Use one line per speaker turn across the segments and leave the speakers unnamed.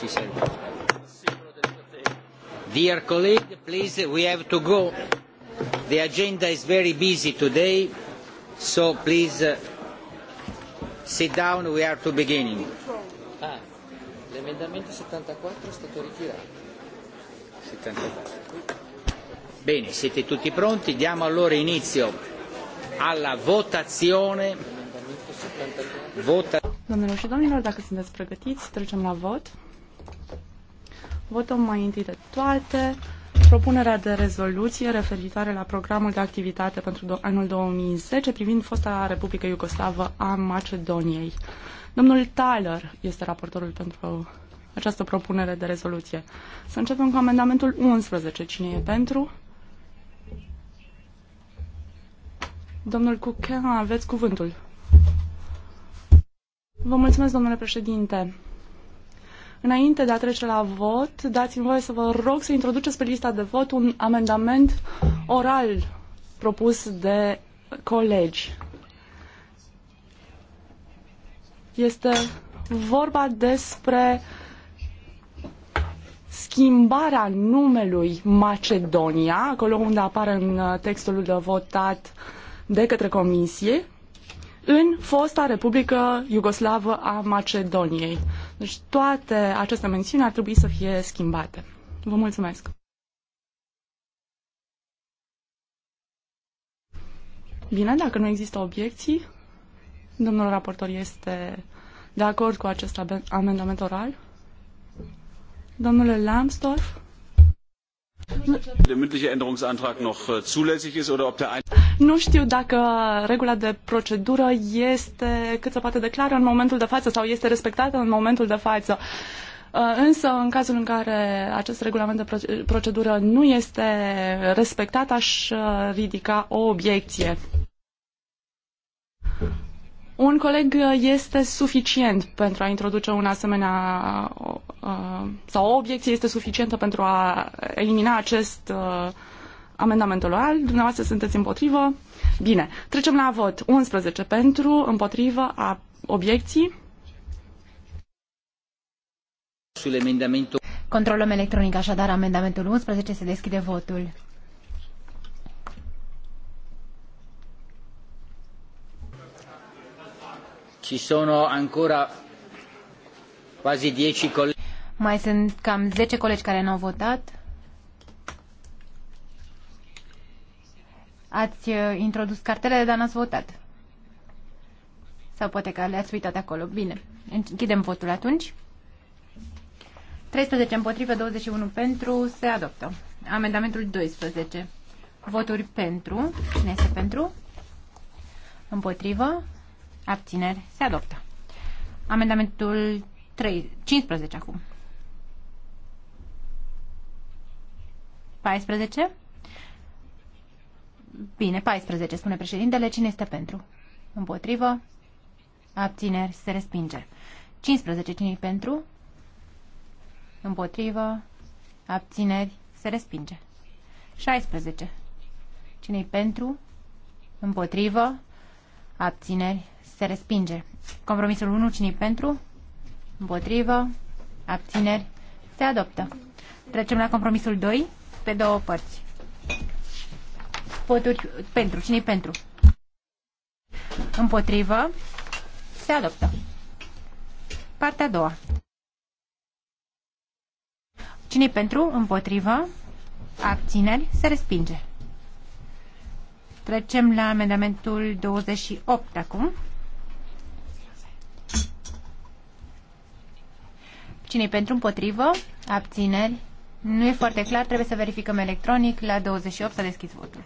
she said. Dear colleague, please, we have to go. The agenda is very busy today, so please uh, sit down, we are to beginning. Ah, l'emendamento 74 è stato ritirato. 74. Bene, siete tutti pronti? Diamo allora inizio alla votazione. Vota...
Domnilor și domnilor, dacă sunteți pregătiți, trecem la vot. Votăm mai întâi de toate propunerea de rezoluție referitoare la programul de activitate pentru anul 2010 privind fosta Republică Iugoslavă a Macedoniei. Domnul Tyler este raportorul pentru această propunere de rezoluție. Să începem cu amendamentul 11. Cine e pentru? Domnul Cuchea, aveți cuvântul. Vă mulțumesc, domnule președinte. Înainte de a trece la vot, dați-mi voie să vă rog să introduceți pe lista de vot un amendament oral propus de colegi. Este vorba despre schimbarea numelui Macedonia, acolo unde apare în textul de votat de către comisie, în fosta Republică Iugoslavă a Macedoniei. Deci toate aceste mențiuni ar trebui să fie schimbate. Vă mulțumesc! Bine, dacă nu există obiecții, domnul raportor este de acord cu acest amendament oral. Domnule Lambsdorff? Nu știu dacă regula de procedură este cât se poate de clară în momentul de față sau este respectată în momentul de față. Uh, însă, în cazul în care acest regulament de procedură nu este respectat, aș uh, ridica o obiecție. Un coleg este suficient pentru a introduce un asemenea uh, sau o obiecție este suficientă pentru a elimina acest uh, amendament oral. Dumneavoastră sunteți împotrivă? Bine. Trecem la vot. 11 pentru, împotrivă, a obiecții.
Controlăm electronic, așadar, amendamentul 11. Se deschide votul.
Ci sono ancora quasi 10 colleghi.
Mai sunt cam 10 colegi care nu au votat. Ați uh, introdus cartelele, dar n-ați votat. Sau poate că le-ați uitat acolo. Bine. Închidem votul atunci. 13 împotrivă, 21 pentru, se adoptă. Amendamentul 12. Voturi pentru, nu este pentru, împotrivă, Abțineri. Se adoptă. Amendamentul 3, 15 acum. 14? Bine, 14, spune președintele. Cine este pentru? Împotrivă? Abțineri. Se respinge. 15. Cine pentru? Împotrivă? Abțineri. Se respinge. 16. Cine-i pentru? Împotrivă? abțineri, se respinge. Compromisul 1, cine pentru? Împotrivă, abțineri, se adoptă. Trecem la compromisul 2, pe două părți. Voturi pentru, cine pentru? Împotrivă, se adoptă. Partea a doua. cine pentru? Împotrivă, abțineri, se respinge. Trecem la amendamentul 28 acum. cine pentru împotrivă? Abțineri? Nu e foarte clar, trebuie să verificăm electronic. La 28 s-a deschis votul.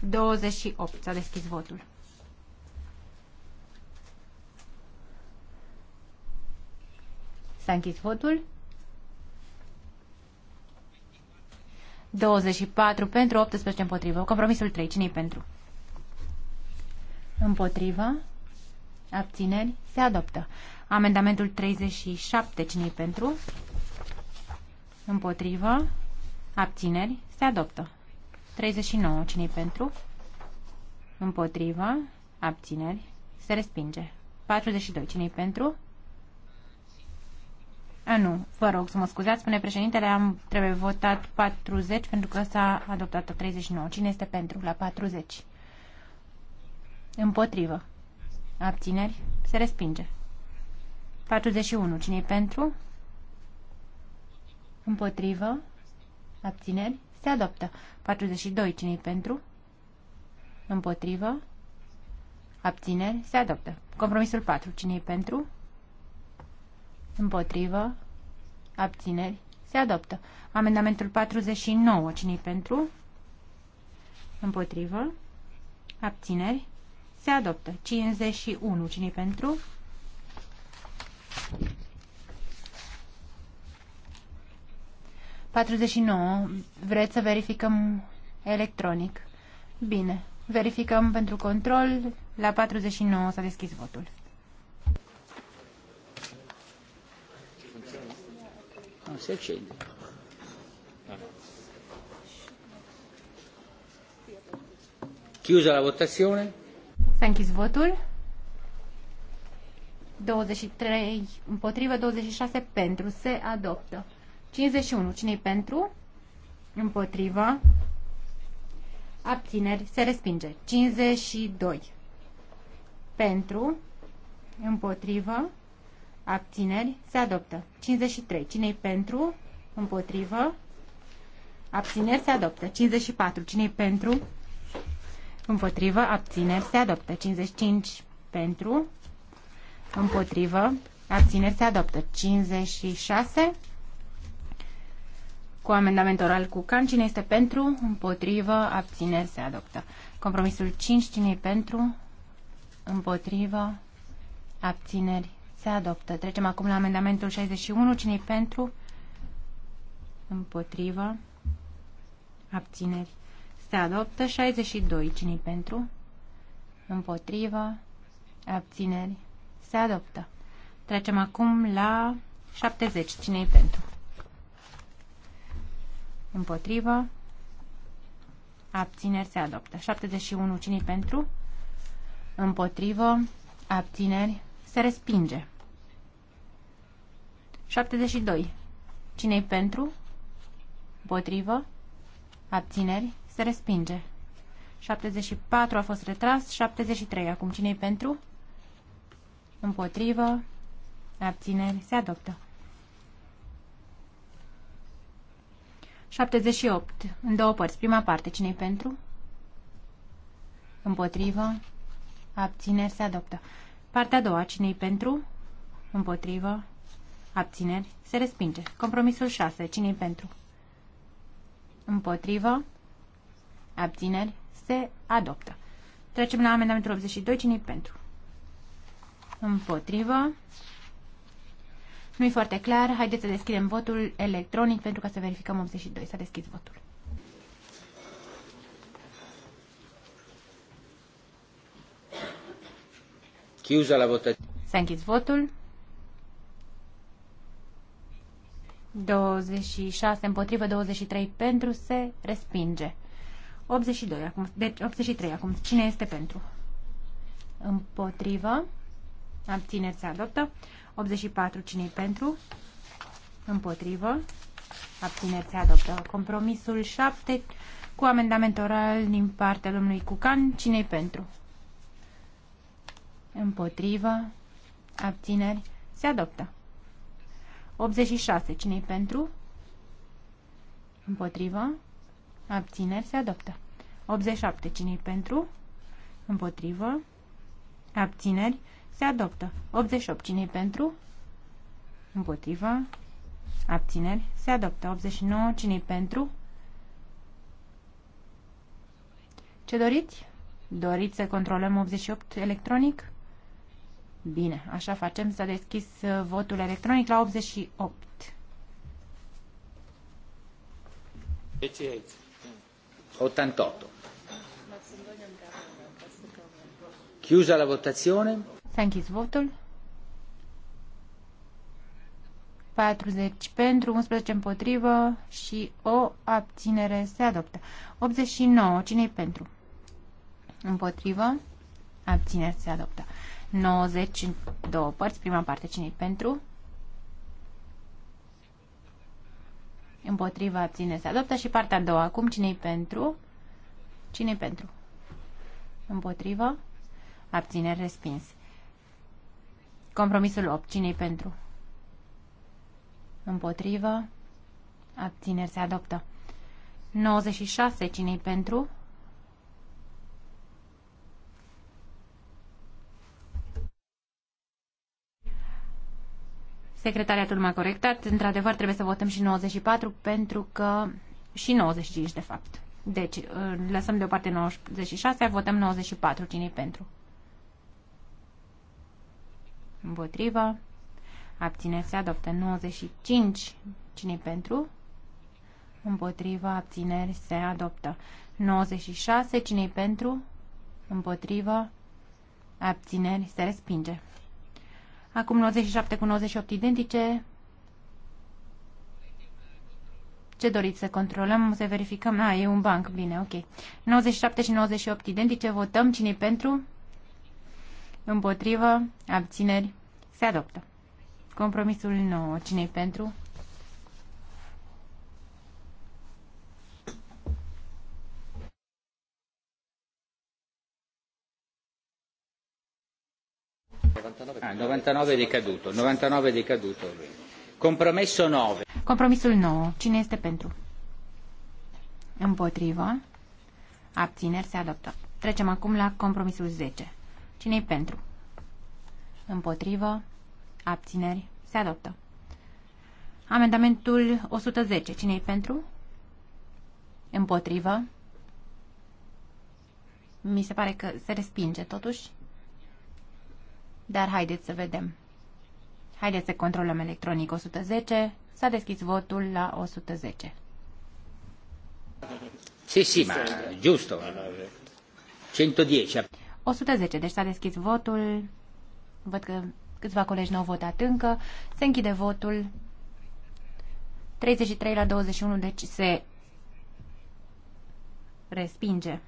28 s-a deschis votul. S-a închis votul. 24 pentru, 18 împotrivă. Compromisul 3. cine pentru? Împotrivă. Abțineri. Se adoptă. Amendamentul 37. cine pentru? Împotrivă. Abțineri. Se adoptă. 39. cine pentru? Împotrivă. Abțineri. Se respinge. 42. cine pentru? A, nu, vă rog să mă scuzați, spune președintele, am trebuie votat 40 pentru că s-a adoptat 39. Cine este pentru la 40? Împotrivă. Abțineri? Se respinge. 41. cine pentru? Împotrivă. Abțineri? Se adoptă. 42. cine pentru? Împotrivă. Abțineri? Se adoptă. Compromisul 4. cine pentru? Împotrivă. Abțineri. Se adoptă. Amendamentul 49. cine pentru? Împotrivă. Abțineri. Se adoptă. 51. cine pentru? Patruzeci Vreți să verificăm electronic? Bine. Verificăm pentru control. La 49 s-a deschis votul.
Non ah, si accende. Chiusa la votazione.
S-a
închis votul. 23 împotrivă, 26 pentru. Se adoptă. 51. cine pentru? Împotrivă. Abțineri. Se respinge. 52. Pentru. Împotrivă. Abțineri. Se adoptă. 53. Cine-i pentru? Împotrivă. Abțineri. Se adoptă. 54. Cine-i pentru? Împotrivă. Abțineri. Se adoptă. 55. Pentru. Împotrivă. Abțineri. Se adoptă. 56. Cu amendament oral cu can. Cine este pentru? Împotrivă. Abțineri. Se adoptă. Compromisul 5. Cine-i pentru? Împotrivă. Abțineri se adoptă. Trecem acum la amendamentul 61. Cine-i pentru? Împotrivă. Abțineri. Se adoptă. 62. Cine-i pentru? Împotrivă. Abțineri. Se adoptă. Trecem acum la 70. Cine-i pentru? Împotrivă. Abțineri se adoptă. 71. cine pentru? Împotrivă. Abțineri se respinge. 72. Cine-i pentru? Potrivă? Abțineri? Se respinge. 74 a fost retras. 73. Acum cine-i pentru? Împotrivă? Abțineri? Se adoptă. 78. În două părți. Prima parte. Cine-i pentru? Împotrivă? Abțineri? Se adoptă. Partea a doua. Cine-i pentru? Împotrivă? Abțineri. Se respinge. Compromisul 6. cine pentru? Împotrivă. Abțineri. Se adoptă. Trecem la amendamentul 82. cine pentru? Împotrivă. Nu-i foarte clar. Haideți să deschidem votul electronic pentru ca să verificăm 82. S-a deschis votul.
Chiusa la votație.
S-a închis votul. 26 împotrivă, 23 pentru, se respinge. 82 acum, deci 83 acum. Cine este pentru? Împotrivă. Abțineri se adoptă. 84 cine e pentru? Împotrivă. Abțineri se adoptă. Compromisul 7 cu amendament oral din partea domnului Cucan. cine e pentru? Împotrivă. Abțineri se adoptă. 86. cine pentru? Împotrivă. Abțineri se adoptă. 87. cine pentru? Împotrivă. Abțineri se adoptă. 88. cine pentru? Împotrivă. Abțineri se adoptă. 89. cine pentru? Ce doriți? Doriți să controlăm 88 electronic? Bine, așa facem. S-a deschis uh, votul electronic la
88. 88. 88. Chiusa la votazione. S-a închis votul.
40 pentru, 11 împotrivă și o abținere se adoptă. 89. Cine-i pentru? Împotrivă. abținere se adoptă. 90 în două părți. Prima parte, cine pentru? Împotriva, abține, se adoptă. Și partea a doua, acum, cine pentru? cine pentru? Împotriva, abține, respins. Compromisul 8, cine pentru? Împotriva? Abțineri se adoptă. 96. Cine-i pentru? Secretariatul m-a corectat. Într-adevăr, trebuie să votăm și 94 pentru că... și 95, de fapt. Deci, lăsăm deoparte 96, votăm 94. cine pentru? Împotrivă. Abțineți, se adoptă 95. cine pentru? Împotrivă. Abțineri se adoptă 96. cine pentru? Împotrivă. Abțineri se respinge. Acum 97 cu 98 identice. Ce doriți să controlăm? Să verificăm? A, ah, e un banc. Bine, ok. 97 și 98 identice. Votăm. cine pentru? Împotrivă. Abțineri. Se adoptă. Compromisul 9. cine pentru?
99, ah, 99 decaduto, 99 decaduto. Compromesso 9.
Compromisul 9. Cine este pentru? Împotrivă. Abțineri se adoptă. Trecem acum la compromisul 10. cine e pentru? Împotrivă. Abțineri se adoptă. Amendamentul 110. cine e pentru? Împotrivă. Mi se pare că se respinge totuși. Dar haideți să vedem. Haideți să controlăm electronic 110. S-a deschis votul la 110.
Sì, sì, ma giusto. 110.
110, deci s-a deschis votul. Văd că câțiva colegi n-au votat încă. Se închide votul. 33 la 21, deci se respinge.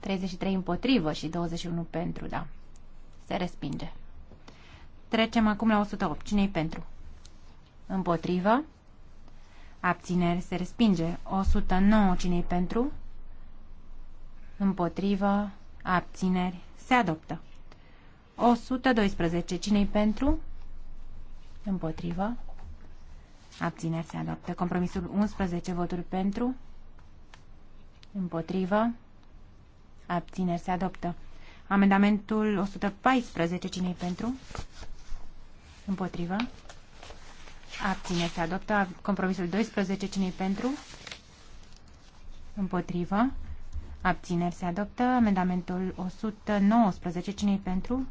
33 împotrivă și 21 pentru, da. Se respinge. Trecem acum la 108. cine pentru? Împotrivă. Abțineri. Se respinge. 109. cine pentru? Împotrivă. Abțineri. Se adoptă. 112. cine pentru? Împotrivă. Abțineri. Se adoptă. Compromisul 11. Voturi pentru? Împotrivă. Abțineri. Se adoptă. Amendamentul 114, cine pentru? Împotrivă. Abține, se adoptă. Compromisul 12, cine pentru? Împotrivă. Abțineri se adoptă. Amendamentul 119. cine pentru?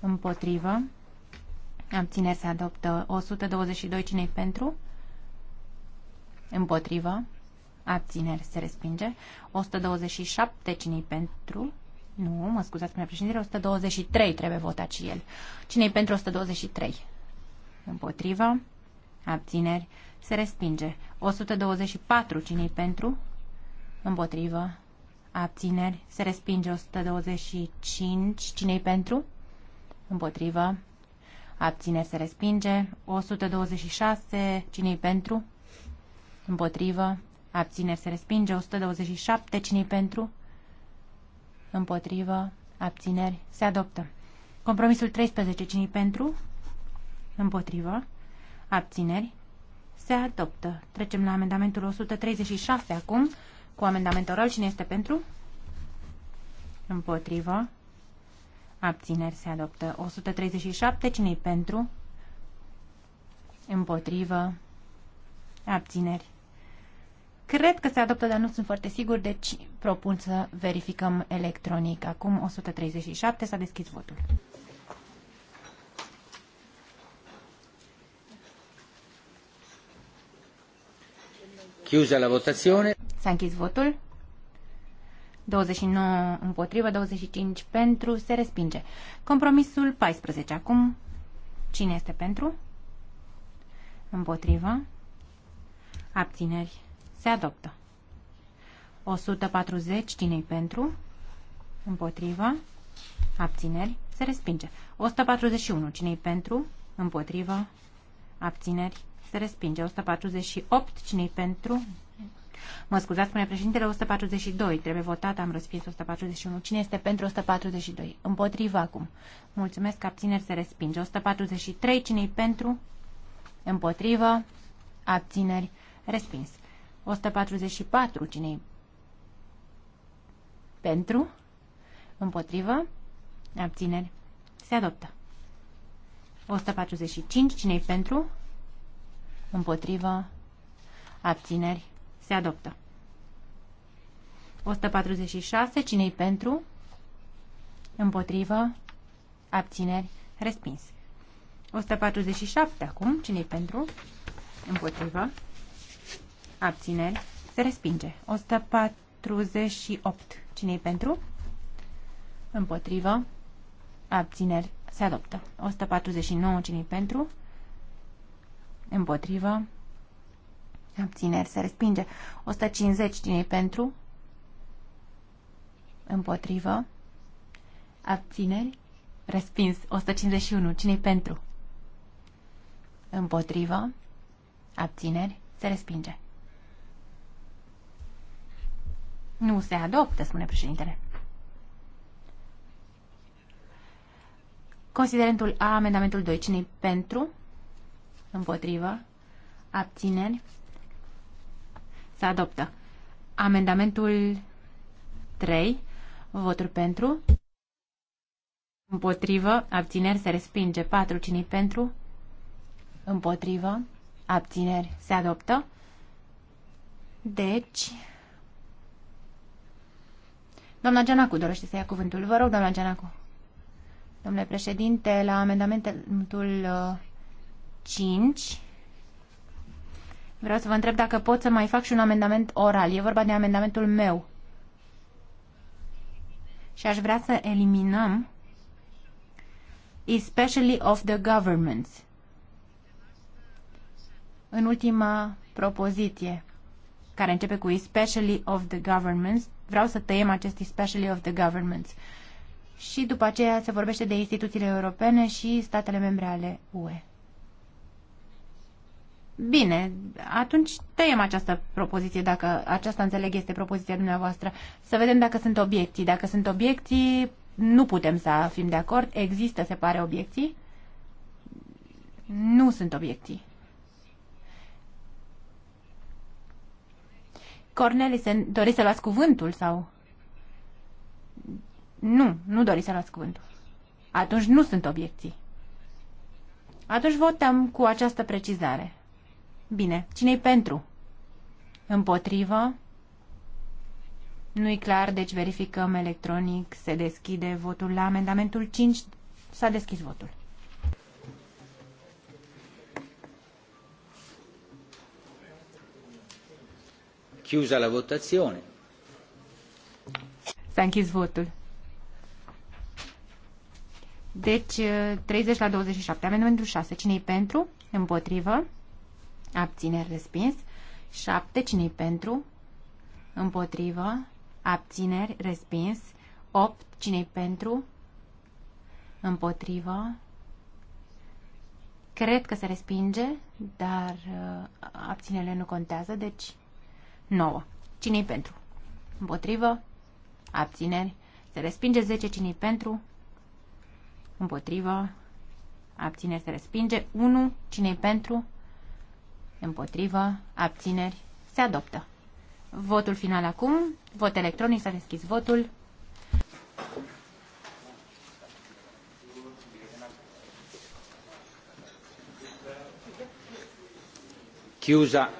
Împotrivă. Abțineri se adoptă. 122. cine pentru? Împotrivă. Abțineri se respinge. 127 cine pentru? Nu, mă scuzați, spune președinte, 123 trebuie votat și el. cine pentru 123? Împotriva. Abțineri se respinge. 124 cine pentru? Împotrivă. Abțineri se respinge. 125 cine pentru? Împotrivă. Abțineri se respinge. 126 cine pentru? Împotrivă. Abțineri se respinge. 127. Cine pentru? Împotrivă. Abțineri se adoptă. Compromisul 13. Cine pentru? Împotrivă. Abțineri se adoptă. Trecem la amendamentul 137 acum, cu amendament oral. Cine este pentru? Împotrivă. Abțineri se adoptă. 137. Cine pentru? Împotrivă. Abțineri Cred că se adoptă, dar nu sunt foarte sigur, deci propun să verificăm electronic. Acum 137 s-a deschis votul.
Chiusa la votazione.
S-a închis votul. 29 împotrivă, 25 pentru, se respinge. Compromisul 14. Acum, cine este pentru? Împotrivă. Abțineri se adoptă. 140, cine pentru? Împotrivă. Abțineri. Se respinge. 141, cine pentru? Împotrivă. Abțineri. Se respinge. 148, cine pentru? Mă scuzați, spune președintele, 142. Trebuie votat, am răspins 141. Cine este pentru 142? Împotriva acum. Mulțumesc, abțineri se respinge. 143. cine pentru? Împotrivă. Abțineri. Respins. 144. cine Pentru? Împotrivă? Abțineri. Se adoptă. 145. cine pentru? Împotrivă? Abțineri. Se adoptă. 146. cine pentru? Împotrivă? Abțineri. Respins. 147 acum. cine pentru? Împotrivă? abțineri, se respinge. 148. cine pentru? Împotrivă, abțineri, se adoptă. 149. cine pentru? Împotrivă, abțineri, se respinge. 150. cine pentru? Împotrivă, abțineri, respins. 151. cine pentru? Împotrivă, abțineri, se respinge. Nu se adoptă, spune președintele. Considerentul A, amendamentul 2, cine pentru? Împotrivă? Abțineri? Se adoptă. Amendamentul 3, voturi pentru? Împotrivă? Abțineri? Se respinge. 4, cine pentru? Împotrivă? Abțineri? Se adoptă. Deci, Doamna Gianacu dorește să ia cuvântul. Vă rog, doamna Gianacu. Domnule președinte, la amendamentul 5 uh, vreau să vă întreb dacă pot să mai fac și un amendament oral. E vorba de amendamentul meu. Și aș vrea să eliminăm especially of the governments. În ultima propoziție, care începe cu especially of the governments, vreau să tăiem acest especially of the governments. Și după aceea se vorbește de instituțiile europene și statele membre ale UE. Bine, atunci tăiem această propoziție, dacă aceasta înțeleg este propoziția dumneavoastră. Să vedem dacă sunt obiecții. Dacă sunt obiecții, nu putem să fim de acord. Există, se pare, obiecții? Nu sunt obiecții. se doriți să luați cuvântul sau... Nu, nu doriți să luați cuvântul. Atunci nu sunt obiecții. Atunci votăm cu această precizare. Bine, cine-i pentru? Împotrivă? Nu-i clar, deci verificăm electronic. Se deschide votul la amendamentul 5. S-a deschis votul.
Chiusa la votazione.
S-a închis votul. Deci, 30 uh, la 27. Amendamentul 6. cine e pentru? Împotrivă. Abțineri respins. 7. cine e pentru? Împotrivă. Abțineri respins. 8. cine e pentru? Împotrivă. Cred că se respinge, dar uh, abținerile nu contează, deci 9. Cine-i pentru? Împotrivă? Abțineri? Se respinge 10. Cine-i pentru? Împotrivă? Abțineri? Se respinge 1. Cine-i pentru? Împotrivă? Abțineri? Se adoptă. Votul final acum. Vot electronic. S-a deschis votul.
Chiusa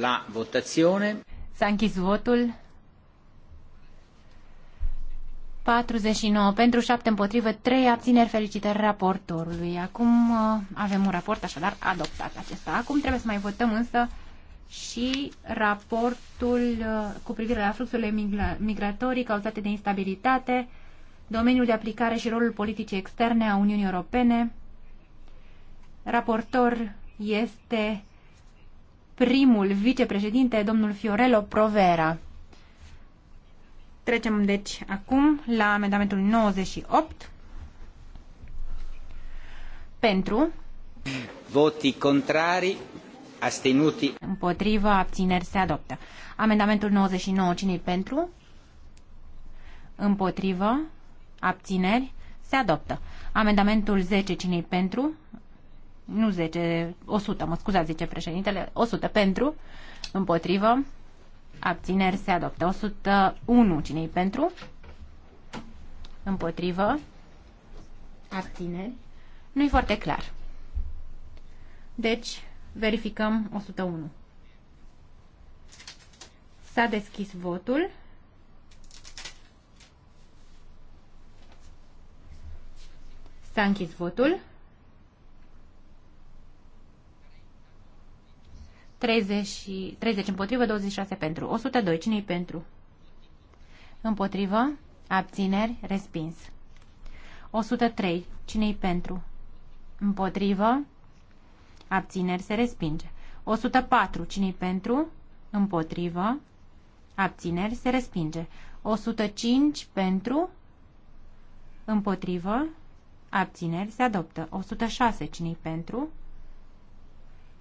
la votazione.
S-a închis votul. 49 pentru 7 împotrivă, 3 abțineri, felicitări raportorului. Acum uh, avem un raport așadar adoptat acesta. Acum trebuie să mai votăm însă și raportul uh, cu privire la fluxurile migra migratorii cauzate de instabilitate, domeniul de aplicare și rolul politicii externe a Uniunii Europene. Raportor este primul vicepreședinte, domnul Fiorello Provera. Trecem deci acum la amendamentul 98. Pentru.
Voti contrari. Astenuti.
Împotriva, abțineri se adoptă. Amendamentul 99, cine pentru? Împotriva, abțineri, se adoptă. Amendamentul 10, cine pentru? nu 10, 100, mă scuzați, zice președintele, 100 pentru, împotrivă, abțineri se adoptă, 101 cine pentru, împotrivă, abțineri, nu-i foarte clar. Deci, verificăm 101. S-a deschis votul. S-a închis votul. 30, 30 împotrivă, 26 pentru. 102. Cine-i pentru? Împotrivă. Abțineri. Respins. 103. Cine-i pentru? Împotrivă. Abțineri. Se respinge. 104. Cine-i pentru? Împotrivă. Abțineri. Se respinge. 105 pentru. Împotrivă. Abțineri. Se adoptă. 106. Cine-i pentru?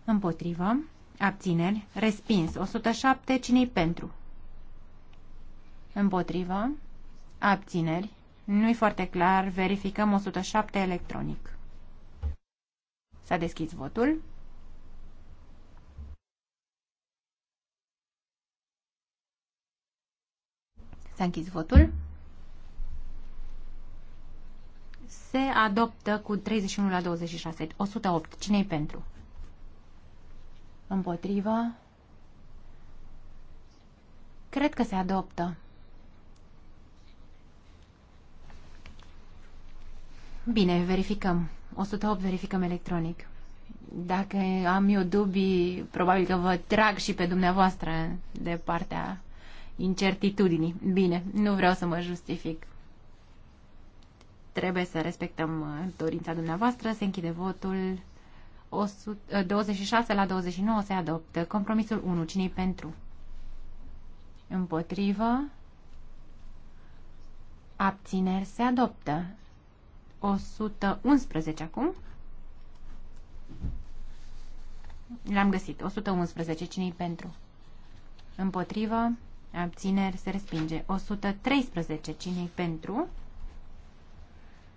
Împotrivă. Abțineri. Respins. 107. cine pentru? Împotrivă. Abțineri. Nu-i foarte clar. Verificăm 107 electronic. S-a deschis votul. S-a închis votul. Se adoptă cu 31 la 26. 108. cine pentru? Împotrivă. Cred că se adoptă. Bine, verificăm. 108 verificăm electronic. Dacă am eu dubii, probabil că vă trag și pe dumneavoastră de partea incertitudinii. Bine, nu vreau să mă justific. Trebuie să respectăm uh, dorința dumneavoastră. Se închide votul. 26 la 29 se adoptă. Compromisul 1. cine pentru? Împotrivă. Abțineri se adoptă. 111 acum. L-am găsit. 111. cine pentru? Împotrivă. Abțineri se respinge. 113. cine pentru?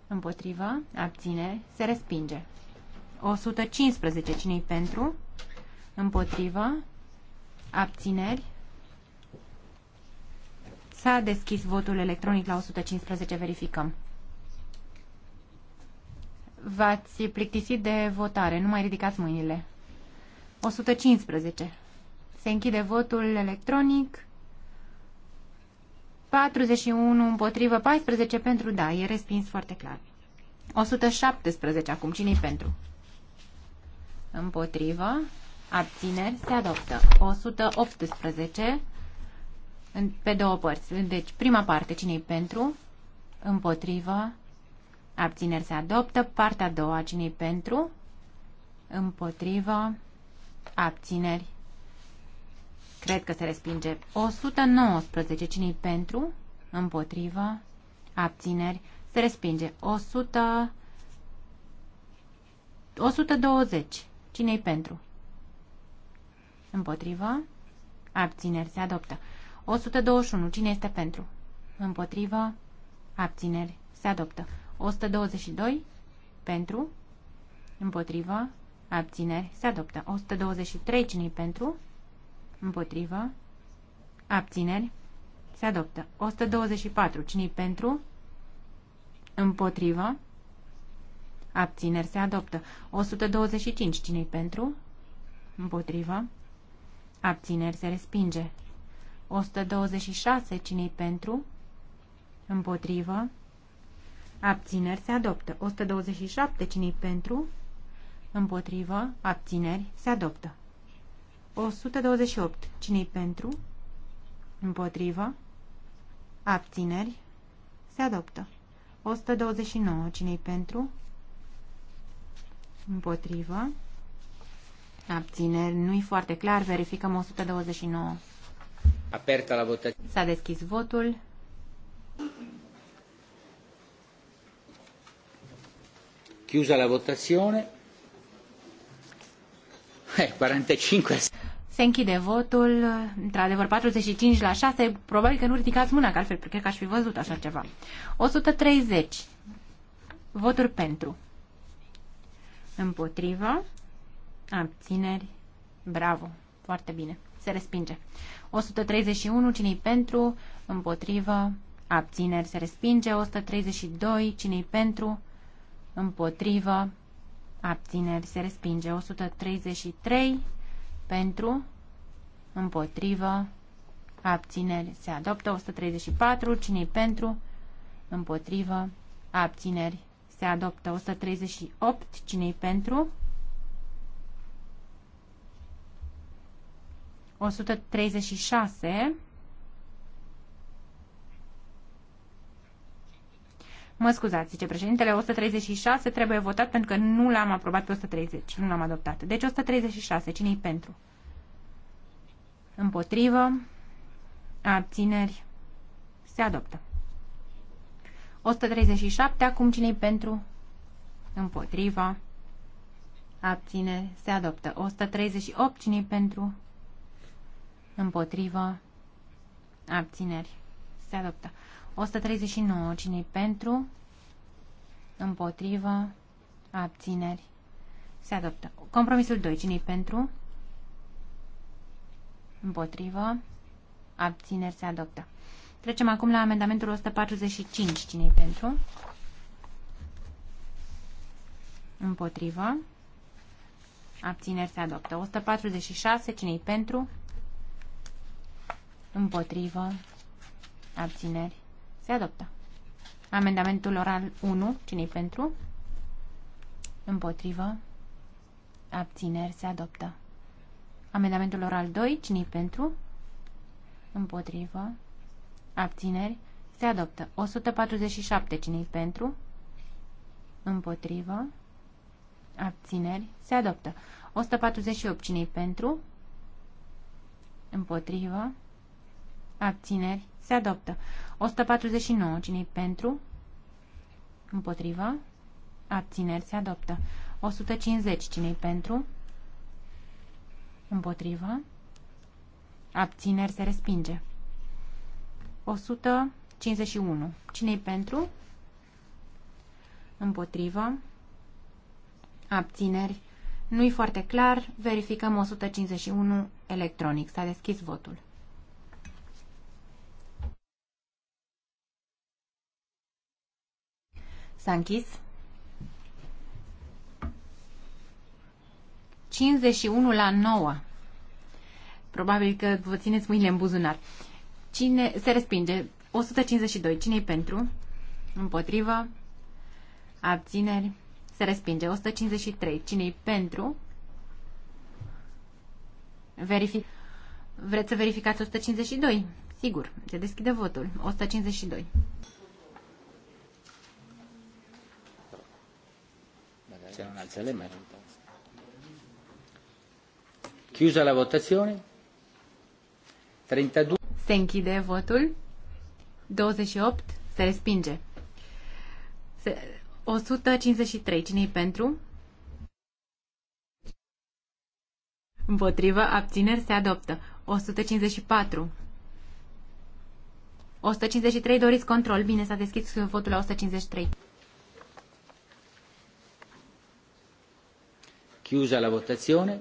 Împotrivă. Abțineri se respinge. 115. cine pentru? Împotrivă? Abțineri? S-a deschis votul electronic la 115. Verificăm. V-ați plictisit de votare. Nu mai ridicați mâinile. 115. Se închide votul electronic. 41 împotrivă, 14 pentru da. E respins foarte clar. 117 acum. Cine-i pentru? Împotrivă. Abțineri. Se adoptă. 118. Pe două părți. Deci, prima parte. cine pentru? Împotrivă. Abțineri. Se adoptă. Partea a doua. cine pentru? Împotrivă. Abțineri. Cred că se respinge. 119. cine pentru? Împotrivă. Abțineri. Se respinge. 100... 120 cine e pentru? Împotrivă. Abțineri. Se adoptă. 121. Cine este pentru? Împotrivă. Abțineri. Se adoptă. 122. Pentru. Împotrivă. Abțineri. Se adoptă. 123. cine e pentru? Împotrivă. Abțineri. Se adoptă. 124. cine e pentru? Împotrivă. Abțineri se adoptă. 125. Cine-i pentru? Împotrivă. Abțineri se respinge. 126. Cine-i pentru? Împotrivă. Abțineri se adoptă. 127. Cine-i pentru? Împotrivă. Abțineri se adoptă. 128. Cine-i pentru? Împotrivă. Abțineri se adoptă. 129. Cine-i pentru? Împotrivă. Abțineri. Nu-i foarte clar. Verificăm 129.
Aperta la votație.
S-a deschis votul.
Chiusa la votazione. Eh, 45.
Se închide votul, într-adevăr 45 la 6, probabil că nu ridicați mâna, că altfel cred că aș fi văzut așa ceva. 130 voturi pentru. Împotrivă. Abțineri. Bravo. Foarte bine. Se respinge. 131. Cine-i pentru? Împotrivă. Abțineri. Se respinge. 132. Cine-i pentru? Împotrivă. Abțineri. Se respinge. 133. Pentru. Împotrivă. Abțineri. Se adoptă. 134. Cine-i pentru? Împotrivă. Abțineri se adoptă 138, cine-i pentru? 136. Mă scuzați, zice președintele, 136 trebuie votat pentru că nu l-am aprobat pe 130, nu l-am adoptat. Deci 136, cine-i pentru? Împotrivă, abțineri, se adoptă. 137. Acum cine pentru? Împotriva. Abține. Se adoptă. 138. cine pentru? Împotriva. Abțineri. Se adoptă. 139. cine pentru? Împotriva. Abțineri. Se adoptă. Compromisul 2. cine pentru? împotriva Abțineri se adoptă. Trecem acum la amendamentul 145. cine pentru? Împotrivă. Abțineri se adoptă. 146. cine pentru? Împotrivă. Abțineri. Se adoptă. Amendamentul oral 1. cine pentru? Împotrivă. Abțineri. Se adoptă. Amendamentul oral 2. cine pentru? Împotrivă. Abțineri. Se adoptă. 147. cine pentru? Împotrivă. Abțineri. Se adoptă. 148. cine pentru? Împotrivă. Abțineri. Se adoptă. 149. cine pentru? Împotrivă. Abțineri. Se adoptă. 150. cine pentru? Împotrivă. Abțineri. Se respinge. 151. cine e pentru? Împotrivă. Abțineri. Nu-i foarte clar. Verificăm 151 electronic. S-a deschis votul. S-a închis. 51 la 9. Probabil că vă țineți mâinile în buzunar. Cine se respinge? 152. Cine-i pentru? Împotrivă. Abțineri. Se respinge. 153. Cine-i pentru? Verific. Vreți să verificați 152? Sigur. Se deschide votul. 152.
Chiusa la votazione. 32.
Se închide votul. 28. Se respinge. 153. cine pentru? Împotrivă. Abțineri. Se adoptă. 154. 153. Doriți control. Bine, s-a deschis votul la 153.
Chiusa la votazione.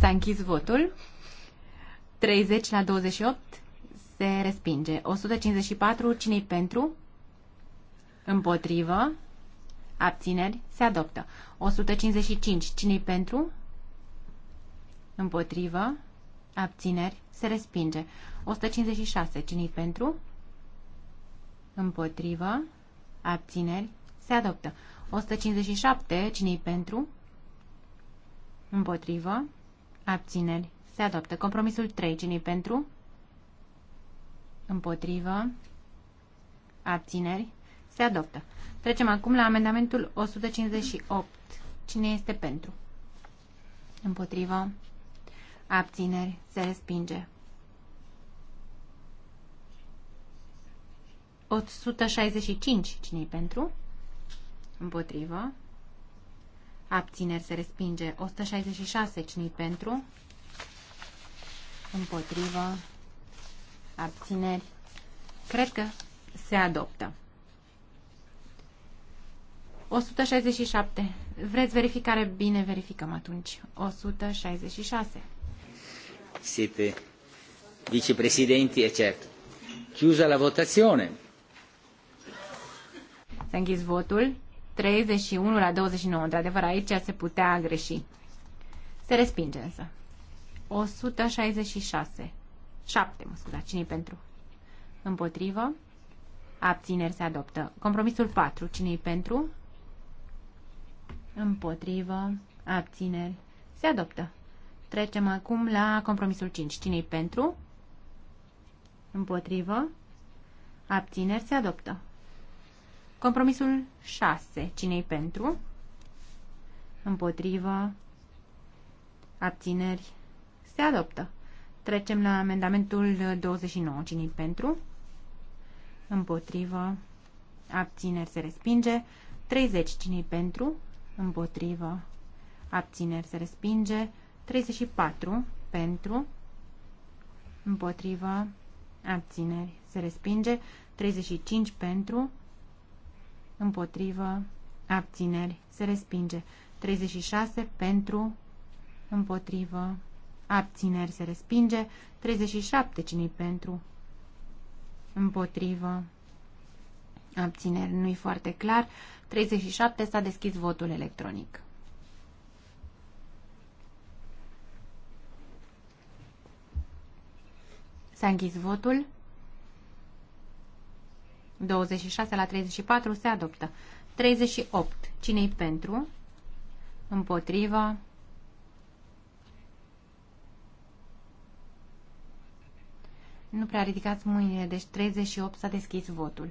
S-a închis votul. 30 la 28 se respinge. 154, cine pentru? Împotrivă. Abțineri. Se adoptă. 155, cine pentru? Împotrivă. Abțineri. Se respinge. 156, cine pentru? Împotrivă. Abțineri. Se adoptă. 157, cine pentru? Împotrivă. Abțineri. Se adoptă. Compromisul 3. cine pentru? Împotrivă. Abțineri. Se adoptă. Trecem acum la amendamentul 158. Cine este pentru? Împotrivă. Abțineri. Se respinge. 165. cine pentru? Împotrivă. Abțineri se respinge. 166. cine pentru? împotrivă, abțineri, cred că se adoptă. 167. Vreți verificare? Bine, verificăm atunci. 166.
Siete vicepresidenti, e certo. Chiusa la votazione.
S-a închis votul. 31 la 29. De adevăr, aici se putea greși. Se respinge însă. 166. 7, mă scuzați, cine pentru? Împotrivă. Abțineri se adoptă. Compromisul 4, cine pentru? Împotrivă. Abțineri se adoptă. Trecem acum la compromisul 5. cine pentru? Împotrivă. Abțineri se adoptă. Compromisul 6. cine pentru? Împotrivă. Abțineri se adoptă. Trecem la amendamentul 29. cine pentru? Împotrivă. Abțineri se respinge. 30. cine pentru? Împotrivă. Abțineri se respinge. 34. Pentru. Împotrivă. Abțineri se respinge. 35. Pentru. Împotrivă. Abțineri se respinge. 36. Pentru. Împotrivă abțineri se respinge, 37 cine pentru, împotrivă, abțineri nu-i foarte clar, 37 s-a deschis votul electronic. S-a închis votul. 26 la 34 se adoptă. 38. Cine-i pentru? Împotriva. Nu prea ridicați mâinile, deci 38 s-a deschis votul.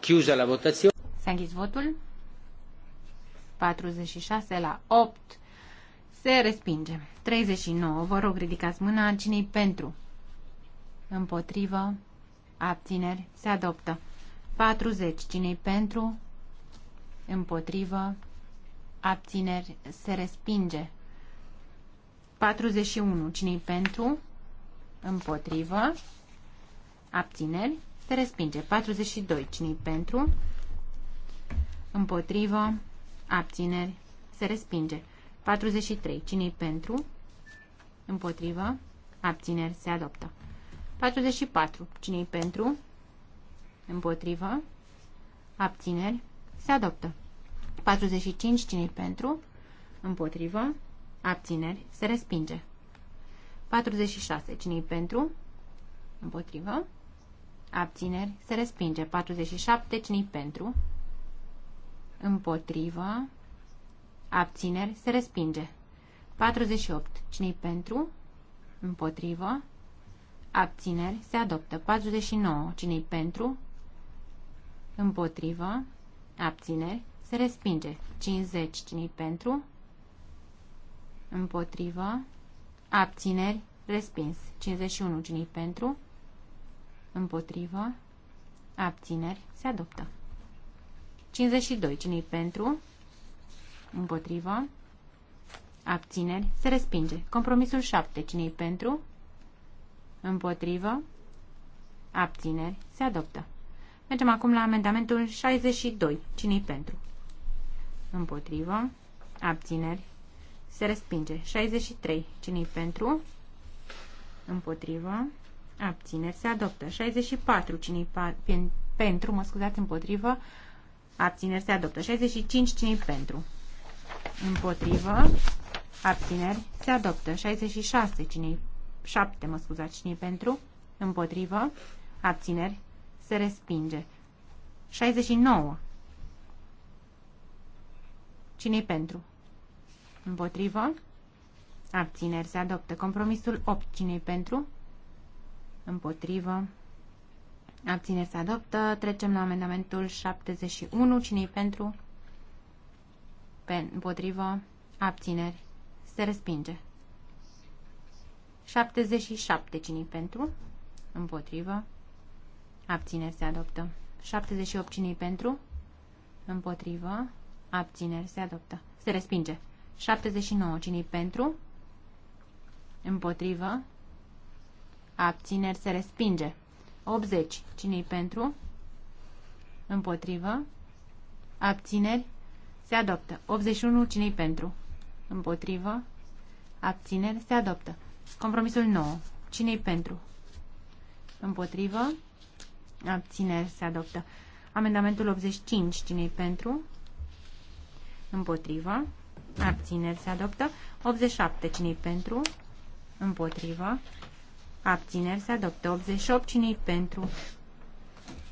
Chiusa la votație.
S-a închis votul. 46 la 8. Se respinge. 39. Vă rog, ridicați mâna. cine pentru? Împotrivă. Abțineri. Se adoptă. 40. cine pentru? Împotrivă abțineri, se respinge. 41. Cine-i pentru? Împotrivă. Abțineri. Se respinge. 42. Cine-i pentru? Împotrivă. Abțineri. Se respinge. 43. Cine-i pentru? Împotrivă. Abțineri. Se adoptă. 44. Cine-i pentru? Împotrivă. Abțineri. Se adoptă. 45, cine pentru? Împotrivă. Abțineri. Se respinge. 46. cine pentru? Împotrivă. Abțineri. Se respinge. 47. cine pentru? Împotrivă. Abțineri. Se respinge. 48. cine pentru? Împotrivă. Abțineri. Se adoptă. 49. cine pentru? Împotrivă. Abțineri. Se respinge. 50. cine pentru? Împotrivă. Abțineri. Respins. 51. cine pentru? Împotrivă. Abțineri. Se adoptă. 52. cine pentru? Împotrivă. Abțineri. Se respinge. Compromisul 7. cine pentru? Împotrivă. Abțineri. Se adoptă. Mergem acum la amendamentul 62. Cine-i pentru? Împotrivă. Abțineri. Se respinge. 63. cine pentru? Împotrivă. Abțineri. Se adoptă. 64. cine pen, pentru? Mă scuzați, împotrivă. Abțineri. Se adoptă. 65. cine pentru? Împotrivă. Abțineri. Se adoptă. 66. cine 7. Mă scuzați, cine pentru? Împotrivă. Abțineri. Se respinge. 69 cine pentru? Împotrivă? Abțineri se adoptă. Compromisul 8. cine pentru? Împotrivă? Abțineri se adoptă. Trecem la amendamentul 71. cine pentru? împotrivă? Abțineri. Se respinge. 77. cine pentru? Împotrivă? Abțineri se adoptă. 78. cine pentru? Împotrivă? Abțineri. Se adoptă. Se respinge. 79. cine pentru? Împotrivă. Abțineri. Se respinge. 80. cine pentru? Împotrivă. Abțineri. Se adoptă. 81. cine pentru? Împotrivă. Abțineri. Se adoptă. Compromisul 9. cine pentru? Împotrivă. Abțineri. Se adoptă. Amendamentul 85. Cine-i pentru? Împotrivă. Abțineri se adoptă. 87. cine pentru? Împotrivă. Abțineri se adoptă. 88. cine pentru?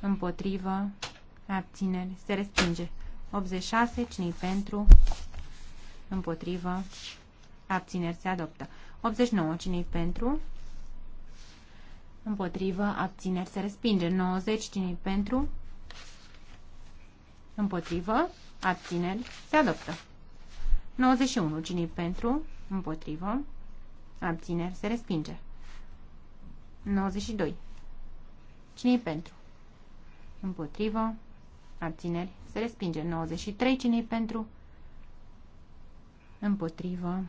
Împotrivă. Abțineri. Se respinge. 86. cine pentru? Împotrivă. Abțineri se adoptă. 89. cine pentru? Împotrivă. Abțineri se respinge. 90. cine pentru? Împotrivă. Abțineri. Se adoptă. 91. Cine pentru? Împotrivă. Abțineri. Se respinge. 92. Cine pentru? Împotrivă. Abțineri. Se respinge. 93. Cine pentru? Împotrivă.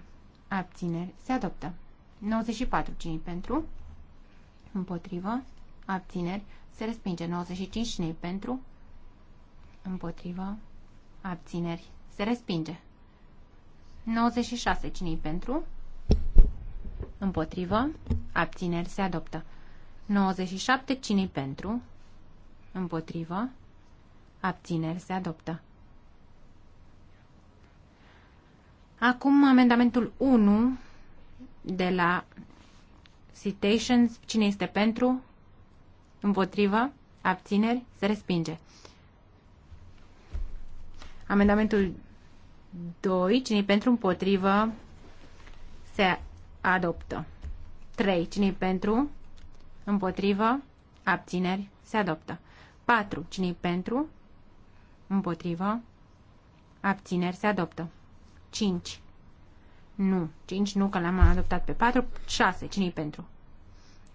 Abțineri. Se adoptă. 94. Cine pentru? Împotrivă. Abțineri. Se respinge. 95. Cine pentru? Împotrivă abțineri, se respinge. 96. Cine-i pentru? Împotrivă, abțineri, se adoptă. 97. Cine-i pentru? Împotrivă, abțineri, se adoptă. Acum amendamentul 1 de la Citations, cine este pentru, împotrivă, abțineri, se respinge. Amendamentul 2, cine pentru împotrivă, se adoptă. 3, cine pentru împotrivă, abțineri, se adoptă. 4, cine pentru împotrivă, abțineri, se adoptă. 5, nu. 5 nu, că l-am adoptat pe 4. 6. cine pentru?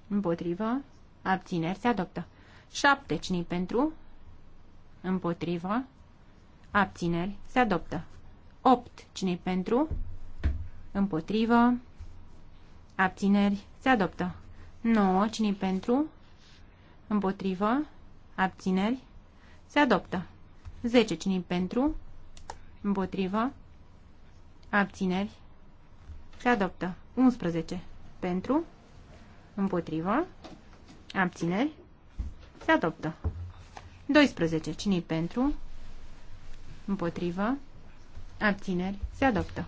Împotrivă. Abțineri. Se adoptă. 7. cine pentru? Împotrivă. Abțineri. Se adoptă. 8. cine pentru? Împotrivă. Abțineri. Se adoptă. 9. cine pentru? Împotrivă. Abțineri. Se adoptă. 10. cine pentru? Împotrivă. Abțineri. Se adoptă. 11. Pentru. Împotrivă. Abțineri. Se adoptă. 12. cine pentru? Împotrivă. Abțineri. Se adoptă.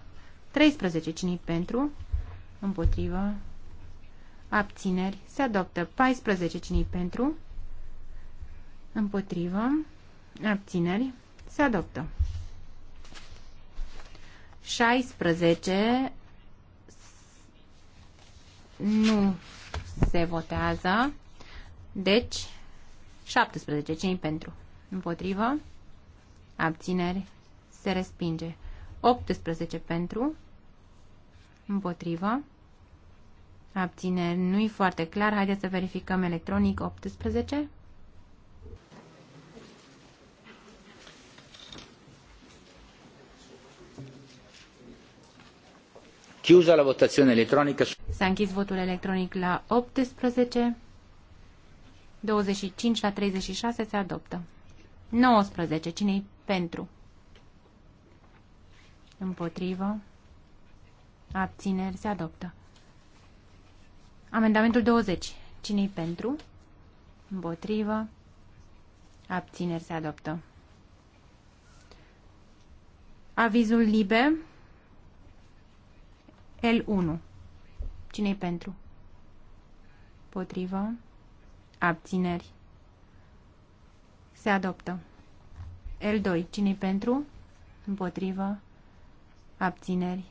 13. cine pentru? Împotrivă. Abțineri. Se adoptă. 14. cine pentru? Împotrivă. Abțineri. Se adoptă. 16. Nu se votează. Deci, 17. cine pentru? Împotrivă abțineri, se respinge. 18 pentru, împotrivă, abțineri, nu-i foarte clar, haideți să verificăm electronic 18.
Chiusa la votazione elettronica.
S-a închis votul electronic la 18. 25 la 36 se adoptă. 19. cine pentru? Împotrivă. Abțineri. Se adoptă. Amendamentul 20. cine pentru? Împotrivă. Abțineri. Se adoptă. Avizul libe. L1. cine pentru? Potrivă. Abțineri. Se adoptă. L2. cine pentru? Împotrivă. Abțineri.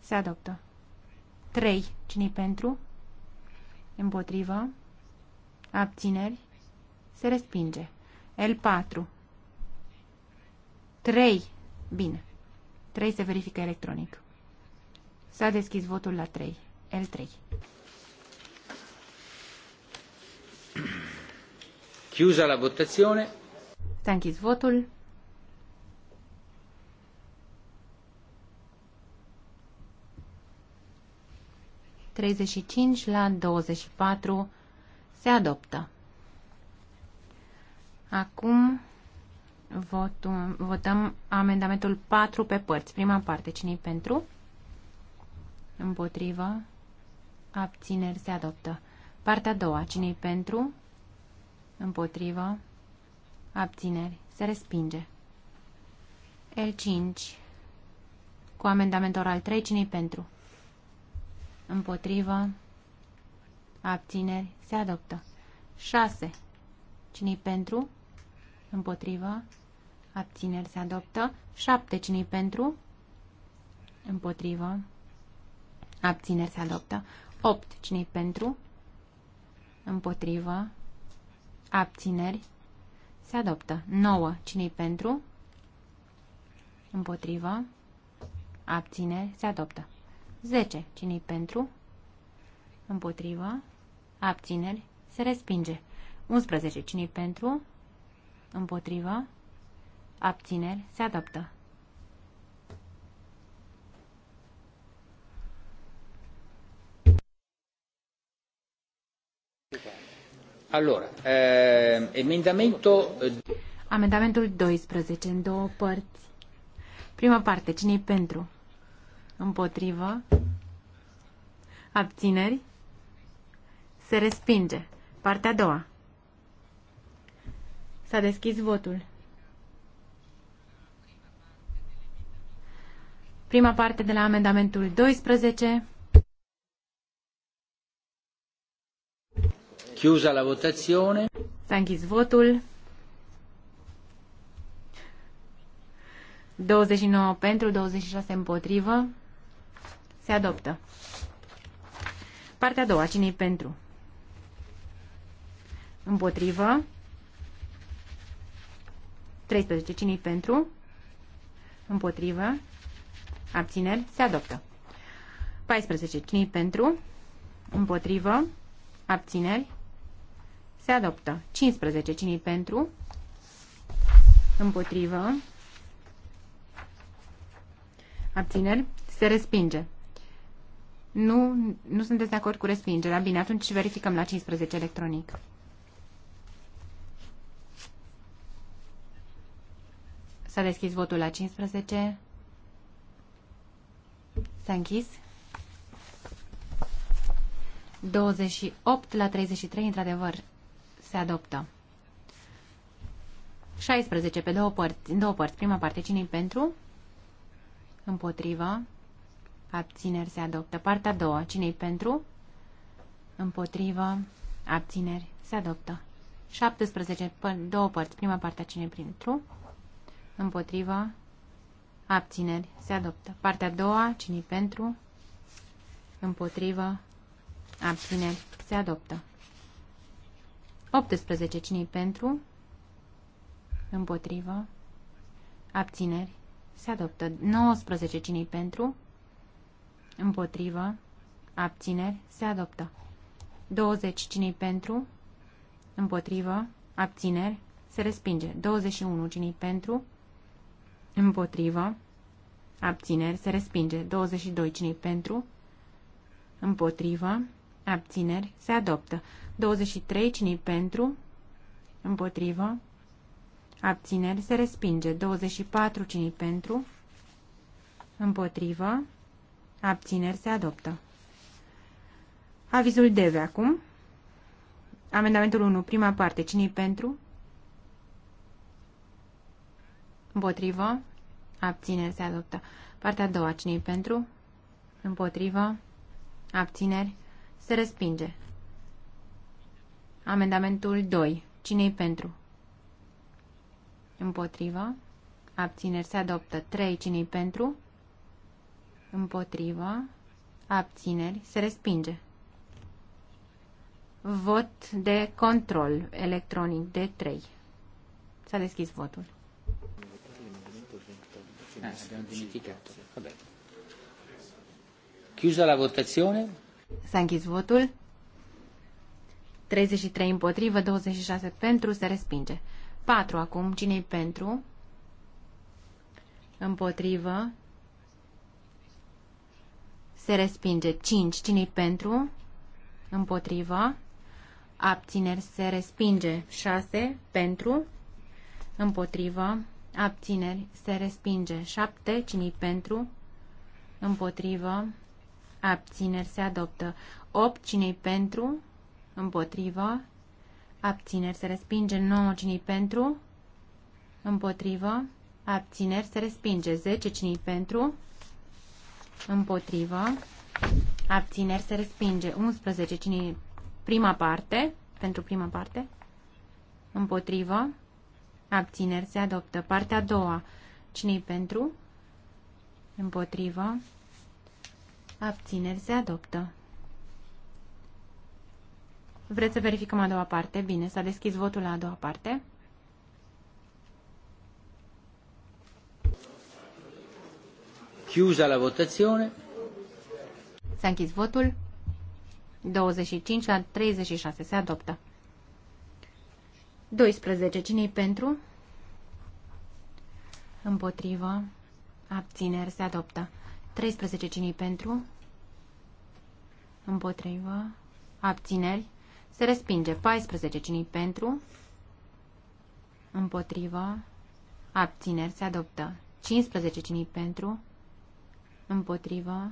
Se adoptă. 3. cine pentru? Împotrivă. Abțineri. Se respinge. L4. 3. Bine. 3 se verifică electronic. S-a deschis votul la 3. L3.
Chiusa la votazione.
S-a închis votul. Treizeci și cinci la douăzeci și patru se adoptă. Acum votum, votăm amendamentul 4 pe părți. Prima parte, cine pentru? Împotrivă. Abțineri se adoptă. Partea a doua, cine pentru? Împotrivă abțineri, se respinge. L5 cu amendament oral 3, cine pentru? Împotrivă, abțineri, se adoptă. 6. cine pentru? Împotrivă, abțineri, se adoptă. 7. cine pentru? Împotrivă, abțineri, se adoptă. 8. cine pentru? Împotrivă, abțineri, se adoptă. 9. Cine-i pentru? Împotrivă. Abțineri. Se adoptă. 10. Cine-i pentru? Împotrivă. Abțineri. Se respinge. 11. Cine-i pentru? Împotrivă. Abțineri. Se adoptă.
Allora, ehm, eh, emendamento...
Amendamentul 12, în două părți. Prima parte, cine e pentru? Împotrivă? Abțineri? Se respinge. Partea a doua. S-a deschis votul. Prima parte de la amendamentul 12.
Chiusa la votazione.
S-a închis votul. 29 pentru, 26 împotrivă. Se adoptă. Partea a doua, cine pentru? Împotrivă. 13. Cine-i pentru? Împotrivă. Abțineri. Se adoptă. 14. Cine-i pentru? Împotrivă. Abțineri. Se adoptă. 15. cine pentru? Împotrivă. Abțineri? Se respinge. Nu, nu sunteți de acord cu respingerea. Bine, atunci verificăm la 15 electronic. S-a deschis votul la 15. S-a închis. 28 la 33, într-adevăr, se adoptă. 16 pe două părți, în două părți. Prima parte, cine pentru? Împotrivă. Abțineri se adoptă. Partea a doua, cine pentru? Împotrivă. Abțineri se adoptă. 17 pe două părți. Prima parte, cine pentru? Împotrivă. Abțineri se adoptă. Partea a doua, cine pentru? Împotrivă. Abțineri se adoptă. 18. cine pentru? Împotrivă. Abțineri. Se adoptă. 19. cine pentru? Împotrivă. Abțineri. Se adoptă. 20. cine pentru? Împotrivă. Abțineri. Se respinge. 21. cine pentru? Împotrivă. Abțineri. Se respinge. 22. cine pentru? Împotrivă. Abțineri. Se adoptă. 23. Cine pentru? Împotrivă. Abțineri. Se respinge. 24. Cine pentru? Împotrivă. Abțineri. Se adoptă. Avizul DEVE acum. Amendamentul 1. Prima parte. cine pentru? Împotrivă. Abțineri. Se adoptă. Partea a doua. cine pentru? Împotrivă. Abțineri. Se respinge. Amendamentul 2. Cine-i pentru? Împotrivă. Abțineri se adoptă. 3. Cine-i pentru? Împotrivă. Abțineri se respinge. Vot de control electronic de 3. S-a deschis votul.
Ah, Chiusa la votazione.
S-a închis votul. 33 împotrivă, 26 pentru, se respinge. 4 acum, cine pentru? Împotrivă. Se respinge. 5, cine pentru? Împotrivă. Abțineri se respinge. 6, pentru. Împotrivă. Abțineri se respinge. 7, cine pentru? Împotrivă. Abțineri se adoptă. 8. cine pentru? Împotrivă. Abțineri se respinge. 9. cine pentru? Împotrivă. Abțineri se respinge. 10. cine pentru? Împotrivă. Abțineri se respinge. 11. cine prima parte? Pentru prima parte. Împotrivă. Abțineri se adoptă. Partea a doua. Cine-i pentru? Împotrivă. Abțineri se adoptă. Vreți să verificăm a doua parte? Bine, s-a deschis votul la a doua parte.
Chiusa la votazione.
S-a închis votul. 25 la 36 se adoptă. 12. Cine-i pentru? Împotrivă. Abțineri se adoptă. 13 cinii pentru? Împotrivă. Abțineri. Se respinge. 14 cinii pentru? Împotrivă. Abțineri. Se adoptă. 15 cinii pentru? Împotrivă.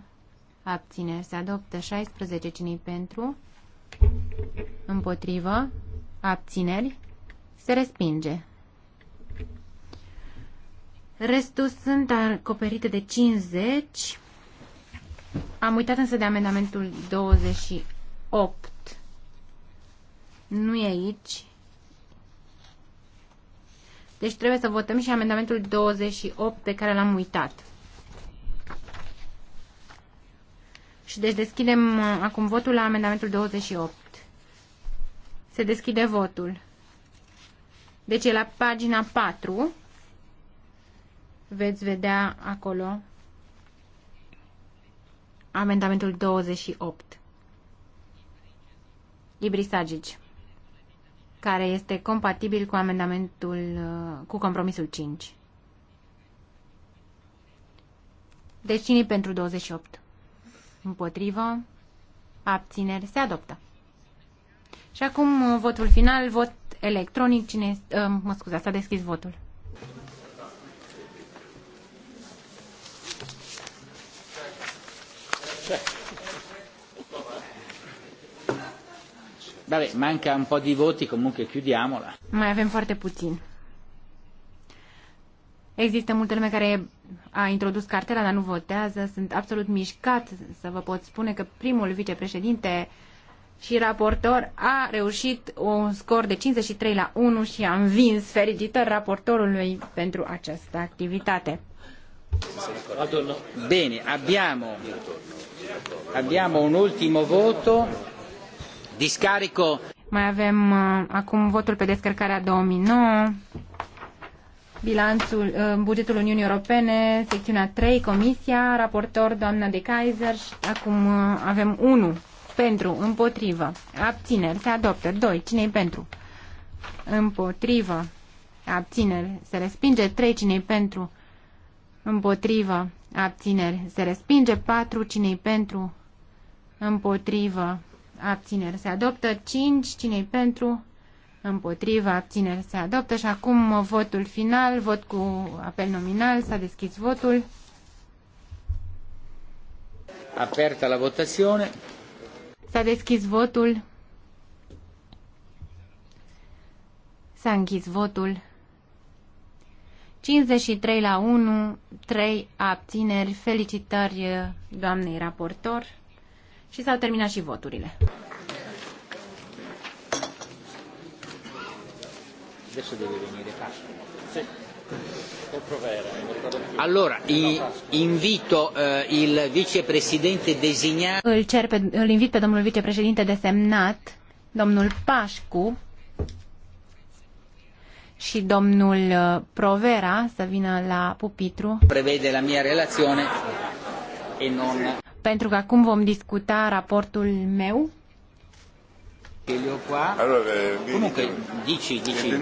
Abțineri. Se adoptă. 16 cinii pentru? Împotrivă. Abțineri. Se respinge. Restul sunt acoperite de 50. Am uitat însă de amendamentul 28. Nu e aici. Deci trebuie să votăm și amendamentul 28 pe care l-am uitat. Și deci deschidem uh, acum votul la amendamentul 28. Se deschide votul. Deci e la pagina 4 veți vedea acolo amendamentul 28. Ibrisagici, care este compatibil cu amendamentul, uh, cu compromisul 5. Deci cine pentru 28? Împotrivă? Abțineri? Se adoptă. Și acum uh, votul final, vot electronic. Cine, uh, mă scuze, s-a deschis votul.
Vabbè, manca un po' di voti, comunque chiudiamola.
Mai avem foarte puțin. Există multe lume care a introdus cartela, dar nu votează. Sunt absolut mișcat să vă pot spune că primul vicepreședinte și raportor a reușit un scor de 53 la 1 și a învins. Felicitări raportorului pentru această activitate.
Bine, abbiamo Abbiamo un ultimo voto. Discarico.
Mai avem uh, acum votul pe descărcarea 2009. Bilanțul, uh, bugetul Uniunii Europene, secțiunea 3, Comisia, raportor doamna de Kaiser și acum uh, avem 1 pentru, împotrivă, abțineri, se adoptă, 2, cine pentru, împotrivă, abțineri, se respinge, 3, cine pentru, împotrivă, abțineri se respinge, 4 cinei pentru, împotrivă, abțineri se adoptă, 5 cinei pentru, împotrivă, abțineri se adoptă și acum votul final, vot cu apel nominal, s-a deschis votul.
Aperta la votazione.
S-a deschis votul. S-a închis votul. 53 la 1, 3 abțineri. Felicitări eh, doamnei raportor și s-au terminat și voturile.
Allora, invito uh, il vicepresidente designato. Îl, cer pe,
îl invit pe domnul vicepreședinte desemnat, domnul Pașcu, și domnul uh, Provera să vină la pupitru.
Prevede la mia relațiune e non...
Pentru că acum vom discuta raportul meu.
Allora, eh, Comunque, dici, dici.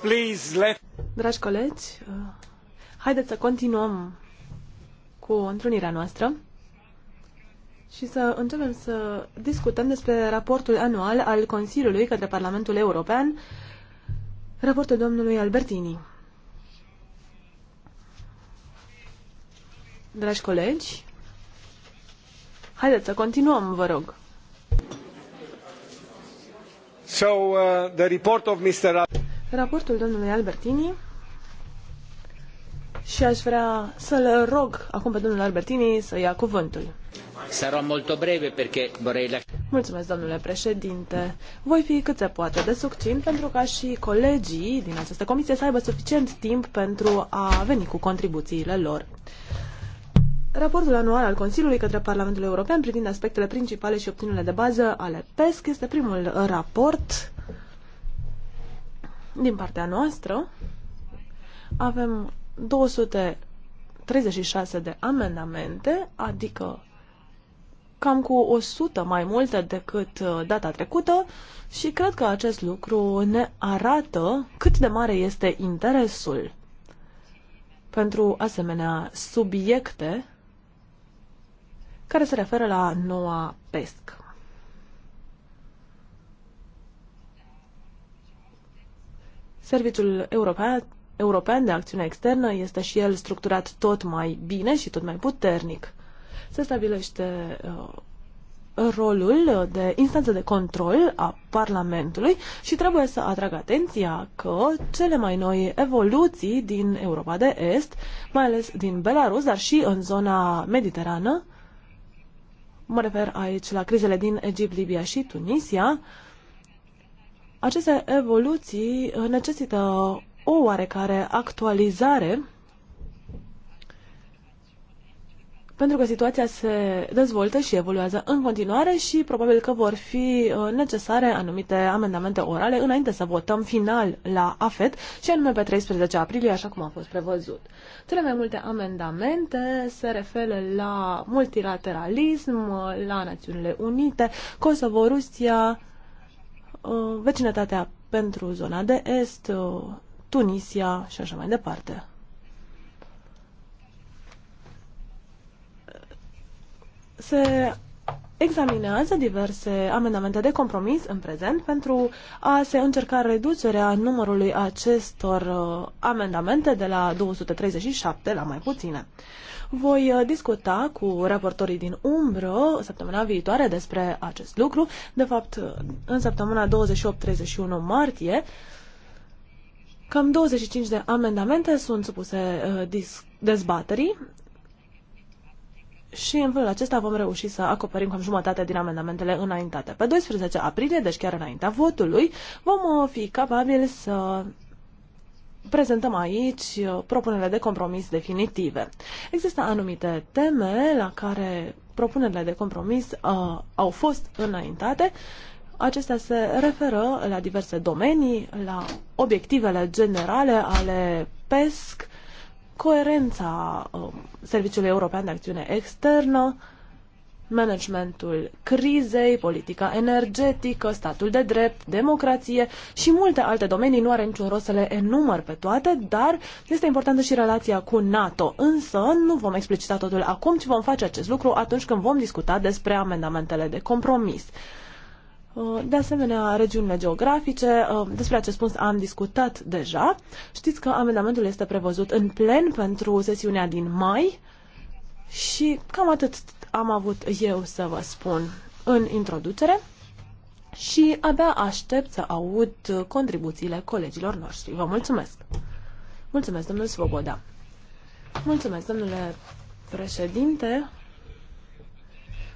please,
Dragi colegi, uh, haideți să continuăm cu întrunirea noastră și să începem să discutăm despre raportul anual al Consiliului către Parlamentul European, raportul domnului Albertini. Dragi colegi, Haideți să continuăm, vă rog. So,
uh, the report of Mr.
Raportul domnului Albertini și aș vrea să-l rog acum pe domnul Albertini să ia cuvântul.
Sarò molto breve perché vorrei la...
Mulțumesc, domnule președinte. Voi fi cât se poate de succint pentru ca și colegii din această comisie să aibă suficient timp pentru a veni cu contribuțiile lor. Raportul anual al Consiliului către Parlamentul European privind aspectele principale și opțiunile de bază ale PESC este primul raport din partea noastră. Avem 236 de amendamente, adică cam cu 100 mai multe decât uh, data trecută și cred că acest lucru ne arată cât de mare este interesul pentru asemenea subiecte care se referă la noua PESC. Serviciul European, European de Acțiune Externă este și el structurat tot mai bine și tot mai puternic. Se stabilește uh, rolul de instanță de control a Parlamentului și trebuie să atrag atenția că cele mai noi evoluții din Europa de Est, mai ales din Belarus, dar și în zona mediterană, mă refer aici la crizele din Egipt, Libia și Tunisia, aceste evoluții necesită o oarecare actualizare pentru că situația se dezvoltă și evoluează în continuare și probabil că vor fi uh, necesare anumite amendamente orale înainte să votăm final la AFET și anume pe 13 aprilie, așa cum a fost prevăzut. Cele mai multe amendamente se referă la multilateralism, la Națiunile Unite, Kosovo, Rusia, uh, vecinătatea pentru zona de est, uh, Tunisia și așa mai departe. se examinează diverse amendamente de compromis în prezent pentru a se încerca reducerea numărului acestor uh, amendamente de la 237 la mai puține. Voi uh, discuta cu raportorii din umbră săptămâna viitoare despre acest lucru. De fapt, uh, în săptămâna 28-31 martie, cam 25 de amendamente sunt supuse dezbaterii și în felul acesta vom reuși să acoperim cam jumătate din amendamentele înaintate. Pe 12 aprilie, deci chiar înaintea votului, vom uh, fi capabili să prezentăm aici uh, propunerile de compromis definitive. Există anumite teme la care propunerile de compromis uh, au fost înaintate. Acestea se referă la diverse domenii, la obiectivele generale ale PESC, coerența um, Serviciului European de Acțiune Externă, managementul crizei, politica energetică, statul de drept, democrație și multe alte domenii. Nu are niciun rost să le enumăr pe toate, dar este importantă și relația cu NATO. Însă nu vom explicita totul acum, ci vom face acest lucru atunci când vom discuta despre amendamentele de compromis. Uh, de asemenea, regiunile geografice, uh, despre acest punct am discutat deja. Știți că amendamentul este prevăzut în plen pentru sesiunea din mai și cam atât am avut eu să vă spun în introducere și abia aștept să aud contribuțiile colegilor noștri. Vă mulțumesc! Mulțumesc, domnul Svoboda! Mulțumesc, domnule președinte!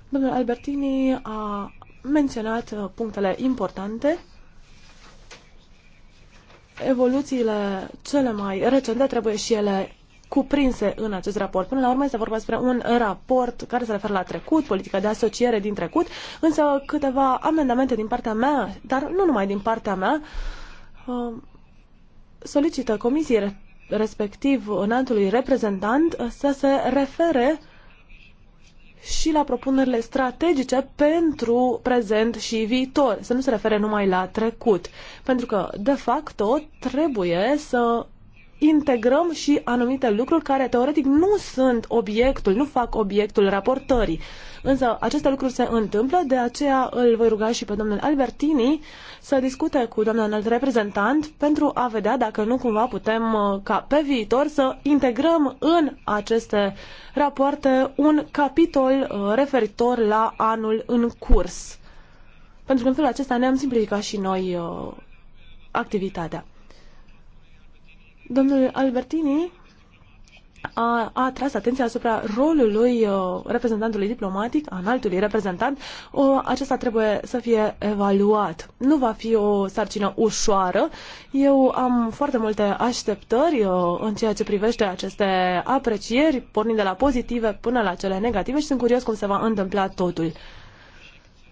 Domnul Albertini a menționat uh, punctele importante. Evoluțiile cele mai recente trebuie și ele cuprinse în acest raport. Până la urmă este vorba despre un raport care se referă la trecut, politica de asociere din trecut, însă câteva amendamente din partea mea, dar nu numai din partea mea, uh, solicită comisiei respectiv înaltului reprezentant să se refere și la propunerile strategice pentru prezent și viitor, să nu se refere numai la trecut. Pentru că, de facto, trebuie să integrăm și anumite lucruri care teoretic nu sunt obiectul, nu fac obiectul raportării. Însă aceste lucruri se întâmplă, de aceea îl voi ruga și pe domnul Albertini să discute cu doamna înalt reprezentant pentru a vedea dacă nu cumva putem uh, ca pe viitor să integrăm în aceste rapoarte un capitol uh, referitor la anul în curs. Pentru că în felul acesta ne-am simplificat și noi uh, activitatea. Domnul Albertini a, a atras atenția asupra rolului uh, reprezentantului diplomatic, înaltului reprezentant. O, acesta trebuie să fie evaluat. Nu va fi o sarcină ușoară. Eu am foarte multe așteptări uh, în ceea ce privește aceste aprecieri, pornind de la pozitive până la cele negative și sunt curios cum se va întâmpla totul.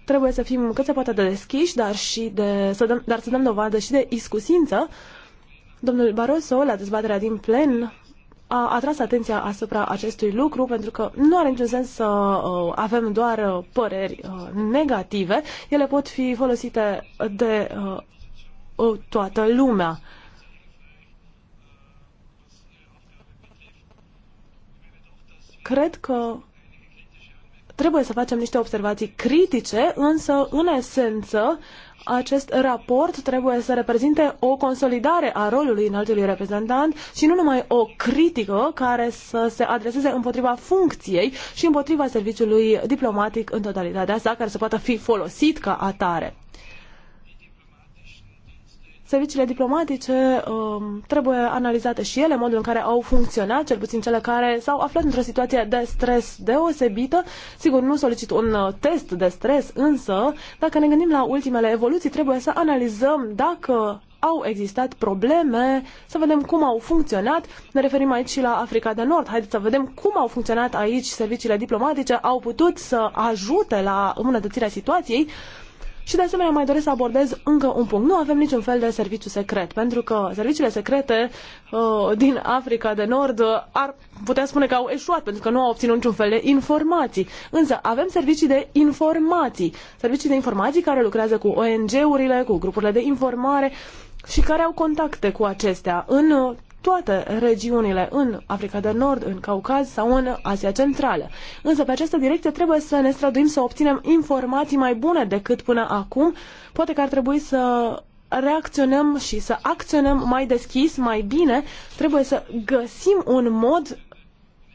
Trebuie să fim cât se poate de deschiși, dar, și de, să dăm, dar să dăm dovadă și de iscusință uh, Domnul Barroso, la dezbaterea din plen, a atras atenția asupra acestui lucru pentru că nu are niciun sens să uh, avem doar uh, păreri uh, negative, ele pot fi folosite de toată lumea. Cred că trebuie să facem niște observații critice, însă, în esență, acest raport trebuie să reprezinte o consolidare a rolului înaltului reprezentant și nu numai o critică care să se adreseze împotriva funcției și împotriva serviciului diplomatic în totalitatea sa, care să poată fi folosit ca atare serviciile diplomatice um, trebuie analizate și ele, modul în care au funcționat, cel puțin cele care s-au aflat într-o situație de stres deosebită. Sigur, nu solicit un uh, test de stres, însă, dacă ne gândim la ultimele evoluții, trebuie să analizăm dacă au existat probleme, să vedem cum au funcționat. Ne referim aici și la Africa de Nord. Haideți să vedem cum au funcționat aici serviciile diplomatice, au putut să ajute la îmbunătățirea situației. Și de asemenea mai doresc să abordez încă un punct. Nu avem niciun fel de serviciu secret, pentru că serviciile secrete uh, din Africa de Nord uh, ar putea spune că au eșuat, pentru că nu au obținut niciun fel de informații. Însă avem servicii de informații, servicii de informații care lucrează cu ONG-urile, cu grupurile de informare și care au contacte cu acestea în uh, toate regiunile în Africa de Nord, în Caucaz sau în Asia Centrală. Însă pe această direcție trebuie să ne străduim să obținem informații mai bune decât până acum. Poate că ar trebui să reacționăm și să acționăm mai deschis, mai bine. Trebuie să găsim un mod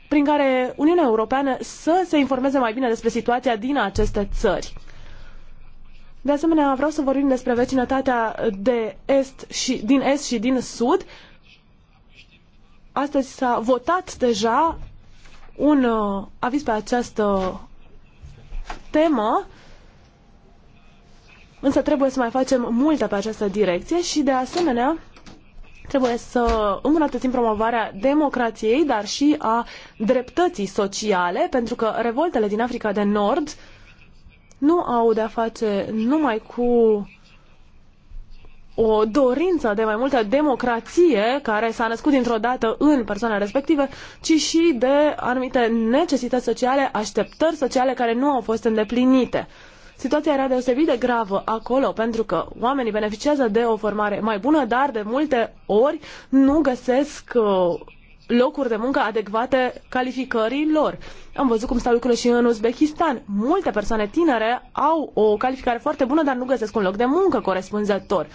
prin care Uniunea Europeană să se informeze mai bine despre situația din aceste țări. De asemenea, vreau să vorbim despre vecinătatea de est și, din est și din sud, Astăzi s-a votat deja un uh, aviz pe această temă, însă trebuie să mai facem multe pe această direcție și, de asemenea, trebuie să îmbunătățim promovarea democrației, dar și a dreptății sociale, pentru că revoltele din Africa de Nord nu au de-a face numai cu o dorință de mai multă democrație care s-a născut dintr-o dată în persoanele respective, ci și de anumite necesități sociale, așteptări sociale care nu au fost îndeplinite. Situația era deosebit de gravă acolo pentru că oamenii beneficiază de o formare mai bună, dar de multe ori nu găsesc uh, locuri de muncă adecvate calificării lor. Am văzut cum stau lucrurile și în Uzbekistan. Multe persoane tinere au o calificare foarte bună, dar nu găsesc un loc de muncă corespunzător.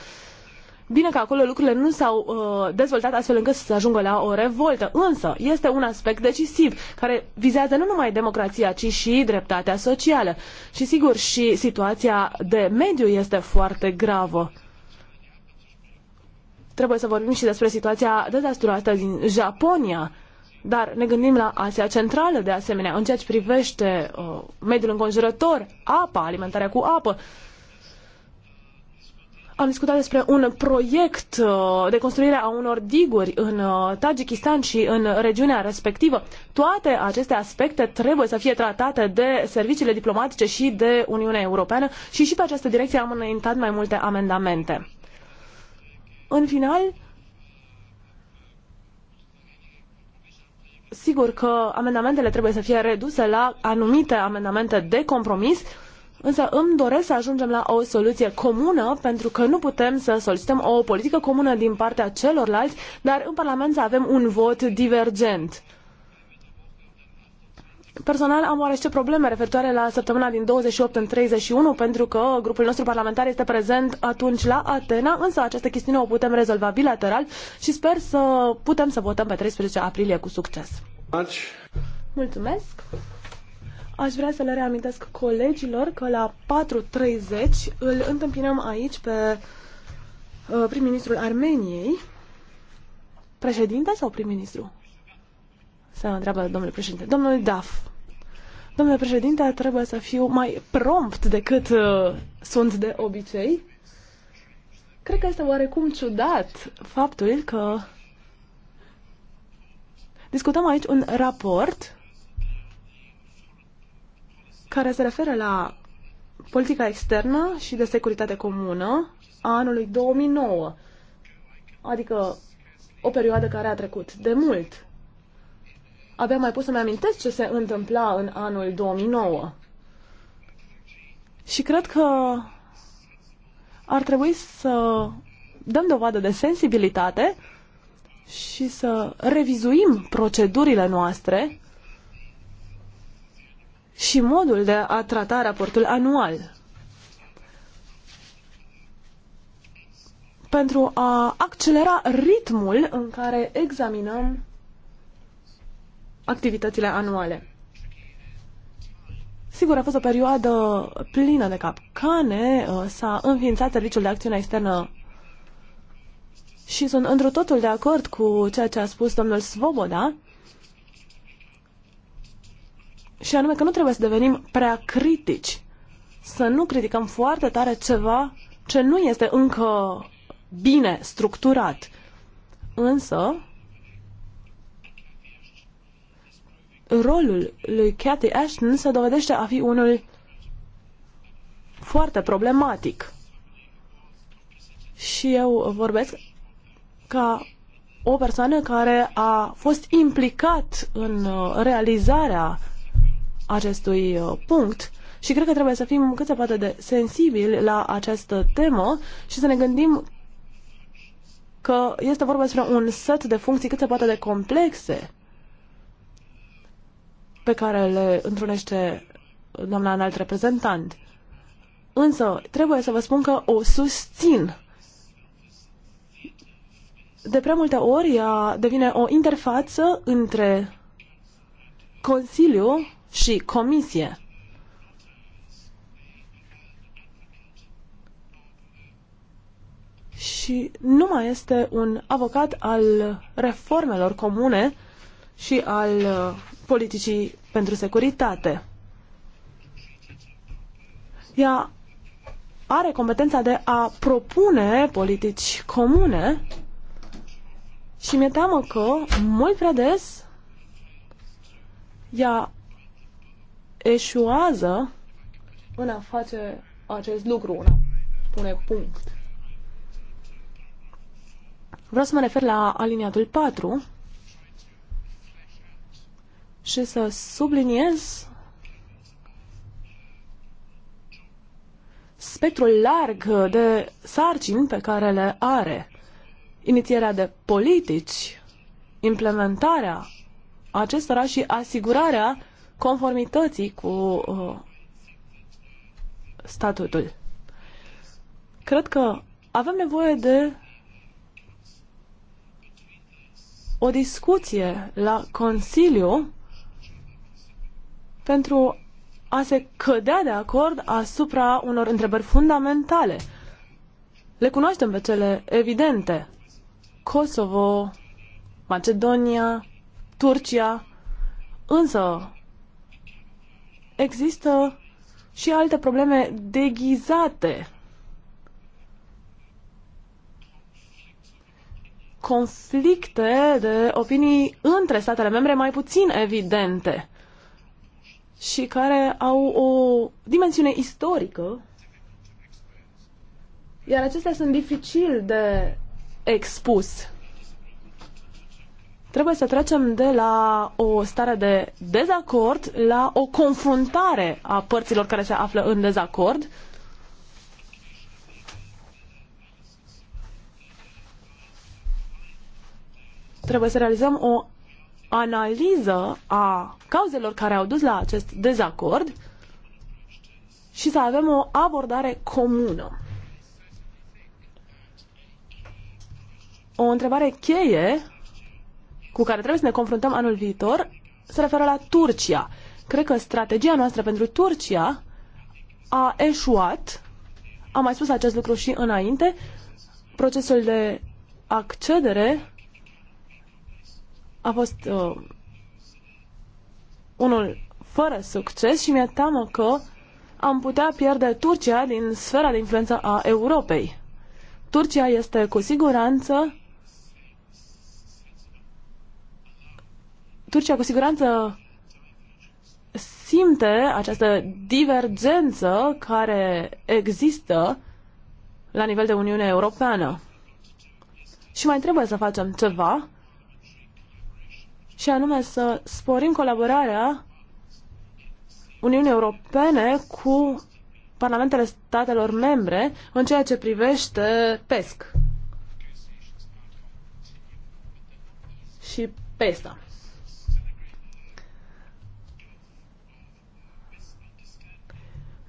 Bine că acolo lucrurile nu s-au uh, dezvoltat astfel încât să se ajungă la o revoltă, însă este un aspect decisiv care vizează nu numai democrația, ci și dreptatea socială. Și sigur, și situația de mediu este foarte gravă. Trebuie să vorbim și despre situația dezastruată din Japonia, dar ne gândim la Asia Centrală de asemenea, în ceea ce privește uh, mediul înconjurător, apa, alimentarea cu apă. Uh, am discutat despre un proiect uh, de construire a unor diguri în uh, Tajikistan și în regiunea respectivă. Toate aceste aspecte trebuie să fie tratate de serviciile diplomatice și de Uniunea Europeană și și pe această direcție am înaintat mai multe amendamente. În final, sigur că amendamentele trebuie să fie reduse la anumite amendamente de compromis, Însă îmi doresc să ajungem la o soluție comună, pentru că nu putem să solicităm o politică comună din partea celorlalți, dar în Parlament să avem un vot divergent. Personal am oarește probleme referitoare la săptămâna din 28 în 31, pentru că grupul nostru parlamentar este prezent atunci la Atena, însă această chestiune o putem rezolva bilateral și sper să putem să votăm pe 13 aprilie cu succes. Mulțumesc! Aș vrea să le reamintesc colegilor că la 4.30 îl întâmpinăm aici pe uh, prim-ministrul Armeniei. Președinte sau prim-ministru? Se întreabă domnul președinte. Domnul Daf. Domnule președinte, trebuie să fiu mai prompt decât uh, sunt de obicei. Cred că este oarecum ciudat faptul că discutăm aici un raport care se referă la politica externă și de securitate comună a anului 2009, adică o perioadă care a trecut de mult. Abia mai pot să-mi amintesc ce se întâmpla în anul 2009. Și cred că ar trebui să dăm dovadă de sensibilitate și să revizuim procedurile noastre și modul de a trata raportul anual. Pentru a accelera ritmul în care examinăm activitățile anuale. Sigur, a fost o perioadă plină de capcane, uh, s-a înființat Serviciul de Acțiune Externă și sunt într totul de acord cu ceea ce a spus domnul Svoboda, și anume că nu trebuie să devenim prea critici, să nu criticăm foarte tare ceva ce nu este încă bine structurat. Însă, rolul lui Cathy Ashton se dovedește a fi unul foarte problematic. Și eu vorbesc ca o persoană care a fost implicat în uh, realizarea acestui uh, punct și cred că trebuie să fim cât se poate de sensibili la această temă și să ne gândim că este vorba despre un set de funcții cât se poate de complexe pe care le întrunește doamna înalt reprezentant. Însă, trebuie să vă spun că o susțin. De prea multe ori ea devine o interfață între Consiliu și comisie. Și nu mai este un avocat al reformelor comune și al uh, politicii pentru securitate. Ea are competența de a propune politici comune și mi-e teamă că mult prea des ea eșuează în a face acest lucru, în a pune punct. Vreau să mă refer la aliniatul 4 și să subliniez spectrul larg de sarcini pe care le are inițierea de politici, implementarea acestora și asigurarea conformității cu uh, statutul. Cred că avem nevoie de o discuție la Consiliu pentru a se cădea de acord asupra unor întrebări fundamentale. Le cunoaștem pe cele evidente. Kosovo, Macedonia, Turcia, însă există și alte probleme deghizate. Conflicte de opinii între statele membre mai puțin evidente și care au o dimensiune istorică, iar acestea sunt dificil de expus. Trebuie să trecem de la o stare de dezacord la o confruntare a părților care se află în dezacord trebuie să realizăm o analiză a cauzelor care au dus la acest dezacord și să avem o abordare comună. O întrebare cheie cu care trebuie să ne confruntăm anul viitor se referă la Turcia. Cred că strategia noastră pentru Turcia a eșuat. Am mai spus acest lucru și înainte. Procesul de accedere a fost uh, unul fără succes și mi-e teamă că am putea pierde Turcia din sfera de influență a Europei. Turcia este cu siguranță Turcia cu siguranță simte această divergență care există la nivel de Uniune Europeană. Și mai trebuie să facem ceva și anume să sporim colaborarea Uniunii Europene cu parlamentele statelor membre în ceea ce privește PESC și PESA.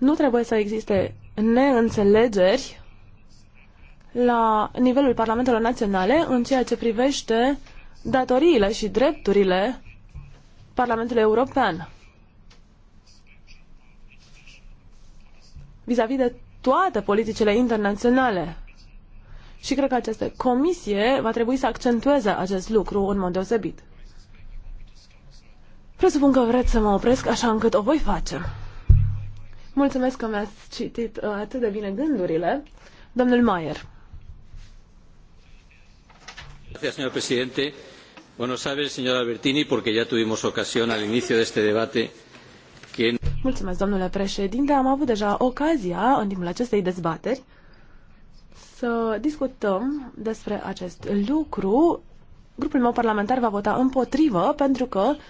Nu trebuie să existe neînțelegeri la nivelul Parlamentelor Naționale în ceea ce privește datoriile și drepturile Parlamentului European. Vis-a-vis -vis de toate politicile internaționale. Și cred că această comisie va trebui să accentueze acest lucru în mod deosebit. Presupun că vreți să mă opresc așa încât o voi face. Mulțumesc că mi-ați citit uh, atât de bine gândurile. Domnul Maier.
Gracias, señor presidente. Bueno, sabe el señor Albertini, porque ya tuvimos ocasión al inicio de este debate, que...
Mulțumesc, domnule președinte. Am avut deja ocazia, în timpul acestei dezbateri, să discutăm despre acest lucru. Grupul meu parlamentar va vota împotrivă, pentru că uh,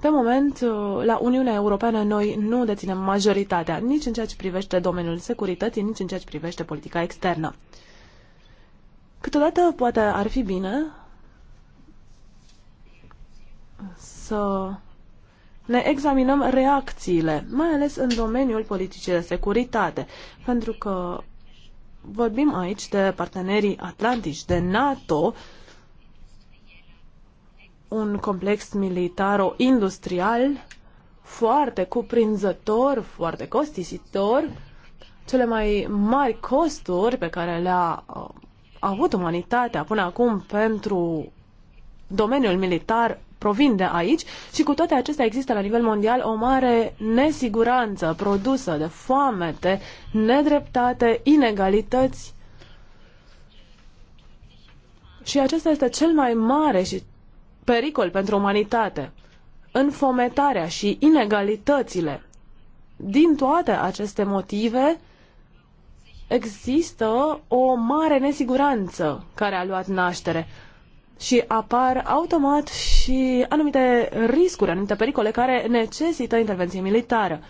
pe moment, uh, la Uniunea Europeană noi nu deținem majoritatea, nici în ceea ce privește domeniul securității, nici în ceea ce privește politica externă. Câteodată poate ar fi bine să ne examinăm reacțiile, mai ales în domeniul politicii de securitate, pentru că vorbim aici de partenerii atlantici, de NATO, un complex militaro-industrial foarte cuprinzător, foarte costisitor. Cele mai mari costuri pe care le-a uh, avut umanitatea până acum pentru domeniul militar provin de aici și cu toate acestea există la nivel mondial o mare nesiguranță produsă de foamete, nedreptate, inegalități. Și acesta este cel mai mare și pericol pentru umanitate, înfometarea și inegalitățile. Din toate aceste motive, există o mare nesiguranță care a luat naștere și apar automat și anumite riscuri, anumite pericole care necesită intervenție militară.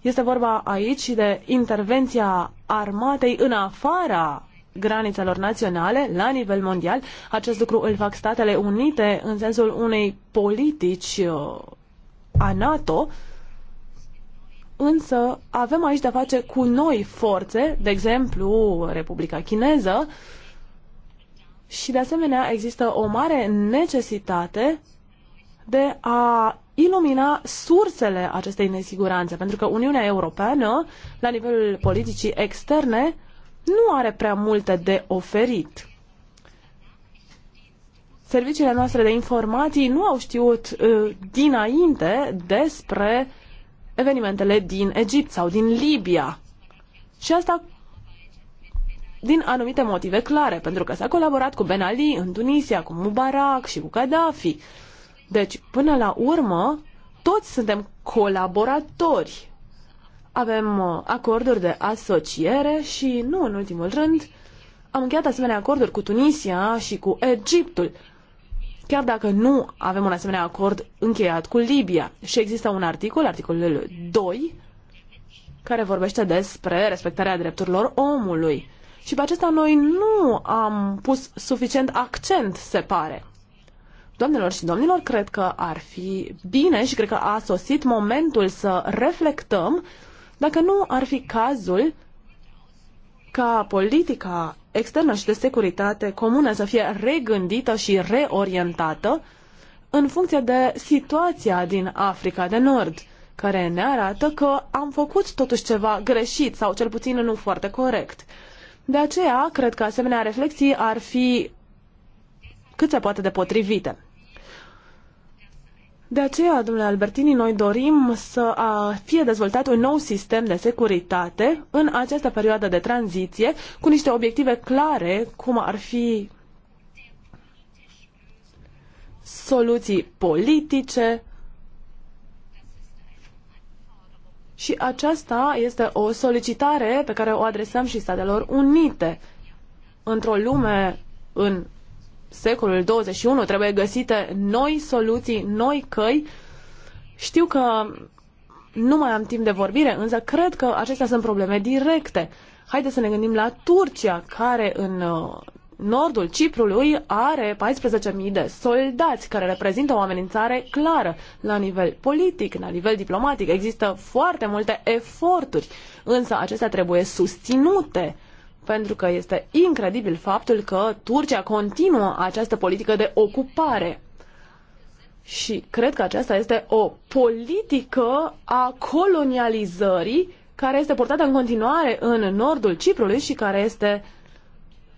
Este vorba aici de intervenția armatei în afara granițelor naționale la nivel mondial. Acest lucru îl fac Statele Unite în sensul unei politici uh, a NATO, însă avem aici de-a face cu noi forțe, de exemplu Republica Chineză, și de asemenea există o mare necesitate de a ilumina sursele acestei nesiguranțe, pentru că Uniunea Europeană, la nivelul politicii externe, nu are prea multe de oferit. Serviciile noastre de informații nu au știut uh, dinainte despre evenimentele din Egipt sau din Libia. Și asta din anumite motive clare, pentru că s-a colaborat cu Ben Ali în Tunisia, cu Mubarak și cu Gaddafi. Deci, până la urmă, toți suntem colaboratori avem uh, acorduri de asociere și, nu în ultimul rând, am încheiat asemenea acorduri cu Tunisia și cu Egiptul. Chiar dacă nu avem un asemenea acord încheiat cu Libia. Și există un articol, articolul 2, care vorbește despre respectarea drepturilor omului. Și pe acesta noi nu am pus suficient accent, se pare. Doamnelor și domnilor, cred că ar fi bine și cred că a sosit momentul să reflectăm dacă nu ar fi cazul ca politica externă și de securitate comună să fie regândită și reorientată în funcție de situația din Africa de Nord, care ne arată că am făcut totuși ceva greșit sau cel puțin nu foarte corect. De aceea, cred că asemenea reflexii ar fi cât se poate de potrivite. De aceea, domnule Albertini, noi dorim să fie dezvoltat un nou sistem de securitate în această perioadă de tranziție, cu niște obiective clare, cum ar fi soluții politice, Și aceasta este o solicitare pe care o adresăm și Statelor Unite. Într-o lume în secolul 21, trebuie găsite noi soluții, noi căi. Știu că nu mai am timp de vorbire, însă cred că acestea sunt probleme directe. Haideți să ne gândim la Turcia, care în uh, nordul Ciprului are 14.000 de soldați, care reprezintă o amenințare clară la nivel politic, la nivel diplomatic. Există foarte multe eforturi, însă acestea trebuie susținute pentru că este incredibil faptul că Turcia continuă această politică de ocupare. Și cred că aceasta este o politică a colonializării care este portată în continuare în nordul Ciprului și care este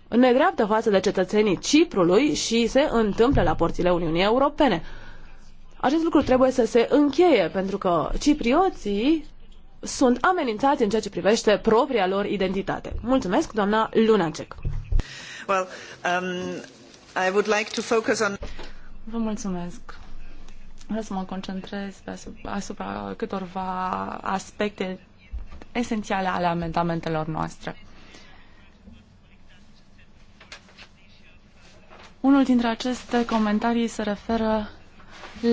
nedreaptă față de cetățenii Ciprului și se întâmplă la porțile Uniunii Europene. Acest lucru trebuie să se încheie pentru că ciprioții sunt amenințați în ceea ce privește propria lor identitate. Mulțumesc, doamna Lunacek.
Well, um, I would like to focus on...
Vă mulțumesc. Vreau
să mă concentrez asupra, asupra câtorva aspecte esențiale ale amendamentelor noastre. Unul dintre aceste comentarii se referă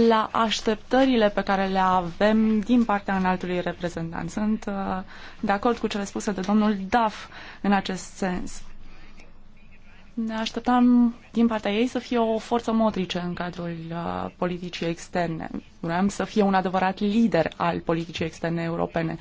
la așteptările pe care le avem din partea înaltului reprezentant. Sunt uh, de acord cu cele spuse de domnul Duff în acest sens. Ne așteptam din partea ei să fie o forță motrice în cadrul uh, politicii externe. Vreau să fie un adevărat lider al politicii externe europene.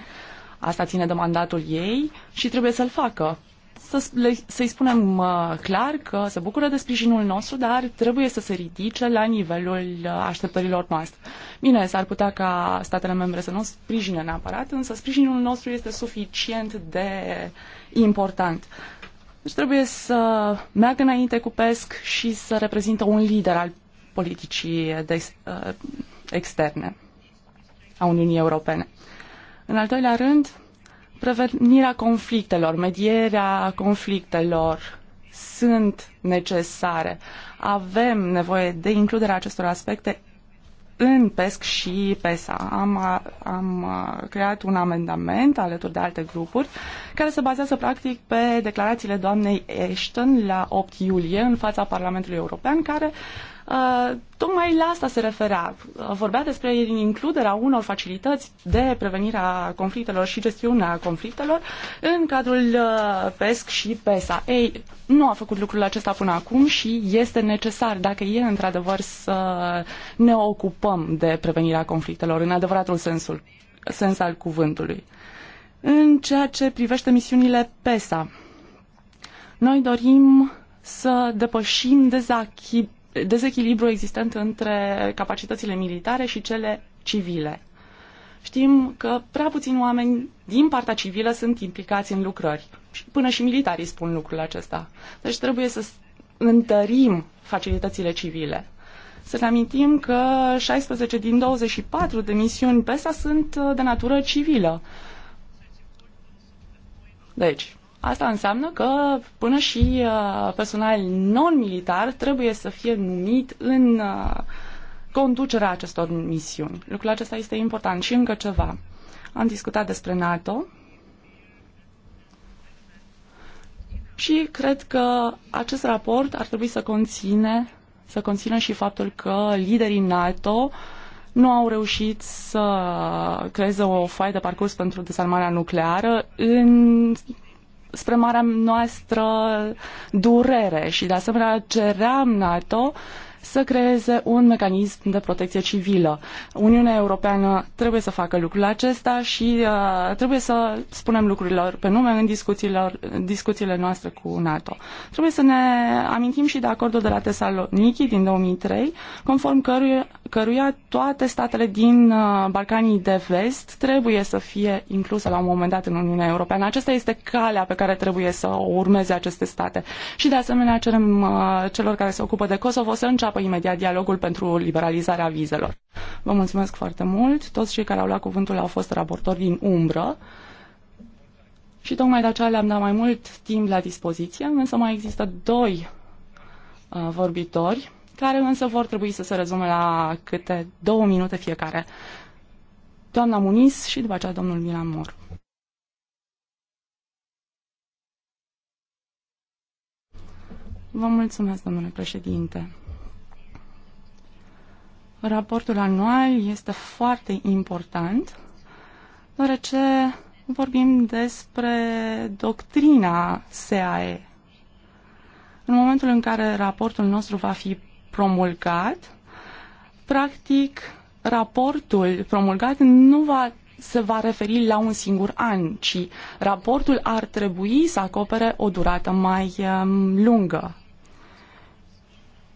Asta ține de mandatul ei și trebuie să-l facă să le, să-i spunem uh, clar că se bucură de sprijinul nostru, dar trebuie să se ridice la nivelul uh, așteptărilor noastre. Bine, s-ar putea ca statele membre să nu sprijine neapărat, însă sprijinul nostru este suficient de important. Deci trebuie să meargă înainte cu PESC și să reprezintă un lider al politicii de, uh, externe a Uniunii Europene. În al doilea rând, prevenirea conflictelor, medierea conflictelor sunt necesare. Avem nevoie de includerea acestor aspecte în PESC și PESA. Am, am creat un amendament alături de alte grupuri care se bazează practic pe declarațiile doamnei Ashton la 8 iulie în fața Parlamentului European care uh, Uh, tocmai la asta se referea. Vorbea despre includerea unor facilități de prevenire a conflictelor și gestiunea conflictelor în cadrul uh, PESC și PESA. Ei, nu a făcut lucrul acesta până acum și este necesar dacă e într-adevăr să ne ocupăm de prevenirea conflictelor în adevăratul sensul, sens al cuvântului. În ceea ce privește misiunile PESA, noi dorim să depășim dezachid dezechilibru existent între capacitățile militare și cele civile. Știm că prea puțini oameni din partea civilă sunt implicați în lucrări. Până și militarii spun lucrul acesta. Deci trebuie să întărim facilitățile civile. Să ne amintim că 16 din 24 de misiuni PESA sunt de natură civilă. Deci, Asta înseamnă că până și uh, personal non-militar trebuie să fie numit în uh, conducerea acestor misiuni. Lucrul acesta este important. Și încă ceva. Am discutat despre NATO și cred că acest raport ar trebui să conține să conțină și faptul că liderii NATO nu au reușit să creeze o foaie de parcurs pentru desarmarea nucleară în spre marea noastră durere și de asemenea ceream NATO să creeze un mecanism de protecție civilă. Uniunea Europeană trebuie să facă lucrul acesta și uh, trebuie să spunem lucrurilor pe nume în discuțiile, discuțiile noastre cu NATO. Trebuie să ne amintim și de acordul de la Tesaloniki din 2003, conform căruia, căruia toate statele din uh, Balcanii de Vest trebuie să fie incluse la un moment dat în Uniunea Europeană. Aceasta este calea pe care trebuie să o urmeze aceste state. Și de asemenea cerem uh, celor care se ocupă de Kosovo să înceapă înceapă imediat dialogul pentru liberalizarea vizelor. Vă mulțumesc foarte mult. Toți cei care au luat cuvântul au fost raportori din umbră și tocmai de aceea le-am dat mai mult timp la dispoziție, însă mai există doi uh, vorbitori care însă vor trebui să se rezume la câte două minute fiecare. Doamna Muniz și după aceea domnul Milan Mor. Vă mulțumesc, domnule președinte. Raportul anual este foarte important, deoarece vorbim despre doctrina SAE. În momentul în care raportul nostru va fi promulgat, practic raportul promulgat nu va se va referi la un singur an, ci raportul ar trebui să acopere o durată mai um, lungă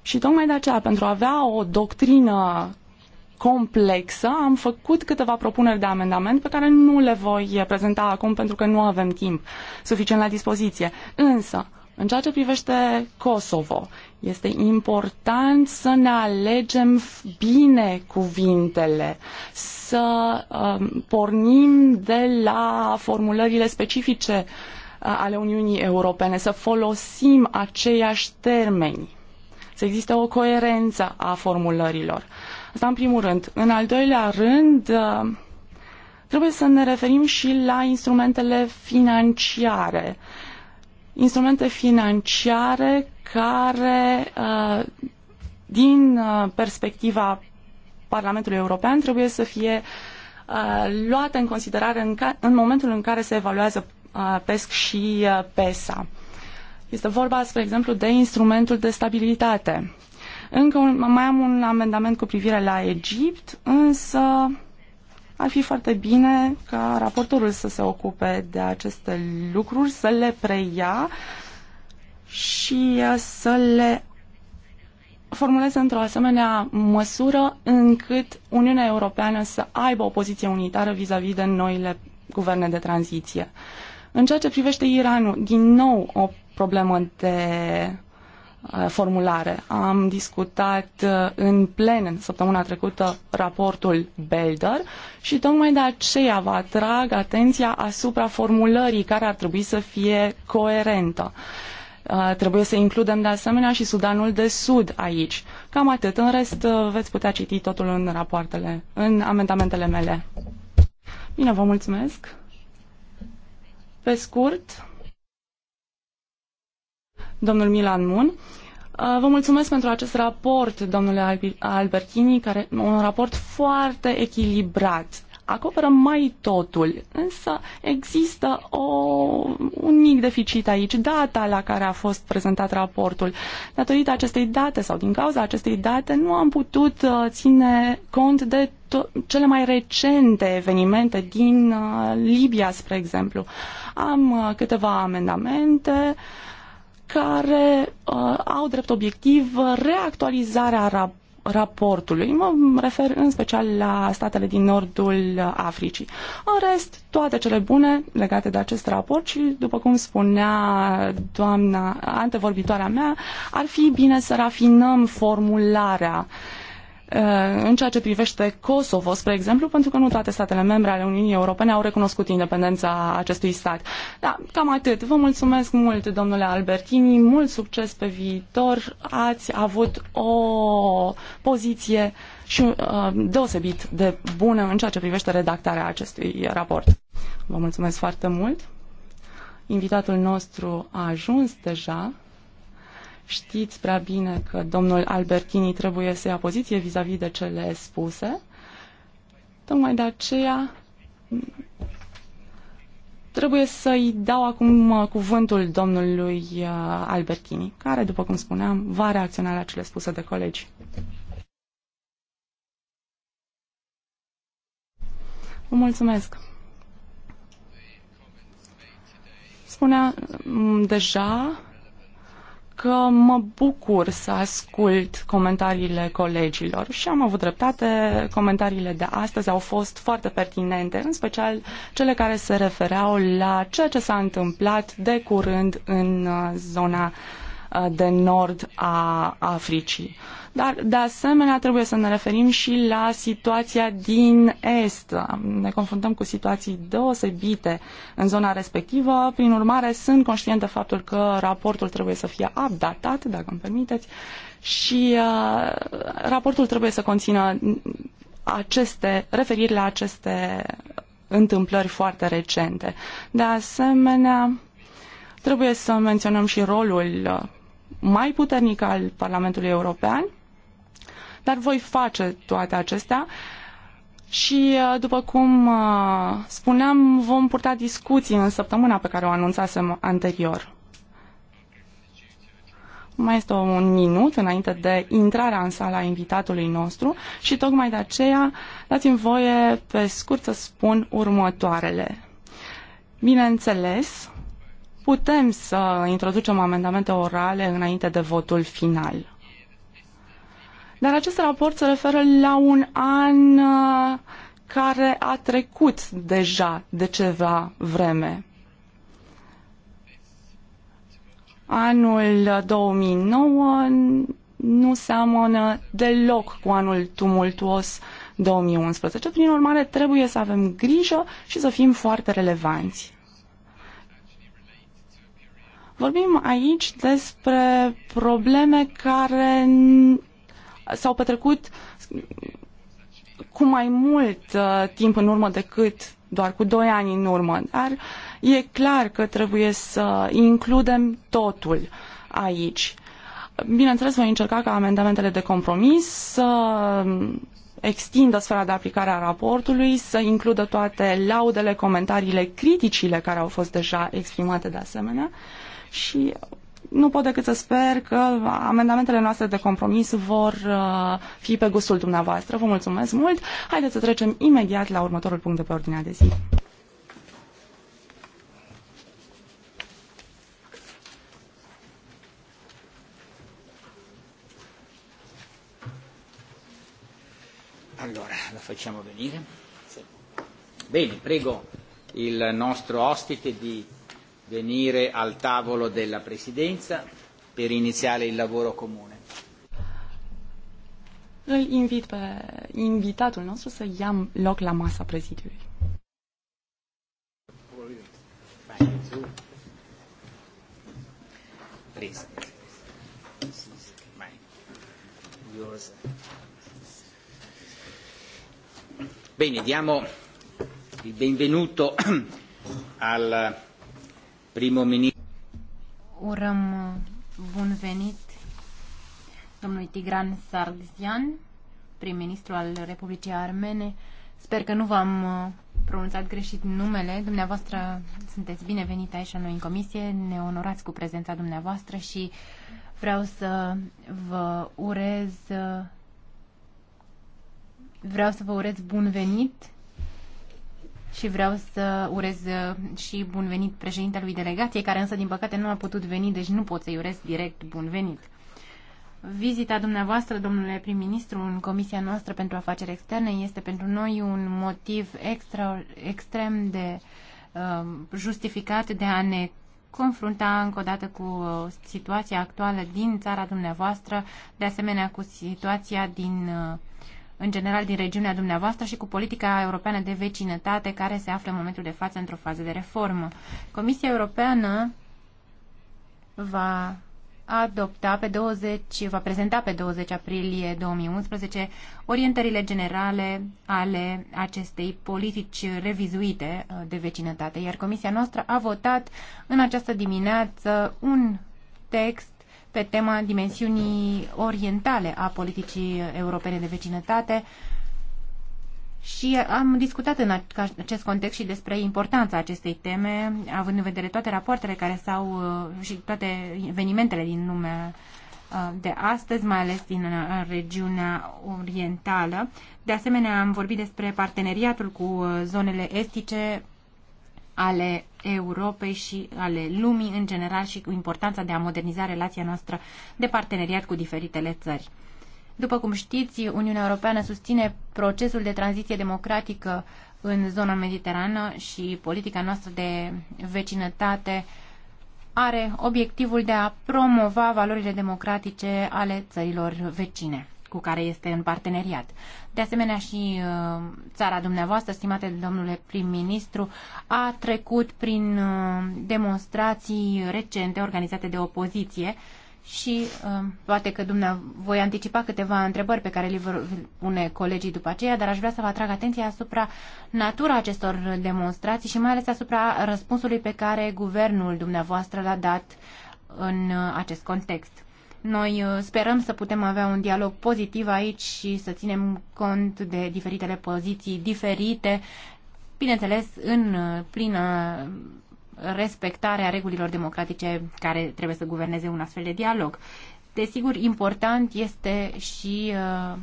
și tocmai de aceea, pentru a avea o doctrină complexă, am făcut câteva propuneri de amendament pe care nu le voi prezenta acum pentru că nu avem timp suficient la dispoziție. Însă, în ceea ce privește Kosovo, este important să ne alegem bine cuvintele, să um, pornim de la formulările specifice uh, ale Uniunii Europene, să folosim aceiași termeni să existe o coerență a formulărilor. Asta în primul rând. În al doilea rând, uh, trebuie să ne referim și la instrumentele financiare. Instrumente financiare care, uh, din uh, perspectiva Parlamentului European, trebuie să fie luate în considerare în, ca, în momentul în care se evaluează PESC și PESA. Este vorba, spre exemplu, de instrumentul de stabilitate. Încă un, mai am un amendament cu privire la Egipt, însă ar fi foarte bine ca raportorul să se ocupe de aceste lucruri, să le preia și uh, să le formuleze într-o asemenea măsură încât Uniunea Europeană să aibă o poziție unitară vis-a-vis -vis de noile guverne de tranziție. În ceea ce privește Iranul, din nou o problemă de uh, formulare. Am discutat uh, în plen în săptămâna trecută raportul Belder și tocmai de aceea vă atrag atenția asupra formulării care ar trebui să fie coerentă. Uh, trebuie să includem de asemenea și Sudanul de Sud aici. Cam atât. În rest veți putea citi totul în rapoartele, în amendamentele mele. Bine, vă mulțumesc. Pe scurt, domnul Milan Mun. Uh, vă mulțumesc pentru acest raport, domnule Albertini, care un raport foarte echilibrat. Acoperă mai totul, însă există o, un mic deficit aici, data la care a fost prezentat raportul. Datorită acestei date sau din cauza acestei date nu am putut uh, ține cont de cele mai recente evenimente din uh, Libia, spre exemplu. Am câteva amendamente, uh, care uh, au drept obiectiv reactualizarea rap raportului. Mă refer în special la statele din nordul Africii. În rest, toate cele bune legate de acest raport și, după cum spunea doamna antevorbitoarea mea, ar fi bine să rafinăm formularea uh, Uh, în ceea ce privește Kosovo, spre exemplu, pentru că nu toate statele membre ale Uniunii Europene au recunoscut independența acestui stat. Da, cam atât. Vă mulțumesc mult, domnule Albertini, mult succes pe viitor. Ați avut o poziție și uh, deosebit de bună în ceea ce privește redactarea acestui raport. Vă mulțumesc foarte mult. Invitatul nostru a ajuns deja. Știți prea bine că domnul Albertini trebuie să ia poziție vis-a-vis -vis de cele spuse. Tocmai de aceea trebuie să-i dau acum uh, cuvântul domnului uh, Albertini, care, după cum spuneam, va reacționa la cele spuse de colegi. Vă mulțumesc! Spunea mm, deja că mă bucur să ascult comentariile colegilor și am avut dreptate. Comentariile de astăzi au fost foarte pertinente, în special cele care se refereau la ceea ce s-a întâmplat de curând în uh, zona uh, de nord a Africii. Dar, de asemenea, trebuie să ne referim și la situația din Est. Ne confruntăm cu situații deosebite în zona respectivă. Prin urmare, sunt conștient de faptul că raportul trebuie să fie updatat, dacă îmi permiteți, și uh, raportul trebuie să conțină aceste referiri la aceste întâmplări foarte recente. De asemenea, trebuie să menționăm și rolul mai puternic al Parlamentului European dar voi face toate acestea și, uh, după cum uh, spuneam, vom purta discuții în săptămâna pe care o anunțasem anterior. Mai este un minut înainte de intrarea în sala invitatului nostru și tocmai de aceea dați-mi voie pe scurt să spun următoarele. Bineînțeles, putem să introducem amendamente orale înainte de votul final. Dar acest raport se referă la un an uh, care a trecut deja de ceva vreme. Anul 2009 nu seamănă deloc cu anul tumultuos 2011. Prin urmare, trebuie să avem grijă și să fim foarte relevanți. Vorbim aici despre probleme care s-au petrecut cu mai mult uh, timp în urmă decât doar cu doi ani în urmă, dar e clar că trebuie să includem totul aici. Bineînțeles, voi încerca ca amendamentele de compromis să extindă sfera de aplicare a raportului, să includă toate laudele, comentariile, criticile care au fost deja exprimate de asemenea și nu pot decât să sper că amendamentele noastre de compromis vor uh, fi pe gustul dumneavoastră. Vă mulțumesc mult. Haideți să trecem imediat la următorul punct de pe ordinea de zi.
Allora, la facciamo venire. Bene, prego il nostro ospite di venire al tavolo della Presidenza per iniziare il lavoro comune.
Îl invit pe invitatul nostru să ia loc la masa prezidiului.
Please. Bene, diamo il benvenuto al Urăm
uh, bun venit domnului Tigran Sargsyan, prim-ministru al Republicii Armene. Sper că nu v-am uh, pronunțat greșit numele. Dumneavoastră sunteți binevenit aici la noi în comisie, ne onorați cu prezența dumneavoastră și vreau să vă urez uh, vreau să vă urez bun venit și vreau să urez uh, și bun venit președintelui delegației, care însă din păcate nu a putut veni, deci nu pot să-i urez direct bun venit. Vizita dumneavoastră, domnule prim-ministru, în Comisia noastră pentru afaceri externe este pentru noi un motiv extra, extrem de uh, justificat de a ne confrunta încă o dată cu uh, situația actuală din țara dumneavoastră, de asemenea cu situația din uh, în general din regiunea dumneavoastră și cu politica europeană de vecinătate care se află în momentul de față într-o fază de reformă. Comisia Europeană va adopta pe 20, va prezenta pe 20 aprilie 2011 orientările generale ale acestei politici revizuite uh, de vecinătate, iar comisia noastră a votat în această dimineață un text pe tema dimensiunii orientale a politicii europene de vecinătate și am discutat în acest context și despre importanța acestei teme, având în vedere toate rapoartele care s-au uh, și toate evenimentele din lumea uh, de astăzi, mai ales din uh, regiunea orientală. De asemenea, am vorbit despre parteneriatul cu zonele estice ale Europei și ale lumii în general și cu importanța de a moderniza relația noastră de parteneriat cu diferitele țări. După cum știți, Uniunea Europeană susține procesul de tranziție democratică în zona mediterană și politica noastră de vecinătate are obiectivul de a promova valorile democratice ale țărilor vecine cu care este în parteneriat. De asemenea și uh, țara dumneavoastră, stimate domnule prim-ministru, a trecut prin uh, demonstrații recente organizate de opoziție și uh, poate că dumneavoastră voi anticipa câteva întrebări pe care le vor pune colegii după aceea, dar aș vrea să vă atrag atenția asupra natura acestor demonstrații și mai ales asupra răspunsului pe care guvernul dumneavoastră l-a dat în acest context. Noi uh, sperăm să putem avea un dialog pozitiv aici și să ținem cont de diferitele poziții diferite, bineînțeles, în uh, plină respectare a regulilor democratice care trebuie să guverneze un astfel de dialog. Desigur, important este și uh,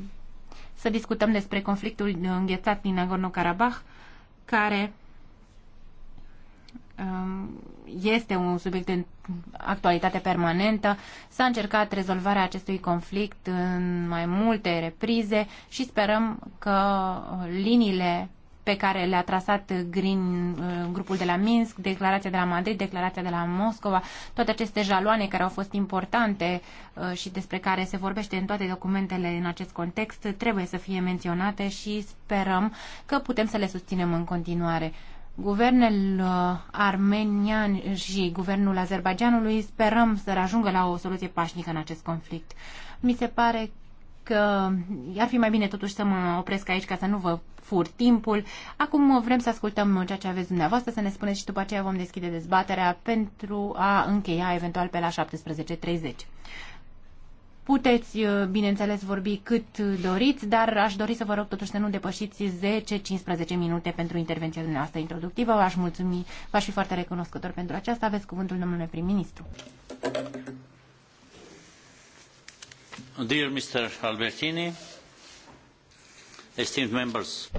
să discutăm despre conflictul înghețat din Nagorno-Karabakh, care um, este un subiect în actualitate permanentă. S-a încercat rezolvarea acestui conflict în mai multe reprize și sperăm că liniile pe care le-a trasat Green, uh, grupul de la Minsk, declarația de la Madrid, declarația de la Moscova, toate aceste jaloane care au fost importante uh, și despre care se vorbește în toate documentele în acest context, trebuie să fie menționate și sperăm că putem să le susținem în continuare. Guvernul uh, armenian și guvernul Azerbaijanului sperăm să ajungă la o soluție pașnică în acest conflict. Mi se pare că ar fi mai bine totuși să mă opresc aici ca să nu vă fur timpul. Acum vrem să ascultăm ceea ce aveți dumneavoastră, să ne spuneți și după aceea vom deschide dezbaterea pentru a încheia eventual pe la 17.30. Puteți, uh, bineînțeles, vorbi cât doriți, dar aș dori să vă rog totuși să nu depășiți 10-15 minute pentru intervenția dumneavoastră introductivă. Aș mulțumi, v-aș fi foarte recunoscător pentru aceasta. Aveți cuvântul, domnule prim-ministru.
Dear Mr. Albertini, esteemed members.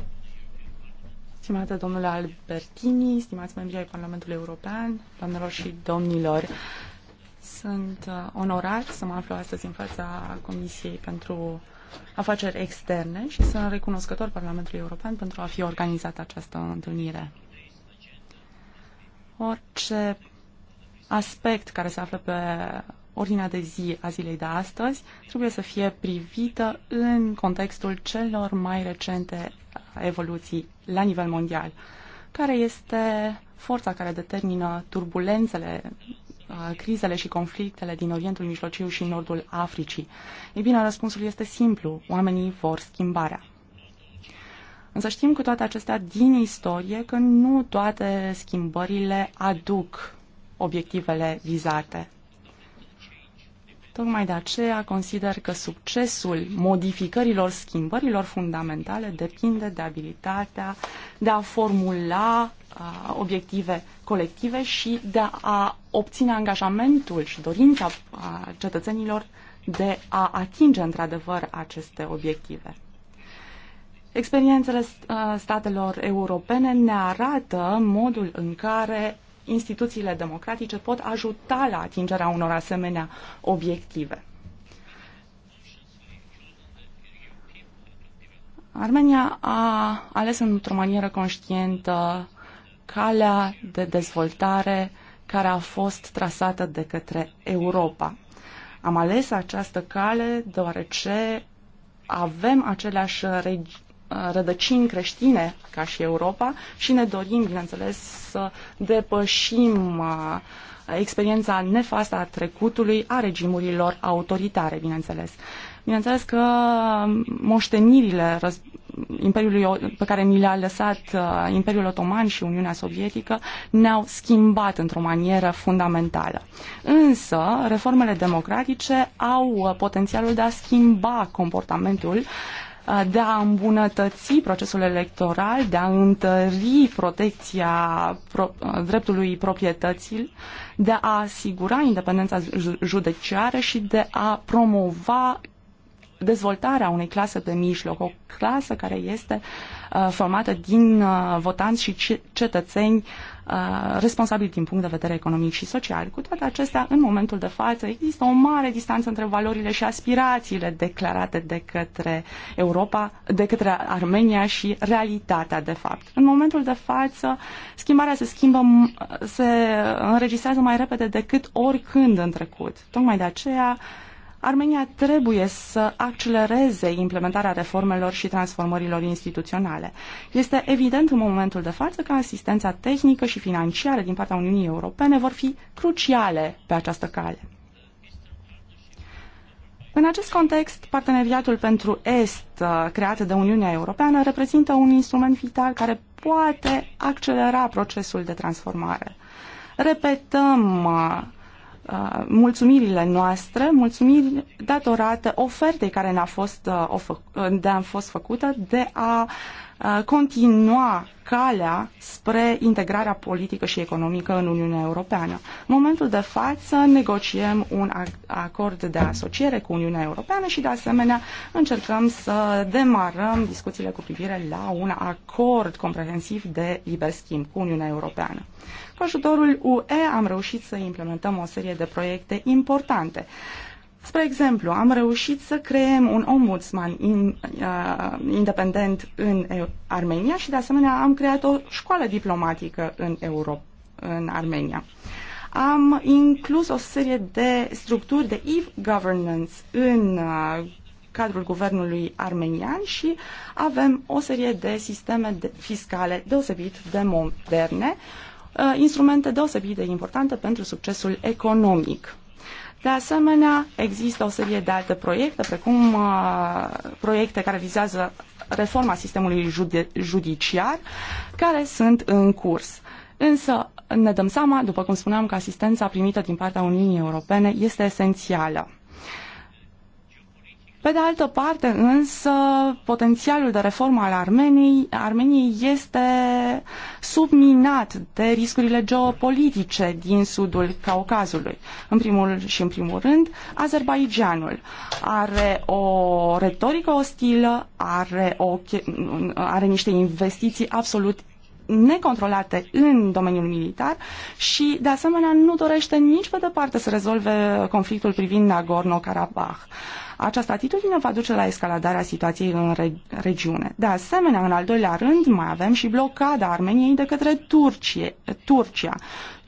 Stimate domnule Albertini, stimați membri ai Parlamentului European, doamnelor și domnilor, sunt uh, onorat să mă aflu astăzi în fața Comisiei pentru Afaceri Externe și sunt recunoscător Parlamentului European pentru a fi organizat această întâlnire. Orice aspect care se află pe ordinea de zi a zilei de astăzi trebuie să fie privită în contextul celor mai recente evoluții la nivel mondial, care este forța care determină turbulențele Uh, crizele și conflictele din Orientul Mijlociu și Nordul Africii? Ei bine, răspunsul este simplu. Oamenii vor schimbarea. Însă știm cu toate acestea din istorie că nu toate schimbările aduc obiectivele vizate. Tocmai de aceea consider că succesul modificărilor, schimbărilor fundamentale depinde de abilitatea de a formula uh, obiective colective și de a obține angajamentul și dorința cetățenilor de a atinge într-adevăr aceste obiective. Experiențele uh, statelor europene ne arată modul în care instituțiile democratice pot ajuta la atingerea unor asemenea obiective. Armenia a ales într-o manieră conștientă calea de dezvoltare care a fost trasată de către Europa. Am ales această cale deoarece avem aceleași rădăcini creștine ca și Europa și ne dorim, bineînțeles, să depășim uh, experiența nefastă a trecutului a regimurilor autoritare, bineînțeles. Bineînțeles că moștenirile Imperiului pe care ni le-a lăsat uh, Imperiul Otoman și Uniunea Sovietică ne-au schimbat într-o manieră fundamentală. Însă, reformele democratice au uh, potențialul de a schimba comportamentul uh, de a îmbunătăți procesul electoral, de a întări protecția pro- dreptului proprietății, de a asigura independența judeciară și de a promova dezvoltarea unei clase de mijloc, o clasă care este uh, formată din uh, votanți și cetățeni uh, responsabili din punct de vedere economic și social. Cu toate acestea, în momentul de față, există o mare distanță între valorile și aspirațiile declarate de către Europa, de către Armenia și realitatea, de fapt. În momentul de față, schimbarea se schimbă, se înregistrează mai repede decât oricând în trecut. Tocmai de aceea, Armenia trebuie să accelereze implementarea reformelor și transformărilor instituționale. Este evident în momentul de față că asistența tehnică și financiară din partea Uniunii Europene vor fi cruciale pe această cale. În acest context, parteneriatul pentru Est, uh, creat de Uniunea Europeană, reprezintă un instrument vital care poate accelera procesul de transformare. Repetăm uh, Uh, mulțumirile noastre, mulțumiri datorate ofertei care ne-a fost, uh, ne-a uh, fost făcută de a Uh, continua calea spre integrarea politică și economică în Uniunea Europeană. În momentul de față negociem un acord de asociere cu Uniunea Europeană și de asemenea încercăm să demarăm discuțiile cu privire la un acord comprehensiv de liber schimb cu Uniunea Europeană. Cu ajutorul UE am reușit să implementăm o serie de proiecte importante. Uh, Spre exemplu, am reușit să creăm un ombudsman in, uh, independent în Armenia și, de asemenea, am creat o școală diplomatică în, Europa, în Armenia. Am inclus o serie de structuri de e-governance în uh, cadrul guvernului armenian și avem o serie de sisteme de, fiscale deosebit de moderne, uh, instrumente deosebit de importante pentru succesul economic. De asemenea, există o serie de alte proiecte, precum uh, proiecte care vizează reforma sistemului jude- judiciar, care sunt în curs. Însă ne dăm seama, după cum spuneam, că asistența primită din partea Uniunii Europene este esențială. Pe de altă parte, însă, potențialul de reformă al Armeniei, Armeniei este subminat de riscurile geopolitice din sudul Caucazului. În primul și în primul rând, Azerbaijanul are o retorică ostilă, are, o, are niște investiții absolut necontrolate în domeniul militar și, de asemenea, nu dorește nici pe departe să rezolve conflictul privind Nagorno-Karabakh. Această atitudine va duce la escaladarea situației în re- regiune. De asemenea, în al doilea rând, mai avem și blocada Armeniei de către Turcie, Turcia.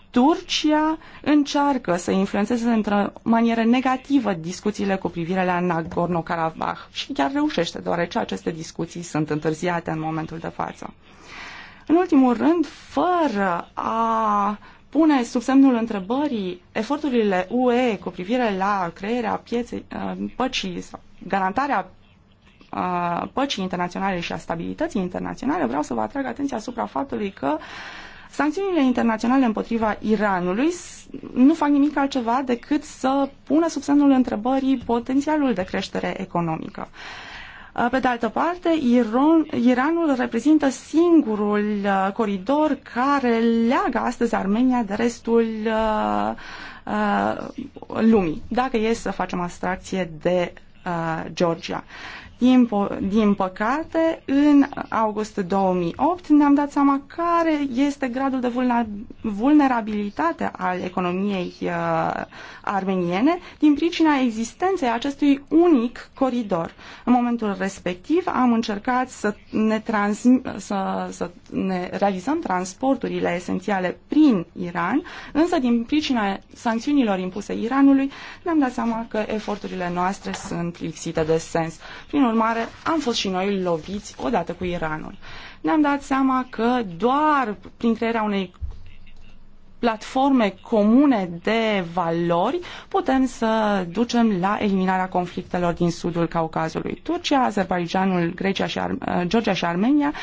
Turcia încearcă să influențeze într-o manieră negativă discuțiile cu privire la Nagorno-Karabakh și chiar reușește, deoarece aceste discuții sunt întârziate în momentul de față. În ultimul rând, fără a pune sub semnul întrebării eforturile UE cu privire la crearea pieței uh, păcii sau garantarea uh, păcii internaționale și a stabilității internaționale, vreau să vă atrag atenția asupra faptului că sancțiunile internaționale împotriva Iranului nu fac nimic altceva decât să pună sub semnul întrebării potențialul de creștere economică. Uh, Uh, pe de altă parte, Iran, Iranul reprezintă singurul uh, coridor care leagă astăzi Armenia de restul uh, uh, lumii, dacă e să facem abstracție de uh, Georgia. Uh, din, po- din păcate, în august 2008 ne-am dat seama care este gradul de vulnerabilitate al economiei uh, armeniene din pricina existenței acestui unic coridor. În momentul respectiv am încercat să ne, trans- să, să ne realizăm transporturile esențiale prin Iran, însă din pricina sancțiunilor impuse Iranului ne-am dat seama că eforturile noastre sunt lipsite de sens. Prin urmare, am fost și noi loviți odată cu Iranul. Ne-am dat seama că doar prin crearea unei platforme comune de valori putem să ducem la eliminarea conflictelor din sudul Caucazului. Turcia, Azerbaijanul, Grecia și Ar- Georgia și Armenia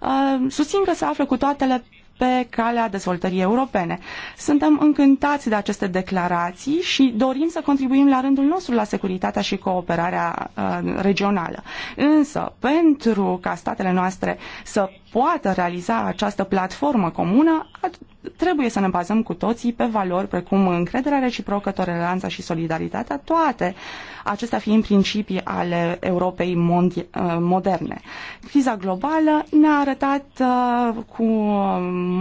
uh, susțin că se află cu toatele pe calea dezvoltării europene. Suntem încântați de aceste declarații și dorim să contribuim la rândul nostru la securitatea și cooperarea uh, regională. Însă, pentru ca statele noastre să poată realiza această platformă comună, trebuie să ne bazăm cu toții pe valori precum încrederea reciprocă, toleranța și solidaritatea, toate acestea fiind principii ale Europei eh, moderne. Criza globală ne-a arătat eh, cu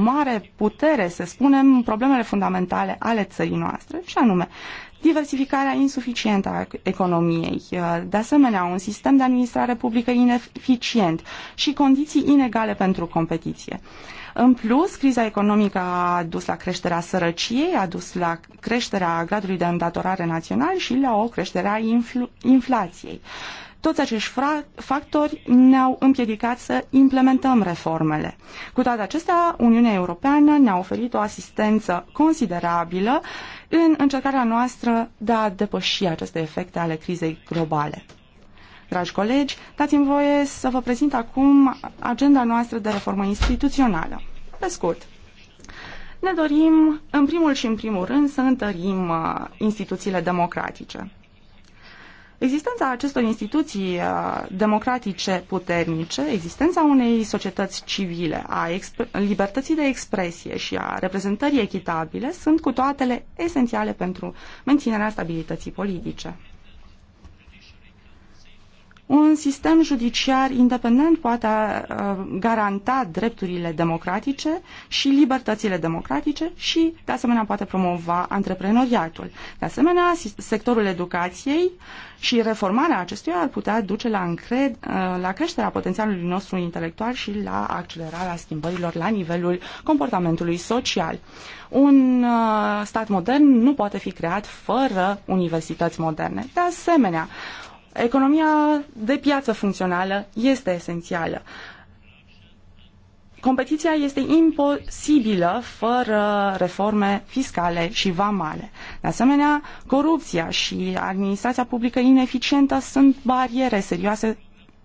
mare putere, să spunem, problemele fundamentale ale țării noastre, și anume diversificarea insuficientă a economiei, uh, de asemenea un sistem de administrare publică ineficient și condiții inegale pentru competiție. În plus, criza economică a dus la creșterea sărăciei, a dus la creșterea gradului de îndatorare național și la o creștere a infl- inflației. Toți acești factori ne-au împiedicat să implementăm reformele. Cu toate acestea, Uniunea Europeană ne-a oferit o asistență considerabilă uh, în încercarea noastră de a depăși aceste efecte ale crizei globale. Dragi colegi, dați-mi voie să vă prezint acum agenda noastră de reformă instituțională. Pe scurt, ne dorim, în primul și în primul rând, să întărim uh, instituțiile democratice. Existența acestor instituții uh, democratice puternice, existența unei societăți civile, a libertății de expresie și a reprezentării echitabile sunt cu toatele esențiale pentru menținerea stabilității politice. Un sistem judiciar independent poate uh, garanta drepturile democratice și libertățile democratice și, de asemenea, poate promova antreprenoriatul. De asemenea, sectorul educației și reformarea acestuia ar putea duce la, încred, uh, la creșterea potențialului nostru intelectual și la accelerarea schimbărilor la nivelul comportamentului social. Un uh, stat modern nu poate fi creat fără universități moderne. De asemenea, Economia de piață funcțională este esențială. Competiția este imposibilă fără reforme fiscale și vamale. De asemenea, corupția și administrația publică ineficientă sunt bariere serioase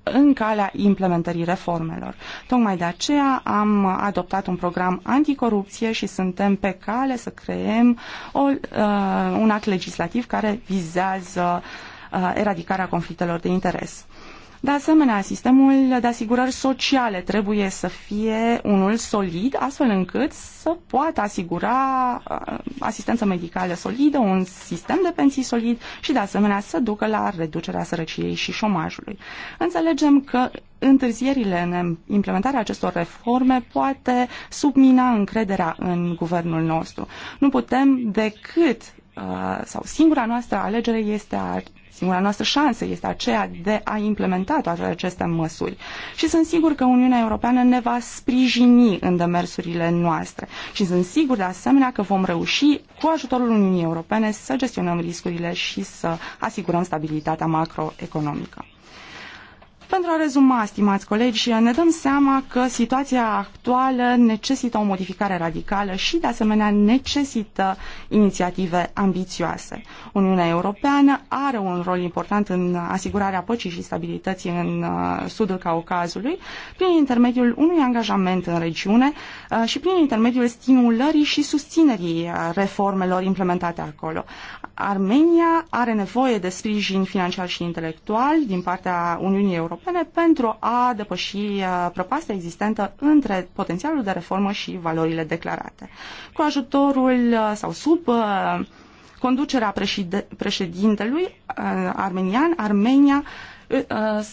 în calea implementării reformelor. Tocmai de aceea am adoptat un program anticorupție și suntem pe cale să creăm o, uh, un act legislativ care vizează uh, eradicarea conflictelor de interes. De asemenea, sistemul de asigurări sociale trebuie să fie unul solid, astfel încât să poată asigura asistență medicală solidă, un sistem de pensii solid și, de asemenea, să ducă la reducerea sărăciei și șomajului. Înțelegem că întârzierile în implementarea acestor reforme poate submina încrederea în guvernul nostru. Nu putem decât sau singura noastră alegere este a, singura noastră șansă este aceea de a implementa toate aceste măsuri. Și sunt sigur că Uniunea Europeană ne va sprijini în demersurile noastre și sunt sigur de asemenea că vom reuși cu ajutorul Uniunii Europene să gestionăm riscurile și să asigurăm stabilitatea macroeconomică. Pentru a rezuma, stimați colegi, ne dăm seama că situația actuală necesită o modificare radicală și, de asemenea, necesită inițiative ambițioase. Uniunea Europeană are un rol important în asigurarea păcii și stabilității în uh, sudul Caucazului prin intermediul unui angajament în regiune uh, și prin intermediul stimulării și susținerii uh, reformelor implementate acolo. Armenia are nevoie de sprijin financiar și intelectual din partea Uniunii Europene Europene pentru a depăși uh, prăpastia existentă între potențialul de reformă și valorile declarate. Cu ajutorul uh, sau sub uh, conducerea președintelui armenian, Armenia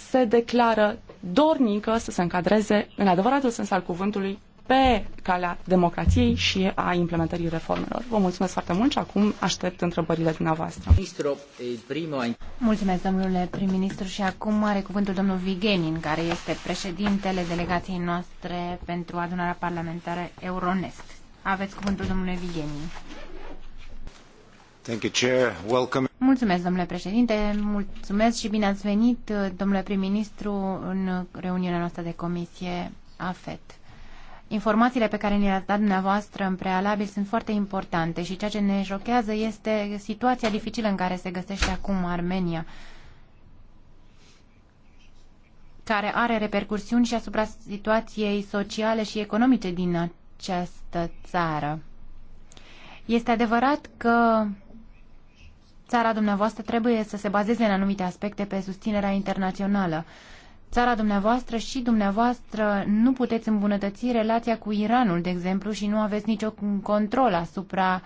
se declară dornică să se încadreze în adevăratul sens al cuvântului pe calea democrației și a implementării reformelor. Vă mulțumesc foarte mult și acum aștept întrebările dumneavoastră. Mulțumesc, domnule
prim-ministru, și acum are cuvântul domnul Vigenin, care este președintele delegației noastre pentru adunarea parlamentară Euronest. Aveți cuvântul, domnule Vigenin.
Thank you, Chair. Welcome.
Mulțumesc, domnule președinte, mulțumesc și bine ați venit, domnule prim-ministru, în reuniunea noastră de comisie AFET. Informațiile pe care ni le-ați dat dumneavoastră în prealabil sunt foarte importante și ceea ce ne șochează este situația dificilă în care se găsește acum Armenia, care are repercursiuni și asupra situației sociale și economice din această țară. Este adevărat că țara dumneavoastră trebuie să se bazeze în anumite aspecte pe susținerea internațională țara dumneavoastră și dumneavoastră nu puteți îmbunătăți relația cu Iranul, de exemplu, și nu aveți niciun control asupra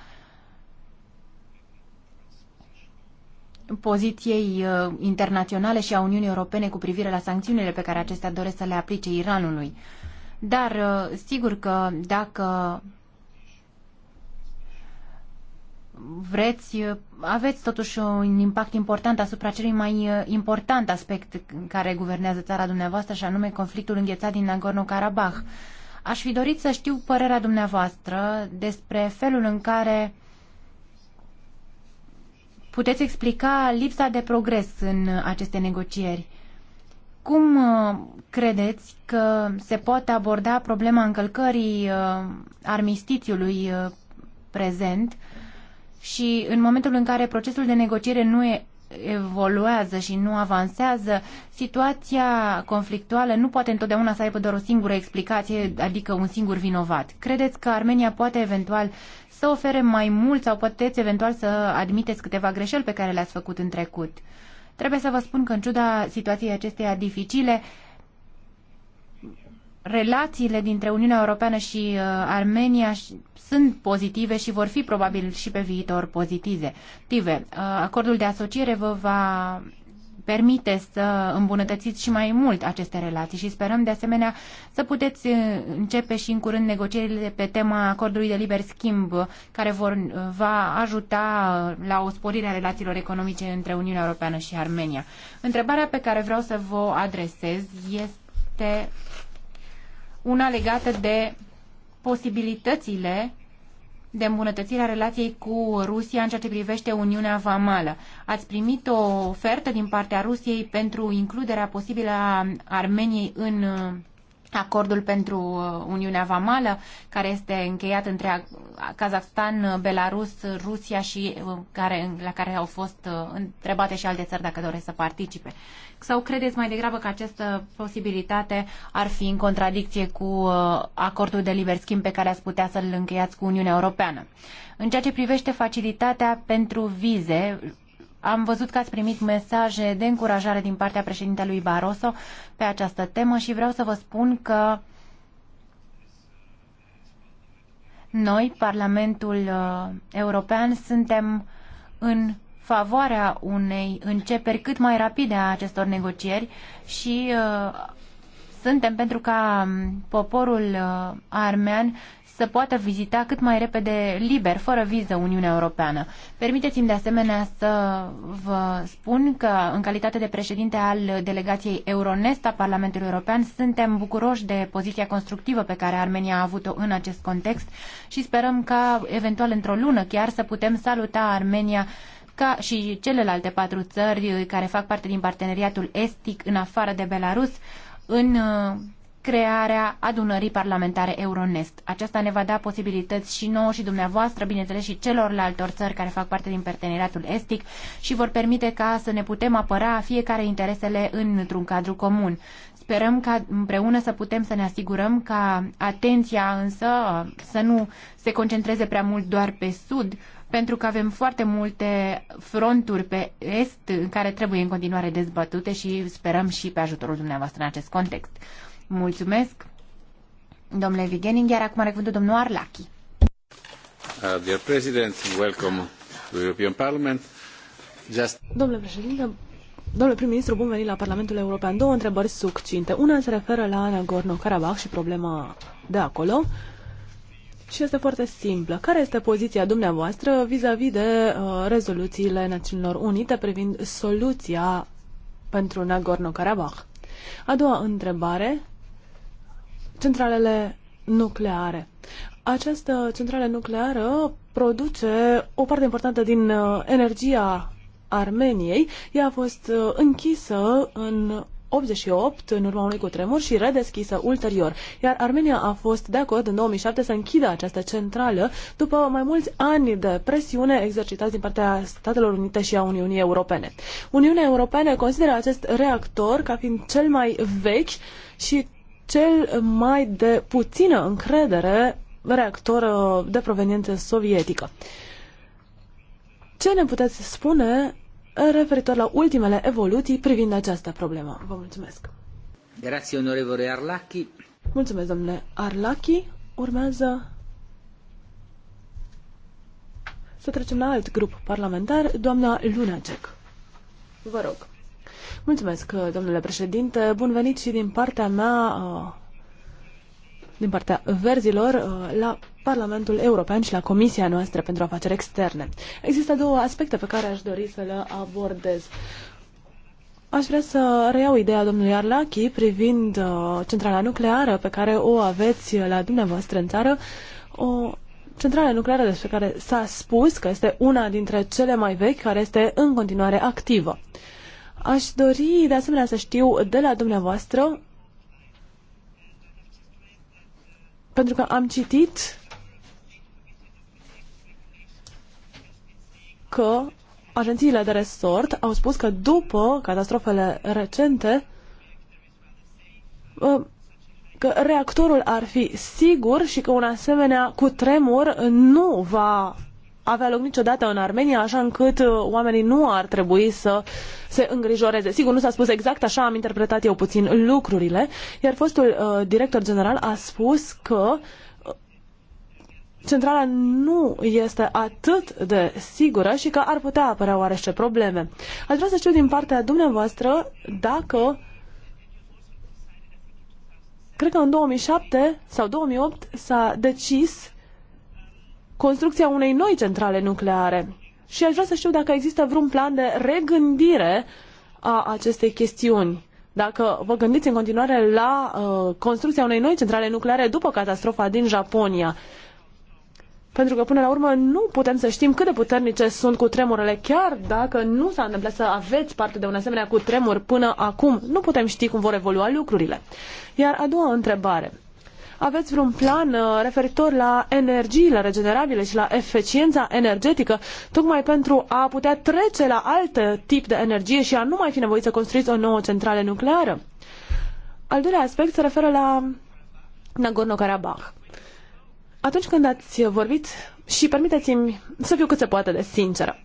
poziției uh, internaționale și a Uniunii Europene cu privire la sancțiunile pe care acestea doresc să le aplice Iranului. Dar uh, sigur că dacă vreți, uh, aveți totuși un impact important asupra celui mai uh, important aspect care guvernează țara dumneavoastră și anume conflictul înghețat din Nagorno-Karabakh. Aș fi dorit să știu părerea dumneavoastră despre felul în care puteți explica lipsa de progres în aceste negocieri. Cum uh, credeți că se poate aborda problema încălcării armistițiului prezent și în momentul în care procesul de negociere nu e evoluează și nu avansează, situația conflictuală nu poate întotdeauna să aibă doar o singură explicație, adică un singur vinovat. Credeți că Armenia poate eventual să ofere mai mult sau puteți eventual să admiteți câteva greșeli pe care le-ați făcut în trecut? Trebuie să vă spun că în ciuda situației acesteia dificile, relațiile dintre Uniunea Europeană și uh, Armenia sunt pozitive și vor fi probabil și pe viitor pozitive. Tive, uh, acordul de asociere vă va permite să îmbunătățiți și mai mult aceste relații și sperăm de asemenea să puteți uh, începe și în curând negocierile pe tema acordului de liber schimb care vor, va ajuta la o sporire a relațiilor economice între Uniunea Europeană și Armenia. Întrebarea pe care vreau să vă adresez este una legată de posibilitățile de îmbunătățirea relației cu Rusia în ceea ce privește Uniunea Vamală. Ați primit o ofertă din partea Rusiei pentru includerea posibilă a Armeniei în uh, acordul pentru uh, Uniunea Vamală, care este încheiat între Kazakhstan, Belarus, Rusia și uh, care, la care au fost întrebate și alte țări dacă doresc să participe sau credeți mai degrabă că această posibilitate ar fi în contradicție cu uh, acordul de liber schimb pe care ați putea să-l încheiați cu Uniunea Europeană? În ceea ce privește facilitatea pentru vize, am văzut că ați primit mesaje de încurajare din partea președintelui Barroso pe această temă și vreau să vă spun că noi, Parlamentul uh, European, suntem în favoarea unei începeri cât mai rapide a acestor negocieri și uh, suntem pentru ca um, poporul uh, armean să poată vizita cât mai repede liber, fără viză, Uniunea Europeană. Permiteți-mi de asemenea să vă spun că, în calitate de președinte al delegației Euronest a Parlamentului European, suntem bucuroși de poziția constructivă pe care Armenia a avut-o în acest context și sperăm ca, eventual într-o lună chiar, să putem saluta Armenia ca și celelalte patru țări care fac parte din parteneriatul estic în afară de Belarus în uh, crearea adunării parlamentare Euronest. Aceasta ne va da posibilități și nouă și dumneavoastră, bineînțeles și celorlaltor țări care fac parte din parteneriatul estic și vor permite ca să ne putem apăra fiecare interesele într-un cadru comun. Sperăm ca împreună să putem să ne asigurăm ca atenția însă să nu se concentreze prea mult doar pe Sud, pentru că avem foarte multe fronturi pe Est în care trebuie în continuare dezbătute și sperăm și pe ajutorul dumneavoastră în acest context. Mulțumesc, domnule Vigening, iar acum are cuvântul domnul Arlachi.
Uh, dear President, welcome to European Parliament. Just...
Domnule președinte, Domnule prim-ministru, bun venit la Parlamentul European. Două întrebări succinte. Una se referă la Nagorno-Karabakh și problema de acolo și este foarte simplă. Care este poziția dumneavoastră vis-a-vis -vis de uh, rezoluțiile Națiunilor Unite privind soluția pentru Nagorno-Karabakh? A doua întrebare, centralele nucleare. Această centrală nucleară produce o parte importantă din uh, energia Armeniei. Ea a fost uh, închisă în 1988 în urma unui cutremur și redeschisă ulterior, iar Armenia a fost de acord în 2007 să închidă această centrală după mai mulți ani de presiune exercitați din partea Statelor Unite și a Uniunii Europene. Uniunea Europeană consideră acest reactor ca fiind cel mai vechi și cel mai de puțină încredere reactor uh, de proveniență sovietică. Ce ne puteți spune referitor la ultimele evoluții privind această problemă. Vă mulțumesc!
Grazie, onorevole Arlachi.
Mulțumesc, domnule Arlachi. Urmează să trecem la alt grup parlamentar, doamna Lunacek. Vă rog. Mulțumesc, domnule președinte. Bun venit și din partea mea uh, din partea verzilor uh, la Parlamentul European și la Comisia noastră pentru afaceri externe. Există două aspecte pe care aș dori să le abordez. Aș vrea să reiau ideea domnului Arlachi privind uh, centrala nucleară pe care o aveți la dumneavoastră în țară. O centrală nucleară despre care s-a spus că este una dintre cele mai vechi care este în continuare activă. Aș dori de asemenea să știu de la dumneavoastră pentru că am citit că agențiile de resort au spus că după catastrofele recente ă, că reactorul ar fi sigur și că un asemenea cutremur nu va avea loc niciodată în Armenia, așa încât uh, oamenii nu ar trebui să se îngrijoreze. Sigur, nu s-a spus exact așa, am interpretat eu puțin lucrurile, iar fostul uh, director general a spus că uh, centrala nu este atât de sigură și că ar putea apărea oarește probleme. Aș vrea să știu din partea dumneavoastră dacă cred că în 2007 sau 2008 s-a decis construcția unei noi centrale nucleare. Și aș vrea să știu dacă există vreun plan de regândire a acestei chestiuni. Dacă vă gândiți în continuare la uh, construcția unei noi centrale nucleare după catastrofa din Japonia, pentru că până la urmă nu putem să știm cât de puternice sunt cu chiar dacă nu s-a întâmplat să aveți parte de un asemenea cu tremur până acum. Nu putem ști cum vor evolua lucrurile. Iar a doua întrebare. Aveți vreun plan uh, referitor la energiile regenerabile și la eficiența energetică, tocmai pentru a putea trece la alt tip de energie și a nu mai fi nevoit să construiți o nouă centrală nucleară? Al doilea aspect se referă la Nagorno-Karabakh. Atunci când ați vorbit, și permiteți-mi să fiu cât se poate de sinceră,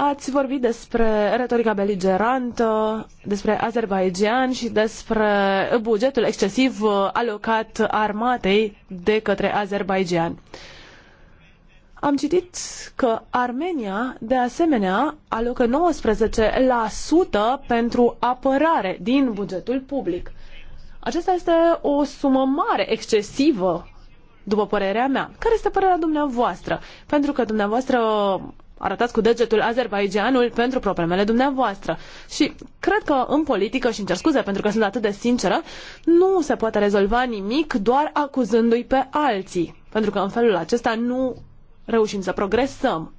Ați vorbit despre retorica beligerantă, despre Azerbaijan și despre bugetul excesiv uh, alocat armatei de către Azerbaijan. Am citit că Armenia, de asemenea, alocă 19% pentru apărare din bugetul public. Aceasta este o sumă mare, excesivă, după părerea mea. Care este părerea dumneavoastră? Pentru că dumneavoastră arătați cu degetul Azerbaijanul pentru problemele dumneavoastră. Și cred că în politică, și încerc scuze pentru că sunt atât de sinceră, nu se poate rezolva nimic doar acuzându-i pe alții. Pentru că în felul acesta nu reușim să progresăm.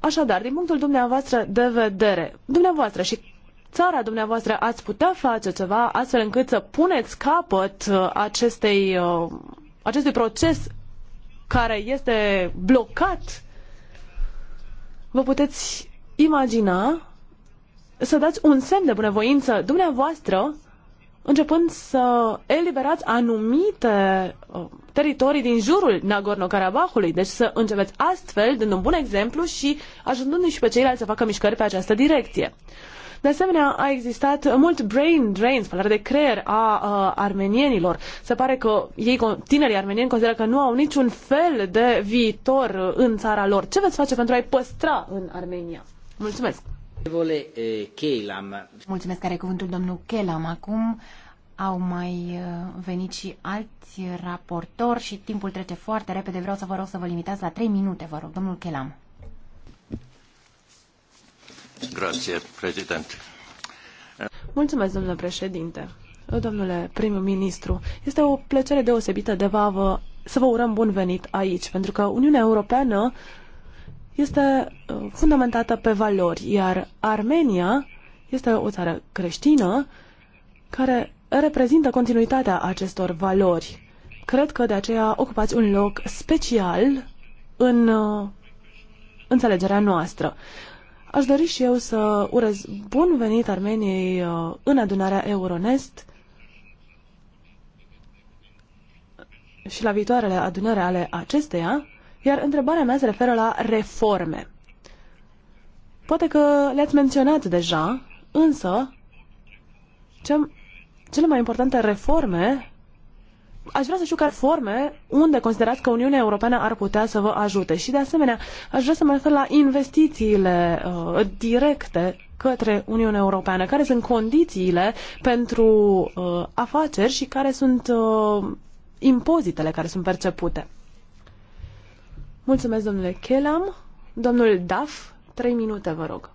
Așadar, din punctul dumneavoastră de vedere, dumneavoastră și țara dumneavoastră ați putea face ceva astfel încât să puneți capăt uh, acestei, uh, acestui proces care este blocat vă puteți imagina să dați un semn de bunăvoință dumneavoastră începând să eliberați anumite uh, teritorii din jurul Nagorno-Karabahului. Deci să începeți astfel, dând un bun exemplu și ajutându-i și pe ceilalți să facă mișcări pe această direcție. De asemenea, a existat mult brain drain, spălare de creier a, uh, armenienilor. Se pare că ei, tinerii armenieni, consideră că nu au niciun fel de viitor în țara lor. Ce veți face pentru a-i păstra în Armenia?
Mulțumesc!
Mulțumesc, care cuvântul domnul Kelam. Acum au mai venit și alți raportori și timpul trece foarte repede. Vreau să vă rog să vă limitați la 3 minute, vă rog, domnul
Kelam. Mulțumesc, domnule președinte. Domnule prim-ministru, este o plăcere deosebită de vă, să vă urăm bun venit aici, pentru că Uniunea Europeană este uh, fundamentată pe valori, iar Armenia este o țară creștină care reprezintă continuitatea acestor valori. Cred că de aceea ocupați un loc special în uh, înțelegerea noastră. Aș dori și eu să urez bun venit Armeniei uh, în adunarea Euronest și la viitoarele adunări ale acesteia, iar întrebarea mea se referă la reforme. Poate că le-ați menționat deja, însă cele mai importante reforme aș vrea să știu care forme, unde considerați că Uniunea Europeană ar putea să vă ajute. Și de asemenea, aș vrea să mă refer la investițiile uh, directe către Uniunea Europeană. Care sunt condițiile pentru uh, afaceri și care sunt uh, impozitele care sunt percepute? Mulțumesc, domnule Chelam. Domnul Daf, trei minute, vă rog.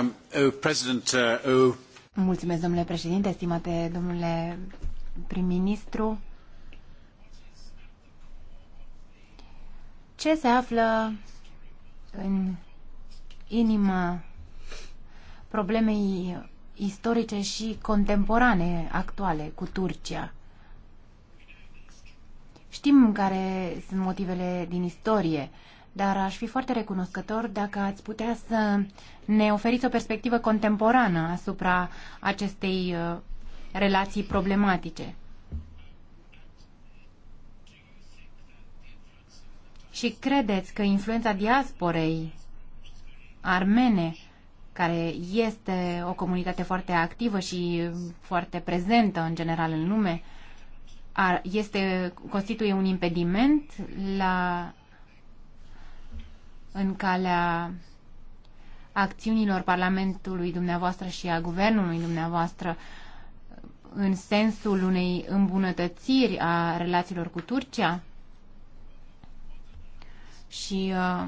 Um, oh, uh, oh.
Mulțumesc, domnule președinte, estimate domnule prim-ministru, ce se află în inima problemei istorice și contemporane actuale cu Turcia. Știm care sunt motivele din istorie, dar aș fi foarte recunoscător dacă ați putea să ne oferiți o perspectivă contemporană asupra acestei uh, relații problematice. Și credeți că influența diasporei armene, care este o comunitate foarte activă și foarte prezentă în general în lume, este, constituie un impediment la, în calea acțiunilor Parlamentului dumneavoastră și a Guvernului dumneavoastră în sensul unei îmbunătățiri a relațiilor cu Turcia? Și uh,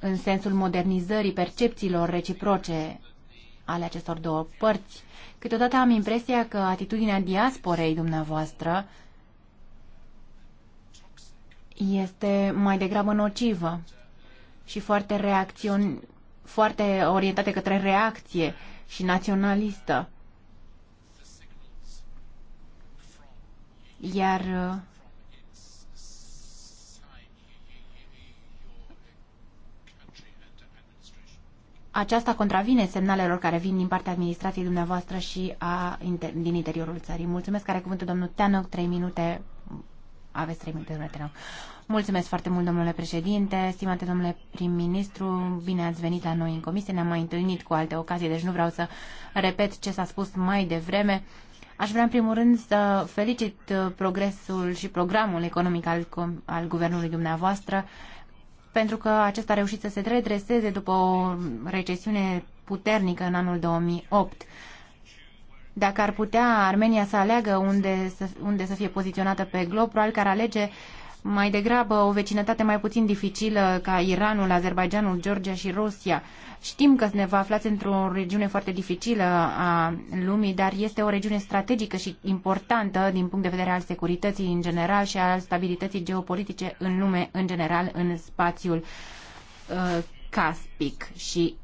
în sensul modernizării percepțiilor reciproce ale acestor două părți. Câteodată am impresia că atitudinea diasporei dumneavoastră este mai degrabă nocivă și foarte, reacțion, foarte orientată către reacție și naționalistă. Iar uh, aceasta contravine semnalelor care vin din partea administrației dumneavoastră și a, din interiorul țării. Mulțumesc, care cuvântul domnul Teanoc, trei minute aveți trei minute, domnule Tenau. Mulțumesc foarte mult, domnule președinte, stimate domnule prim-ministru, bine ați venit la noi în comisie, ne-am mai întâlnit cu alte ocazii, deci nu vreau să repet ce s-a spus mai devreme. Aș vrea, în primul rând, să felicit uh, progresul și programul economic al, al guvernului dumneavoastră, pentru că acesta a reușit să se redreseze după o recesiune puternică în anul 2008. Dacă ar putea Armenia să aleagă unde să, unde să fie poziționată pe glob, probabil că ar alege mai degrabă o vecinătate mai puțin dificilă ca Iranul, Azerbaijanul, Georgia și Rusia. Știm că ne va aflați într-o regiune foarte dificilă a lumii, dar este o regiune strategică și importantă din punct de vedere al securității în general și al stabilității geopolitice în lume în general, în spațiul uh, caspic și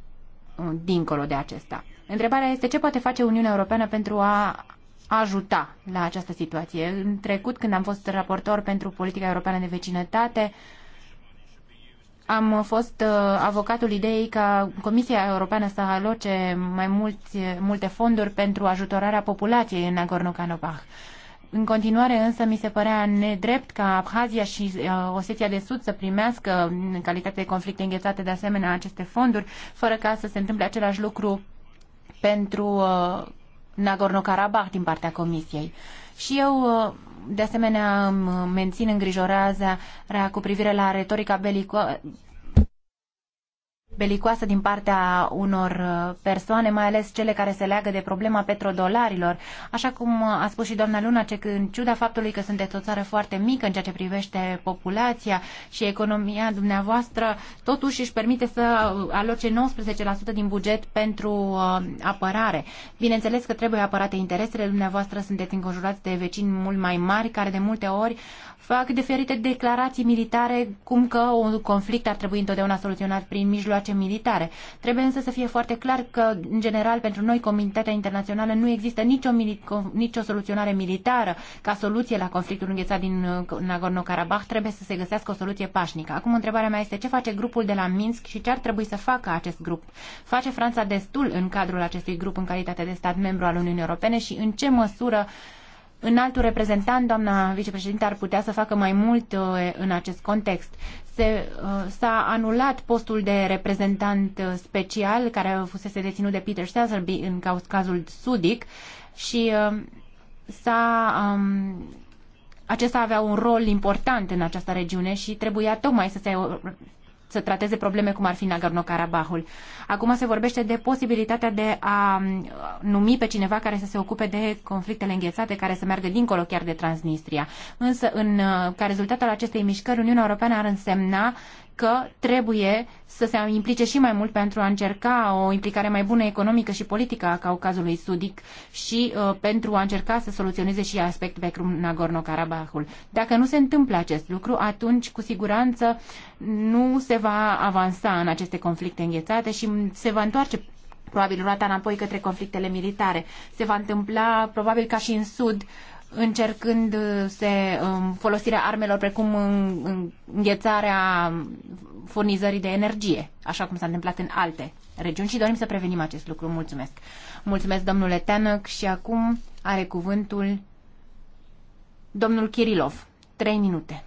uh, dincolo de acesta. Întrebarea este ce poate face Uniunea Europeană pentru a ajuta la această situație. În trecut, când am fost raportor pentru politica europeană de vecinătate, am fost uh, avocatul ideii ca Comisia Europeană să aloce mai mulți, multe fonduri pentru ajutorarea populației în Nagorno-Karabakh. În continuare însă mi se părea nedrept ca Abhazia și uh, Osetia de Sud să primească în calitate de conflicte înghețate de asemenea aceste fonduri, fără ca să se întâmple același lucru pentru uh, Nagorno-Karabakh din partea Comisiei. Și eu, uh, de asemenea, mențin îngrijorarea cu privire la retorica belico- belicoasă din partea unor uh, persoane, mai ales cele care se leagă de problema petrodolarilor. Așa cum a spus și doamna Luna, ce în ciuda faptului că sunteți o țară foarte mică în ceea ce privește populația și economia dumneavoastră, totuși își permite să aloce 19% din buget pentru uh, apărare. Bineînțeles că trebuie apărate interesele dumneavoastră, sunteți înconjurați de vecini mult mai mari care de multe ori fac diferite declarații militare, cum că un conflict ar trebui întotdeauna soluționat prin mijloace facem militare. Trebuie însă să fie foarte clar că, în general, pentru noi, comunitatea internațională, nu există nicio, nicio soluționare militară ca soluție la conflictul înghețat din uh, Nagorno-Karabakh. Trebuie să se găsească o soluție pașnică. Acum, întrebarea mea este ce face grupul de la Minsk și ce ar trebui să facă acest grup? Face Franța destul în cadrul acestui grup în calitate de stat membru al Uniunii Europene și în ce măsură în altul reprezentant, doamna vicepreședinte, ar putea să facă mai mult uh, în acest context. Uh, s-a anulat postul de reprezentant uh, special care fusese deținut de Peter Sazerby în cazul Sudic și uh, s-a um, acesta avea un rol important în această regiune și trebuia tocmai să se să trateze probleme cum ar fi Nagorno-Karabahul. Acum se vorbește de posibilitatea de a mm, numi pe cineva care să se ocupe de conflictele înghețate, care să meargă dincolo chiar de Transnistria. Însă, în, uh, ca rezultat al acestei mișcări, Uniunea Europeană ar însemna că trebuie să se implice și mai mult pentru a încerca o implicare mai bună economică și politică a Caucazului Sudic și uh, pentru a încerca să soluționeze și aspectul pe Nagorno-Karabahul. Dacă nu se întâmplă acest lucru, atunci cu siguranță nu se va avansa în aceste conflicte înghețate și se va întoarce probabil roata înapoi către conflictele militare. Se va întâmpla probabil ca și în Sud uh, încercând uh, se um, folosirea armelor precum înghețarea furnizării de energie, așa cum s-a întâmplat în alte regiuni și dorim să prevenim acest lucru. Mulțumesc. Mulțumesc, domnule Teanăc, și acum are cuvântul domnul Kirilov. Trei minute.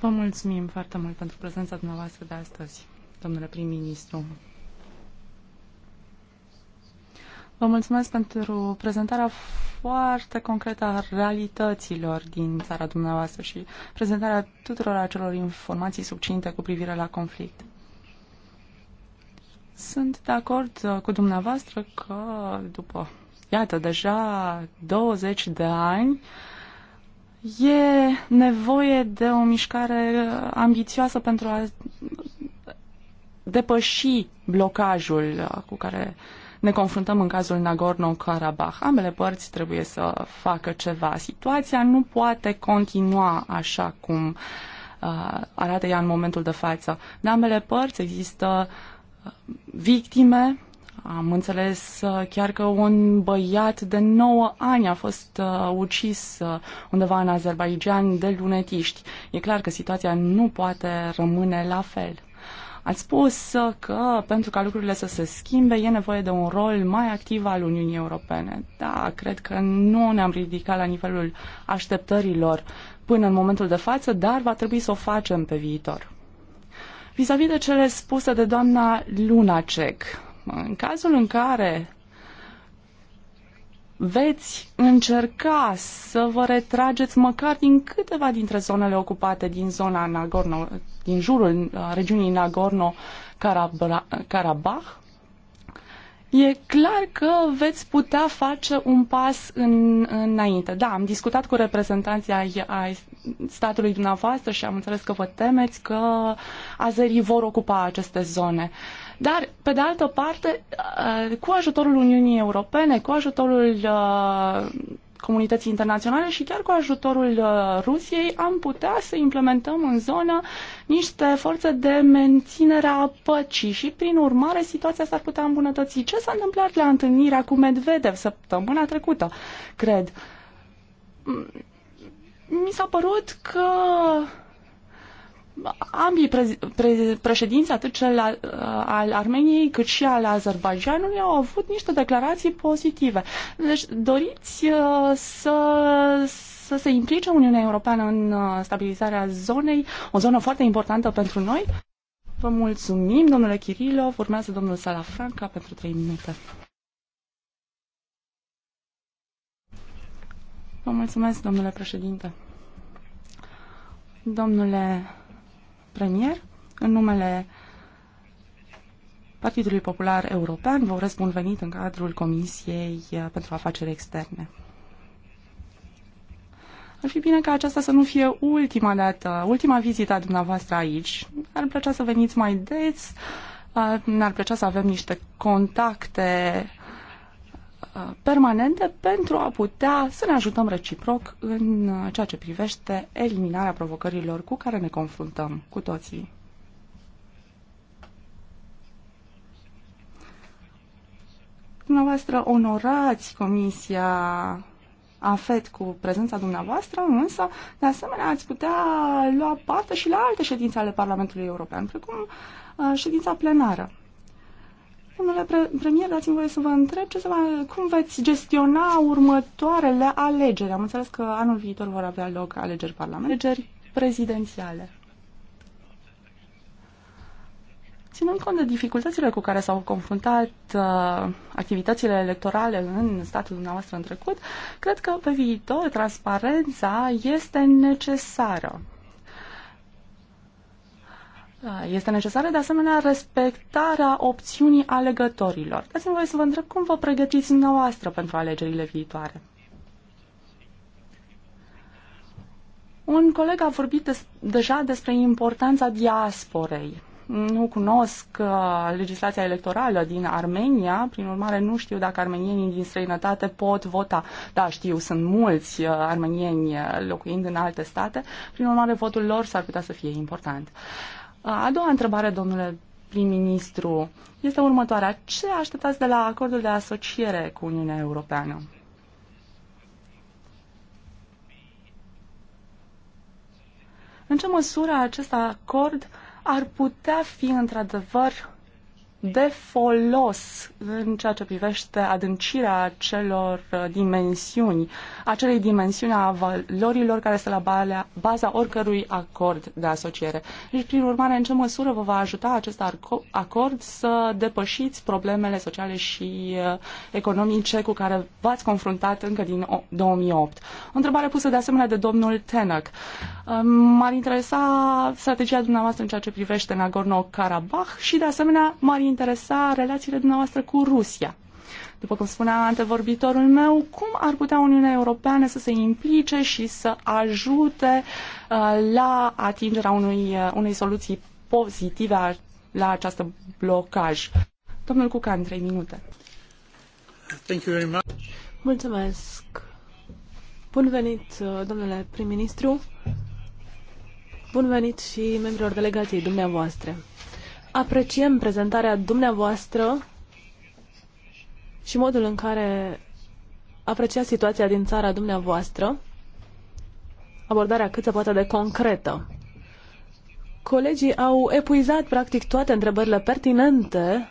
Vă mulțumim foarte mult pentru prezența dumneavoastră de astăzi, domnule prim-ministru. Vă mulțumesc pentru prezentarea foarte concretă a realităților din țara dumneavoastră și prezentarea tuturor acelor informații succinte cu privire la conflict. Sunt de acord uh, cu dumneavoastră că după, iată, deja 20 de ani, uh, E nevoie de o mișcare ambițioasă pentru a depăși blocajul uh, cu care ne confruntăm în cazul Nagorno-Karabakh. Ambele părți trebuie să facă ceva. Situația nu poate continua așa cum uh, arată ea în momentul de față. De ambele părți există uh, victime am înțeles uh, chiar că un băiat de 9 ani a fost uh, ucis uh, undeva în Azerbaijan de lunetiști. E clar că situația nu poate rămâne la fel. Ați spus că pentru ca lucrurile să se schimbe e nevoie de un rol mai activ al Uniunii Europene. Da, cred că nu ne-am ridicat la nivelul așteptărilor până în momentul de față, dar va trebui să o facem pe viitor. Vis-a-vis -vis de cele spuse de doamna Lunacek, în cazul în care veți încerca să vă retrageți măcar din câteva dintre zonele ocupate din zona Nagorno, din jurul uh, regiunii Nagorno-Karabakh, E clar că veți putea face un pas în, înainte. Da, am discutat cu reprezentanții ai, ai statului dumneavoastră și am înțeles că vă temeți că azerii vor ocupa aceste zone. Uh, dar, pe de altă parte, uh, cu ajutorul Uniunii Europene, cu ajutorul uh, comunității internaționale și chiar cu ajutorul uh, Rusiei am putea să implementăm în zonă niște forțe de menținere a păcii și, prin urmare, situația s-ar putea îmbunătăți. Ce s-a întâmplat la întâlnirea cu Medvedev săptămâna trecută, cred? Mm, mi s-a părut că ambii pre, pre, președinți, atât cel al, uh, al Armeniei cât și al Azerbaijanului, au avut niște declarații pozitive. Deci doriți uh, să, să se implice Uniunea Europeană în uh, stabilizarea zonei, o zonă foarte importantă pentru noi? Vă mulțumim, domnule Kirilov. Urmează domnul Salafranca pentru 3 minute. Vă mulțumesc, domnule președinte. Domnule premier, în numele Partidului Popular European, vă urez bun venit în cadrul Comisiei eh, pentru Afaceri Externe. Ar fi bine ca aceasta să nu fie ultima dată, ultima vizită a dumneavoastră aici. Ar plăcea să veniți mai des, ne-ar plăcea să avem niște contacte Uh, permanente pentru a putea să ne ajutăm reciproc în uh, ceea ce privește eliminarea provocărilor cu care ne confruntăm cu toții. Dumneavoastră onorați Comisia AFET cu prezența dumneavoastră, însă, de asemenea, ați putea lua parte și la alte ședințe ale Parlamentului European, precum uh, ședința plenară. Domnule pre- premier, dați-mi voie să vă întreb ce să vă, cum veți gestiona următoarele alegeri. Am înțeles că anul viitor vor avea loc alegeri parlamentare, prezidențiale. Ținând cont de dificultățile cu care s-au confruntat uh, activitățile electorale în statul dumneavoastră în trecut, cred că pe viitor transparența este necesară. Este necesară, de asemenea, respectarea opțiunii alegătorilor. Dați-mi voi să vă întreb cum vă pregătiți dumneavoastră pentru alegerile viitoare. Un coleg a vorbit des, deja despre importanța diasporei. Nu cunosc uh, legislația electorală din Armenia, prin urmare nu știu dacă armenienii din străinătate pot vota. Da, știu, sunt mulți uh, armenieni uh, locuind în alte state, prin urmare votul lor s-ar putea să fie important. Uh, a doua întrebare, domnule prim-ministru, este următoarea. Ce așteptați de la acordul de asociere cu Uniunea Europeană? În ce măsură acest acord ar putea fi într-adevăr de folos în ceea ce privește adâncirea celor uh, dimensiuni, acelei dimensiuni a valorilor care este la baza oricărui acord de asociere. și deci, prin urmare, în ce măsură vă va ajuta acest acord să depășiți problemele sociale și uh, economice cu care v-ați confruntat încă din 2008? O întrebare pusă de asemenea de domnul Tenac. Uh, m-ar interesa strategia dumneavoastră în ceea ce privește Nagorno-Karabakh și, de asemenea, m-ar interesa relațiile dumneavoastră cu Rusia. După cum spunea antevorbitorul meu, cum ar putea Uniunea Europeană să se implice și să ajute uh, la atingerea unui, uh, unei soluții pozitive la acest blocaj? Domnul Cucan, trei minute.
Thank you very much.
Mulțumesc. Bun venit, uh, domnule prim-ministru. Bun venit și membrilor delegației dumneavoastră. Apreciem prezentarea dumneavoastră și modul în care apreciați situația din țara dumneavoastră, abordarea cât se poate de concretă. Colegii au epuizat practic toate întrebările pertinente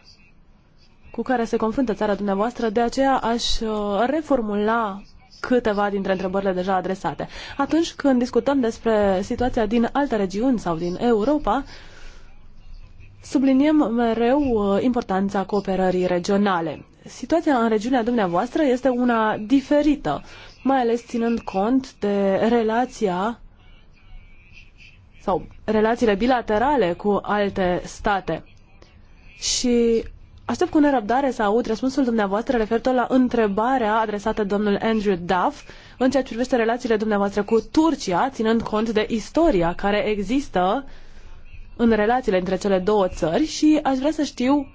cu care se confruntă țara dumneavoastră, de aceea aș uh, reformula câteva dintre întrebările deja adresate. Atunci când discutăm despre situația din alte regiuni sau din Europa, Subliniem mereu uh, importanța cooperării regionale. Situația în regiunea dumneavoastră este una diferită, mai ales ținând cont de relația sau relațiile bilaterale cu alte state. Și aștept cu nerăbdare să aud răspunsul dumneavoastră referitor la întrebarea adresată domnul Andrew Duff în ceea ce privește relațiile dumneavoastră cu Turcia, ținând cont de istoria care există în relațiile între cele două țări și aș vrea să știu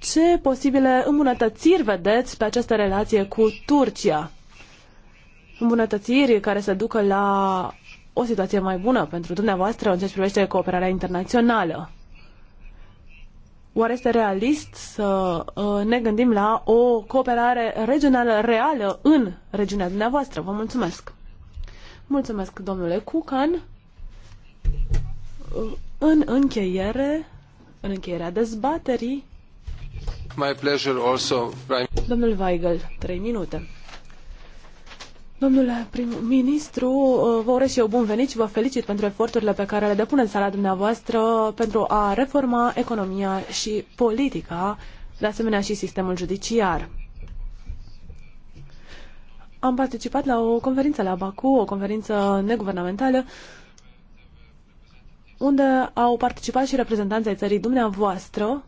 ce posibile îmbunătățiri vedeți pe această relație cu Turcia. Îmbunătățiri care să ducă la o situație mai bună pentru dumneavoastră în ceea ce privește cooperarea internațională. Oare este realist să uh, ne gândim la o cooperare regională reală în regiunea dumneavoastră? Vă mulțumesc! Mulțumesc, domnule Cucan! În încheiere, în încheierea dezbaterii,
My pleasure also, Prime...
Domnul Weigel, trei minute. Domnule prim-ministru, vă urez și eu bun venit și vă felicit pentru eforturile pe care le depuneți sala dumneavoastră pentru a reforma economia și politica, de asemenea și sistemul judiciar. Am participat la o conferință la Baku, o conferință neguvernamentală, unde au participat și reprezentanții ai țării dumneavoastră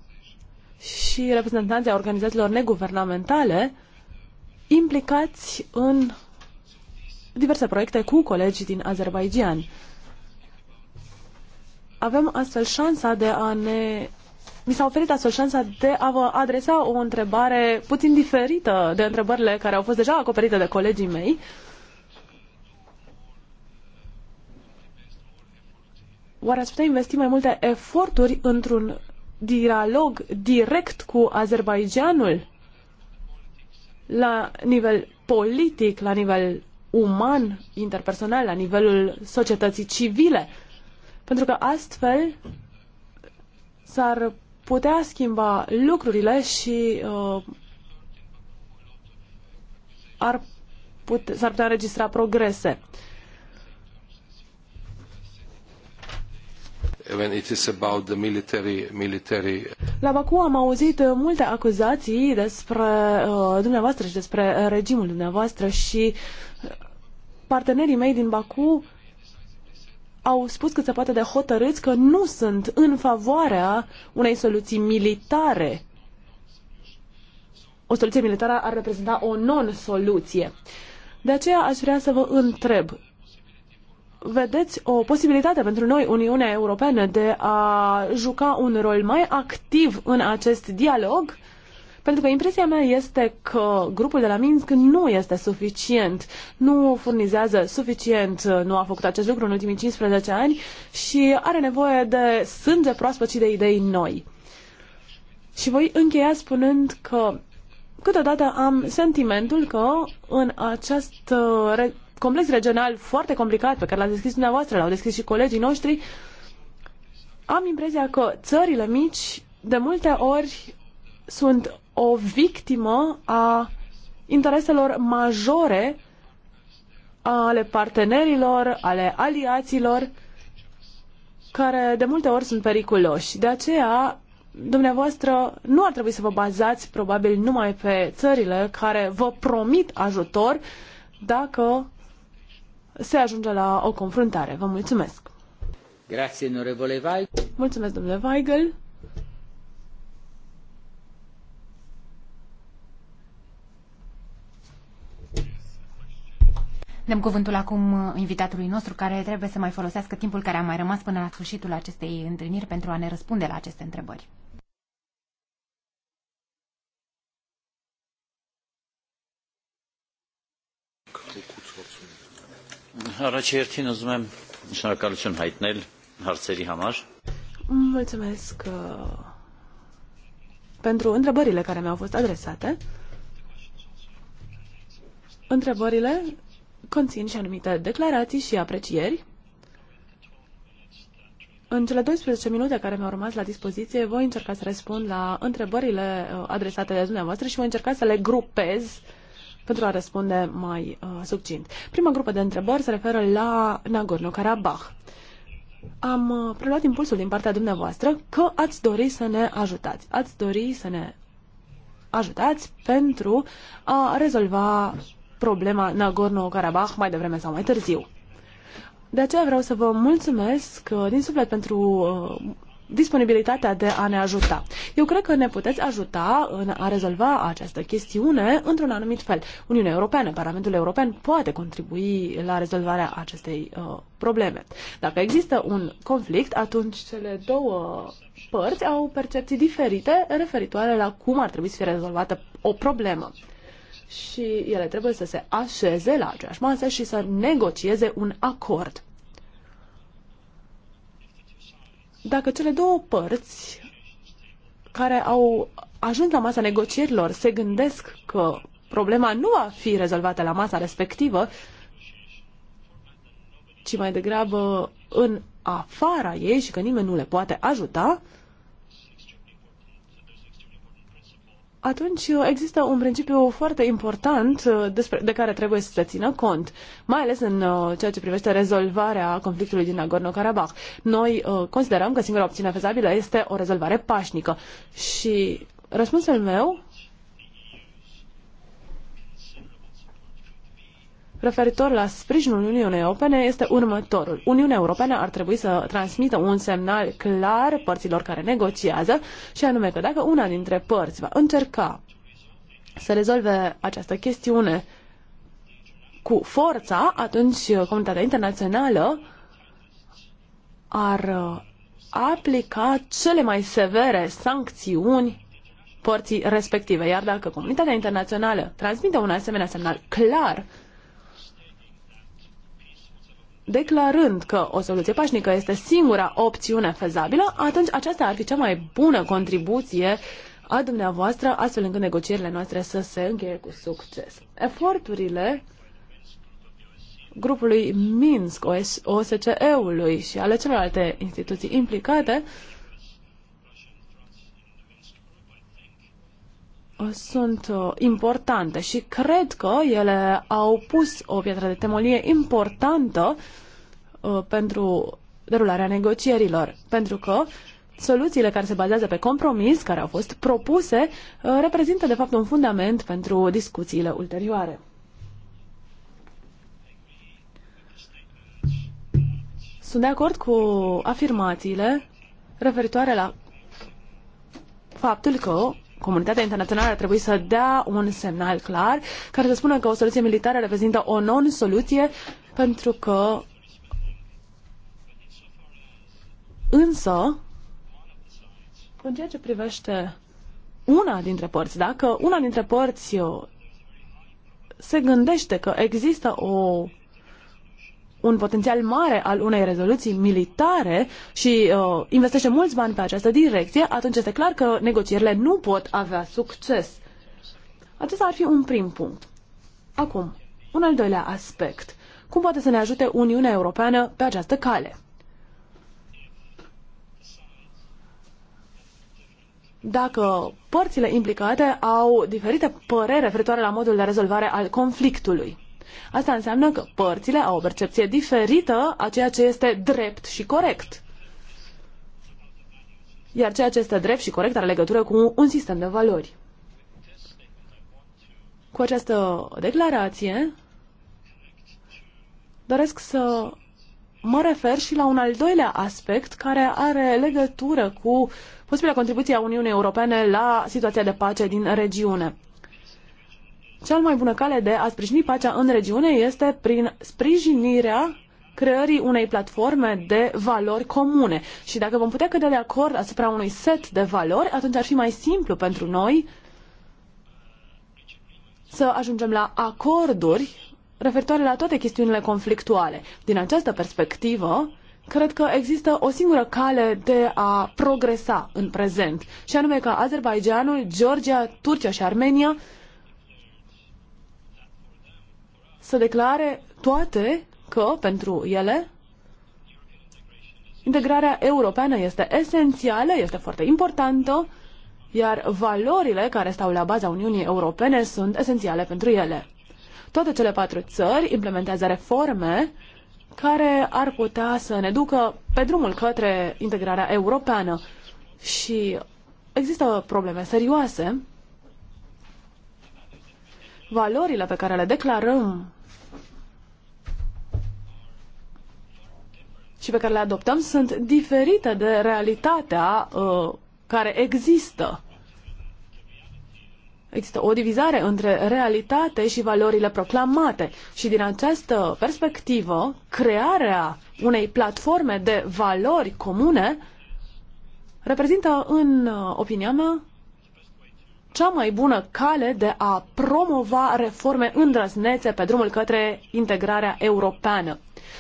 și reprezentanții organizațiilor neguvernamentale implicați în diverse proiecte cu colegi din Azerbaijan. Avem astfel șansa de a ne... Mi s-a oferit astfel șansa de a vă adresa o întrebare puțin diferită de întrebările care au fost deja acoperite de colegii mei, oare ați putea investi mai multe eforturi într-un dialog direct cu Azerbaijanul la nivel politic, la nivel uman, interpersonal, la nivelul societății civile? Pentru că astfel s-ar putea schimba lucrurile și uh, ar put- s-ar putea înregistra progrese.
when it is about the military, military... Uh,
La Baku am auzit uh, multe acuzații despre uh, dumneavoastră și despre uh, regimul dumneavoastră și partenerii mei din Baku au spus că se poate de hotărâți că nu sunt în favoarea unei soluții militare. O soluție militară ar reprezenta o non-soluție. De aceea aș vrea să vă întreb, vedeți o posibilitate pentru noi, Uniunea Europeană, de a juca un rol mai activ în acest dialog? Pentru că impresia mea este că grupul de la Minsk nu este suficient, nu furnizează suficient, nu a făcut acest lucru în ultimii 15 ani și are nevoie de sânge proaspăt și de idei noi. Și voi încheia spunând că câteodată am sentimentul că în această complex regional foarte complicat pe care l-ați deschis dumneavoastră, l-au deschis și colegii noștri, am impresia că țările mici de multe ori sunt o victimă a intereselor majore ale partenerilor, ale aliaților, care de multe ori sunt periculoși. De aceea, dumneavoastră, nu ar trebui să vă bazați probabil numai pe țările care vă promit ajutor dacă se ajunge la o confruntare. Vă mulțumesc!
Grazie, onorevole Weigel.
Mulțumesc, domnule Weigel.
Dăm cuvântul acum invitatului nostru care trebuie să mai folosească timpul care a mai rămas până la sfârșitul acestei întâlniri pentru a ne răspunde la aceste
întrebări. Առաջերտին
ուզում եմ շնորհակալություն հայտնել հարցերի hamar.
Mulțumesc uh, pentru întrebările care mi-au fost adresate. Întrebările conțin și anumite declarații și aprecieri. În cele 12 minute care mi-au rămas la dispoziție, voi încerca să răspund la întrebările uh, adresate de dumneavoastră și voi încerca să le grupez pentru a răspunde mai uh, succint. Prima grupă de întrebări se referă la Nagorno-Karabakh. Am uh, preluat impulsul din partea dumneavoastră că ați dori să ne ajutați. Ați dori să ne ajutați pentru a rezolva problema Nagorno-Karabakh mai devreme sau mai târziu. De aceea vreau să vă mulțumesc uh, din suflet pentru uh, disponibilitatea de a ne ajuta. Eu cred că ne puteți ajuta în a rezolva această chestiune într-un anumit fel. Uniunea Europeană, Parlamentul European poate contribui la rezolvarea acestei uh, probleme. Dacă există un conflict, atunci cele două părți au percepții diferite referitoare la cum ar trebui să fie rezolvată o problemă. Și ele trebuie să se așeze la aceeași masă și să negocieze un acord. dacă cele două părți care au ajuns la masa negocierilor se gândesc că problema nu va fi rezolvată la masa respectivă, ci mai degrabă în afara ei și că nimeni nu le poate ajuta, atunci uh, există un principiu foarte important uh, despre, de care trebuie să se țină cont, mai ales în uh, ceea ce privește rezolvarea conflictului din Nagorno-Karabakh. Noi considerăm că singura opțiune fezabilă este o rezolvare pașnică și răspunsul meu referitor la sprijinul Uniunii Europene este următorul. Uniunea Europeană ar trebui să transmită un semnal clar părților care negociază și anume că dacă una dintre părți va încerca să rezolve această chestiune cu forța, atunci comunitatea internațională ar uh, aplica cele mai severe sancțiuni părții respective. Iar dacă comunitatea internațională transmite un asemenea semnal clar declarând că o soluție pașnică este singura opțiune fezabilă, atunci aceasta ar fi cea mai bună contribuție a dumneavoastră, astfel încât negocierile noastre să se încheie cu succes. Eforturile grupului Minsk, OSCE-ului și ale celorlalte instituții implicate sunt uh, importante și cred că ele au pus o pietră de temolie importantă uh, pentru derularea negocierilor, pentru că soluțiile care se bazează pe compromis, care au fost propuse, uh, reprezintă de fapt un fundament pentru discuțiile ulterioare. Sunt de acord cu afirmațiile referitoare la faptul că comunitatea internațională ar trebui să dea un semnal clar care să spună că o soluție militară reprezintă o non-soluție pentru că însă în ceea ce privește una dintre părți, dacă una dintre părți se gândește că există o un potențial mare al unei rezoluții militare și uh, investește mulți bani pe această direcție, atunci este clar că negocierile nu pot avea succes. Acesta ar fi un prim punct. Acum, un al doilea aspect. Cum poate să ne ajute Uniunea Europeană pe această cale? Dacă părțile implicate au diferite păreri referitoare la modul de rezolvare al conflictului. Asta înseamnă că părțile au o percepție diferită a ceea ce este drept și corect. Iar ceea ce este drept și corect are legătură cu un sistem de valori. Cu această declarație doresc să mă refer și la un al doilea aspect care are legătură cu posibilă contribuție a Uniunii Europene la situația de pace din regiune. Cel mai bună cale de a sprijini pacea în regiune este prin sprijinirea creării unei platforme de valori comune. Și dacă vom putea cădea de acord asupra unui set de valori, atunci ar fi mai simplu pentru noi să ajungem la acorduri referitoare la toate chestiunile conflictuale. Din această perspectivă, cred că există o singură cale de a progresa în prezent, și anume ca Azerbaijanul, Georgia, Turcia și Armenia să declare toate că, pentru ele, integrarea europeană este esențială, este foarte importantă, iar valorile care stau la baza Uniunii Europene sunt esențiale pentru ele. Toate cele patru țări implementează reforme care ar putea să ne ducă pe drumul către integrarea europeană. Și există probleme serioase. Valorile pe care le declarăm și pe care le adoptăm sunt diferite de realitatea uh, care există. Există o divizare între realitate și valorile proclamate și din această perspectivă, crearea unei platforme de valori comune reprezintă, în uh, opinia mea, cea mai bună cale de a promova reforme îndrăznețe pe drumul către integrarea europeană.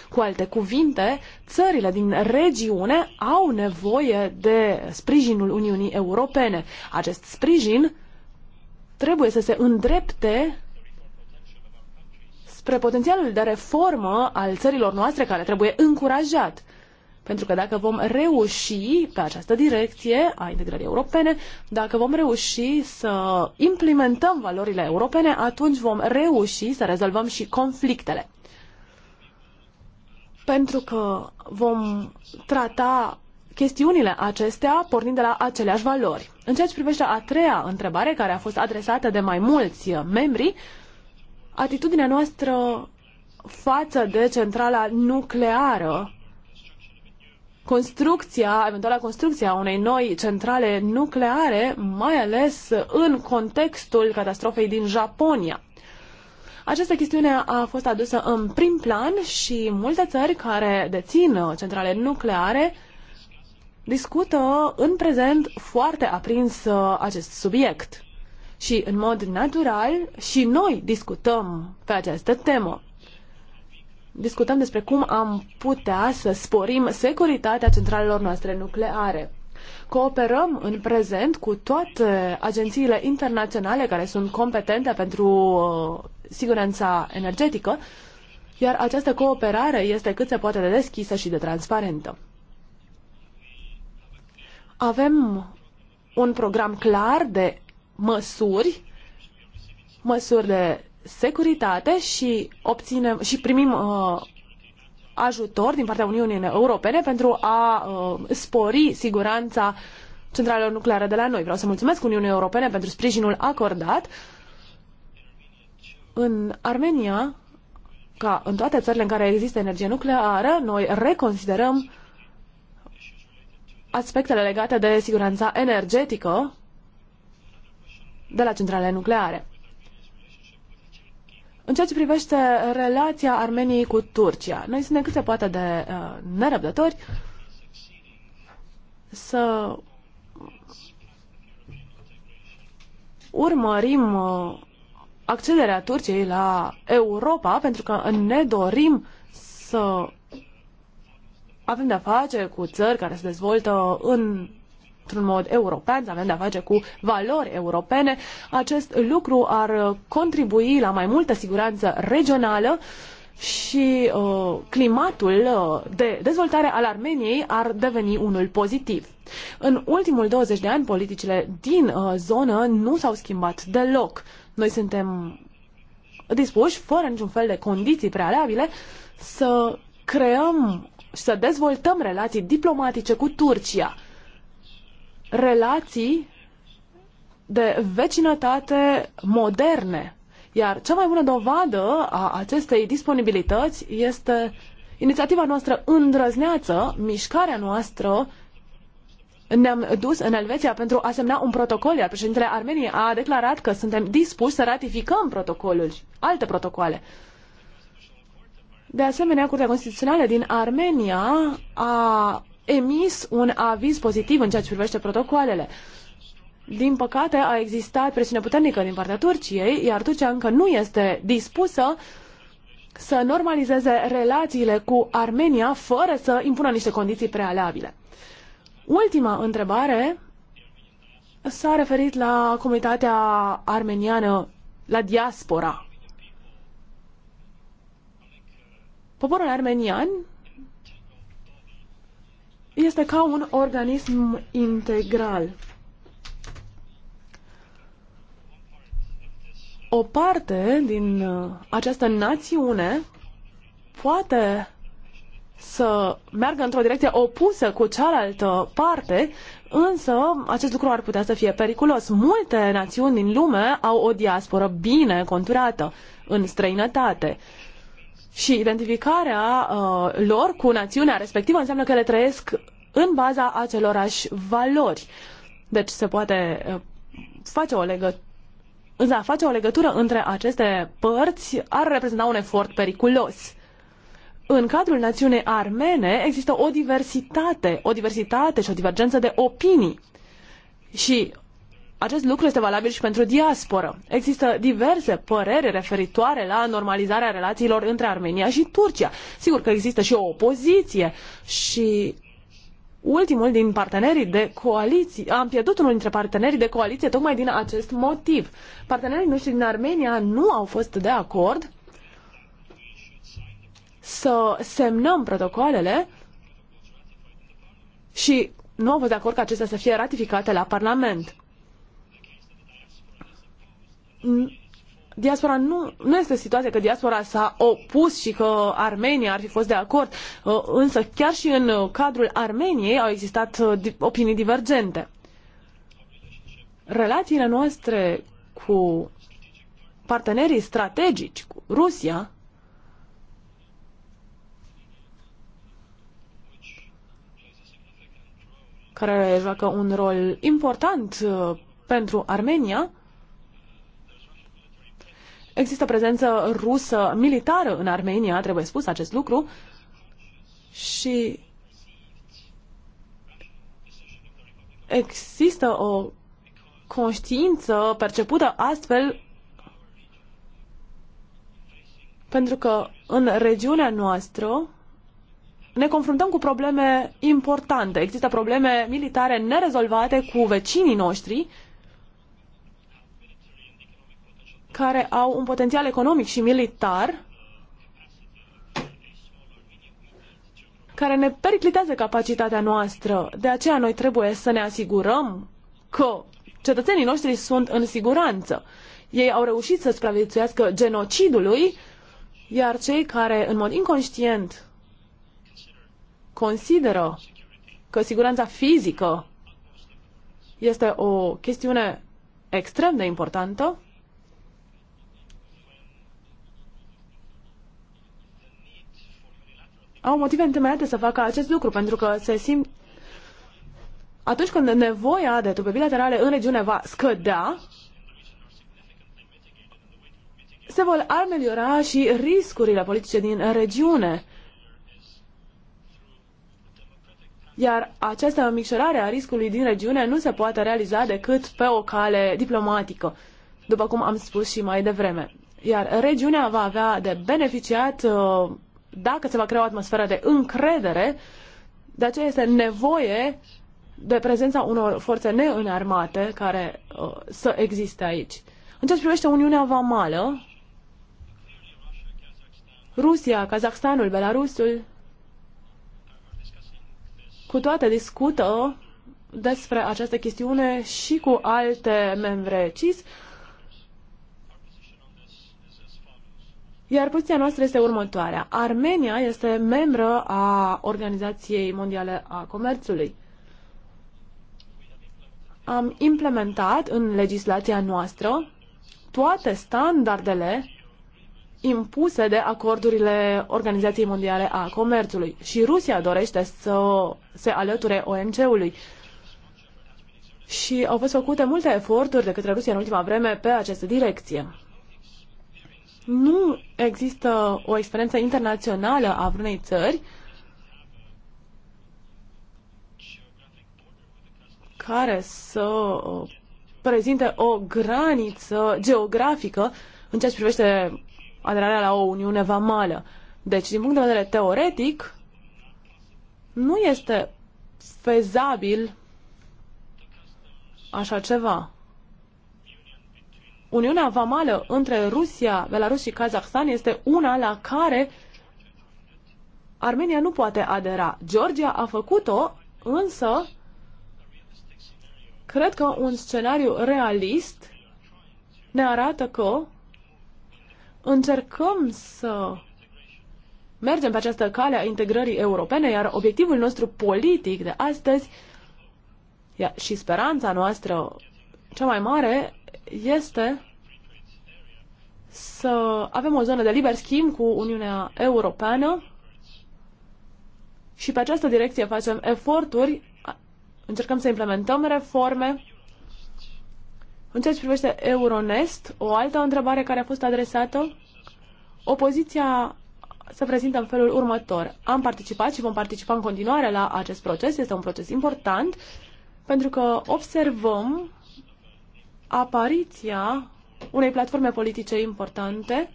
Cu alte cuvinte, țările din regiune au nevoie de sprijinul Uniunii Europene. Acest sprijin trebuie să se îndrepte spre potențialul de reformă al țărilor noastre care trebuie încurajat. Pentru că dacă vom reuși pe această direcție a integrării europene, dacă vom reuși să implementăm valorile europene, atunci vom reuși să rezolvăm și conflictele pentru că vom trata chestiunile acestea pornind de la aceleași valori. În ceea ce privește a treia întrebare, care a fost adresată de mai mulți membri, atitudinea noastră față de centrala nucleară, construcția, eventuala construcția unei noi centrale nucleare, mai ales în contextul catastrofei din Japonia. Această chestiune a fost adusă în prim plan și multe țări care dețin centrale nucleare discută în prezent foarte aprins uh, acest subiect. Și în mod natural și noi discutăm pe această temă. Discutăm despre cum am putea să sporim securitatea centralelor noastre nucleare. Cooperăm în prezent cu toate agențiile internaționale care sunt competente pentru uh, siguranța energetică, iar această cooperare este cât se poate de deschisă și de transparentă. Avem un program clar de măsuri, măsuri de securitate și obținem și primim uh, ajutor din partea Uniunii Europene pentru a uh, spori siguranța centralelor nucleare de la noi. Vreau să mulțumesc Uniunii Europene pentru sprijinul acordat. În Armenia, ca în toate țările în care există energie nucleară, noi reconsiderăm aspectele legate de siguranța energetică de la centralele nucleare. În ceea ce privește relația Armeniei cu Turcia, noi suntem cât se poate de uh, nerăbdători să urmărim uh, accederea Turciei la Europa, pentru că ne dorim să avem de-a face cu țări care se dezvoltă în într-un mod european, să avem de-a face cu valori europene. Acest lucru ar contribui la mai multă siguranță regională și uh, climatul uh, de dezvoltare al Armeniei ar deveni unul pozitiv. În ultimul 20 de ani, politicile din uh, zonă nu s-au schimbat deloc. Noi suntem dispuși, fără niciun fel de condiții prealabile, să creăm și să dezvoltăm relații diplomatice cu Turcia relații de vecinătate moderne. Iar cea mai bună dovadă a acestei disponibilități este inițiativa noastră îndrăzneață, mișcarea noastră ne-am dus în Elveția pentru a semna un protocol, iar președintele Armeniei a declarat că suntem dispuși să ratificăm protocolul, alte protocoale. De asemenea, Curtea Constituțională din Armenia a emis un aviz pozitiv în ceea ce privește protocoalele. Din păcate, a existat presiune puternică din partea Turciei, iar Turcia încă nu este dispusă să normalizeze relațiile cu Armenia fără să impună niște condiții prealabile. Ultima întrebare s-a referit la comunitatea armeniană, la diaspora. Poporul armenian este ca un organism integral. O parte din uh, această națiune poate să meargă într-o direcție opusă cu cealaltă parte, însă acest lucru ar putea să fie periculos. Multe națiuni din lume au o diasporă bine conturată în străinătate. Și identificarea uh, lor cu națiunea respectivă înseamnă că le trăiesc în baza acelorași valori. Deci se poate uh, face o legătură Da, face o legătură între aceste părți ar reprezenta un efort periculos. În cadrul națiunii armene există o diversitate, o diversitate și o divergență de opinii. Și acest lucru este valabil și pentru diasporă. Există diverse păreri referitoare la normalizarea relațiilor între Armenia și Turcia. Sigur că există și o opoziție și ultimul din partenerii de coaliție, am pierdut unul dintre partenerii de coaliție tocmai din acest motiv. Partenerii noștri din Armenia nu au fost de acord să semnăm protocoalele și nu au fost de acord ca acestea să fie ratificate la Parlament diaspora nu, nu este situația că diaspora s-a opus și că Armenia ar fi fost de acord, ă, însă chiar și în cadrul Armeniei au existat ă, opinii divergente. Relațiile noastre cu partenerii strategici, cu Rusia, care joacă un rol important ă, pentru Armenia, Există prezență rusă militară în Armenia, trebuie spus acest lucru, și există o conștiință percepută astfel pentru că în regiunea noastră ne confruntăm cu probleme importante. Există probleme militare nerezolvate cu vecinii noștri care au un potențial economic și militar care ne periclitează capacitatea noastră. De aceea noi trebuie să ne asigurăm că cetățenii noștri sunt în siguranță. Ei au reușit să supraviețuiască genocidului, iar cei care în mod inconștient consideră că siguranța fizică este o chestiune extrem de importantă, au motive întemeiate să facă acest lucru, pentru că se simt atunci când nevoia de trupe bilaterale în regiune va scădea, se vor ameliora și riscurile politice din regiune. Iar această micșorare a riscului din regiune nu se poate realiza decât pe o cale diplomatică, după cum am spus și mai devreme. Iar regiunea va avea de beneficiat uh, dacă se va crea o atmosferă de încredere, de aceea este nevoie de prezența unor forțe neînarmate care uh, să existe aici. În ceea ce privește Uniunea Vamală, Rusia, Kazahstanul, Belarusul, cu toate discută despre această chestiune și cu alte membre CIS, Iar poziția noastră este următoarea. Armenia este membră a Organizației Mondiale a Comerțului. Am implementat în legislația noastră toate standardele impuse de acordurile Organizației Mondiale a Comerțului și Rusia dorește să se alăture OMC-ului. Și au fost făcute multe eforturi de către Rusia în ultima vreme pe această direcție nu există o experiență internațională a vreunei țări care să uh, prezinte o graniță geografică în ceea ce privește aderarea la o Uniune Vamală. Deci, din punct de vedere teoretic, nu este fezabil așa ceva. Uniunea Vamală între Rusia, Belarus și Kazahstan este una la care Armenia nu poate adera. Georgia a făcut-o, însă cred că un scenariu realist ne arată că încercăm să mergem pe această cale a integrării europene, iar obiectivul nostru politic de astăzi și speranța noastră cea mai mare este să avem o zonă de liber schimb cu Uniunea Europeană și pe această direcție facem eforturi, încercăm să implementăm reforme. În ceea ce privește Euronest, o altă întrebare care a fost adresată, opoziția se prezintă în felul următor. Am participat și vom participa în continuare la acest proces, este un proces important, pentru că observăm apariția unei platforme politice importante.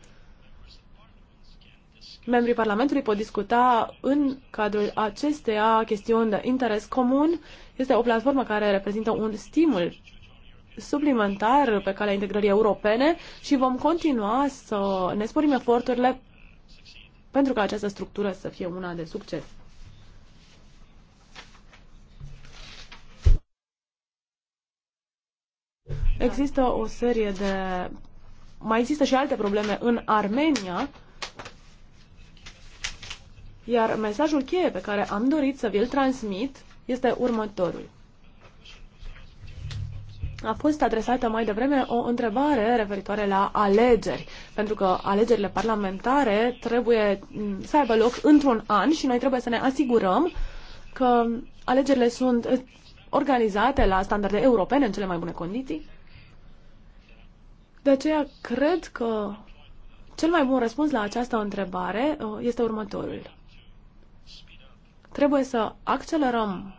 Membrii Parlamentului pot discuta în cadrul acesteia chestiuni de interes comun. Este o platformă care reprezintă un stimul suplimentar pe calea integrării europene și vom continua să ne sporim eforturile pentru ca această structură să fie una de succes. Există o serie de... Mai există și alte probleme în Armenia, iar mesajul cheie pe care am dorit să vi-l transmit este următorul. A fost adresată mai devreme o întrebare referitoare la alegeri, pentru că alegerile parlamentare trebuie mm, să aibă loc într-un an și noi trebuie să ne asigurăm că alegerile sunt organizate la standarde europene în cele mai bune condiții de aceea cred că cel mai bun răspuns la această întrebare uh, este următorul. Trebuie să accelerăm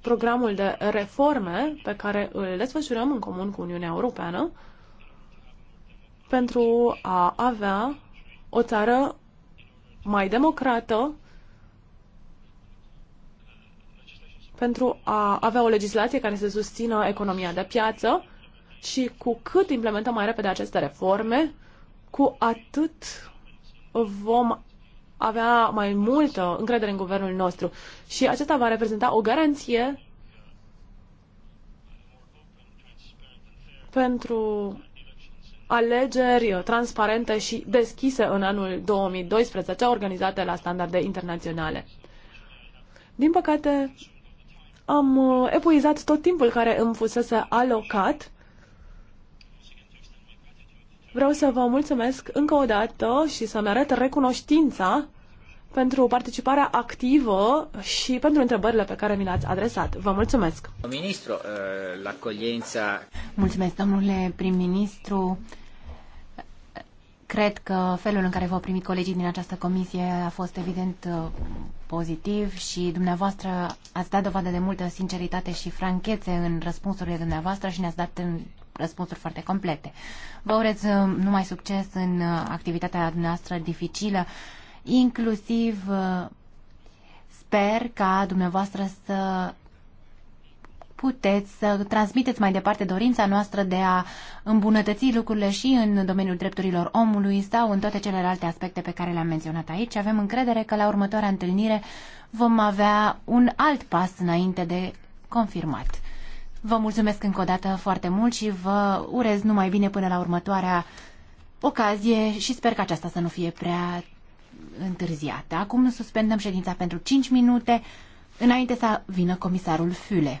programul de reforme pe care îl desfășurăm în comun cu Uniunea Europeană pentru a avea o țară mai democrată, pentru a avea o legislație care să susțină economia de piață, și cu cât implementăm mai repede aceste reforme, cu atât vom avea mai multă încredere în guvernul nostru. Și acesta va reprezenta o garanție pentru alegeri transparente și deschise în anul 2012, organizate la standarde internaționale. Din păcate, am epuizat tot timpul care îmi fusese alocat Vreau să vă mulțumesc încă o dată și să-mi arăt recunoștința pentru participarea activă și pentru întrebările pe care mi le-ați adresat. Vă mulțumesc!
Ministru, uh, l'accoglienza... Mulțumesc,
domnule prim-ministru.
Cred că felul în care v-au primit colegii din această comisie a fost evident uh, pozitiv și dumneavoastră ați dat dovadă de multă sinceritate și franchețe în răspunsurile dumneavoastră și ne-ați dat în răspunsuri foarte complete. Vă urez uh, numai succes în uh, activitatea noastră dificilă, inclusiv uh, sper ca dumneavoastră să puteți să transmiteți mai departe dorința noastră de a îmbunătăți lucrurile și în domeniul drepturilor omului sau în toate celelalte aspecte pe care le-am menționat aici. Avem încredere că la următoarea întâlnire vom avea un alt pas înainte de confirmat. Vă mulțumesc încă o dată foarte mult și vă urez numai bine până la următoarea ocazie și sper că aceasta să nu fie prea întârziată. Acum suspendăm ședința pentru 5 minute înainte să vină comisarul Füle.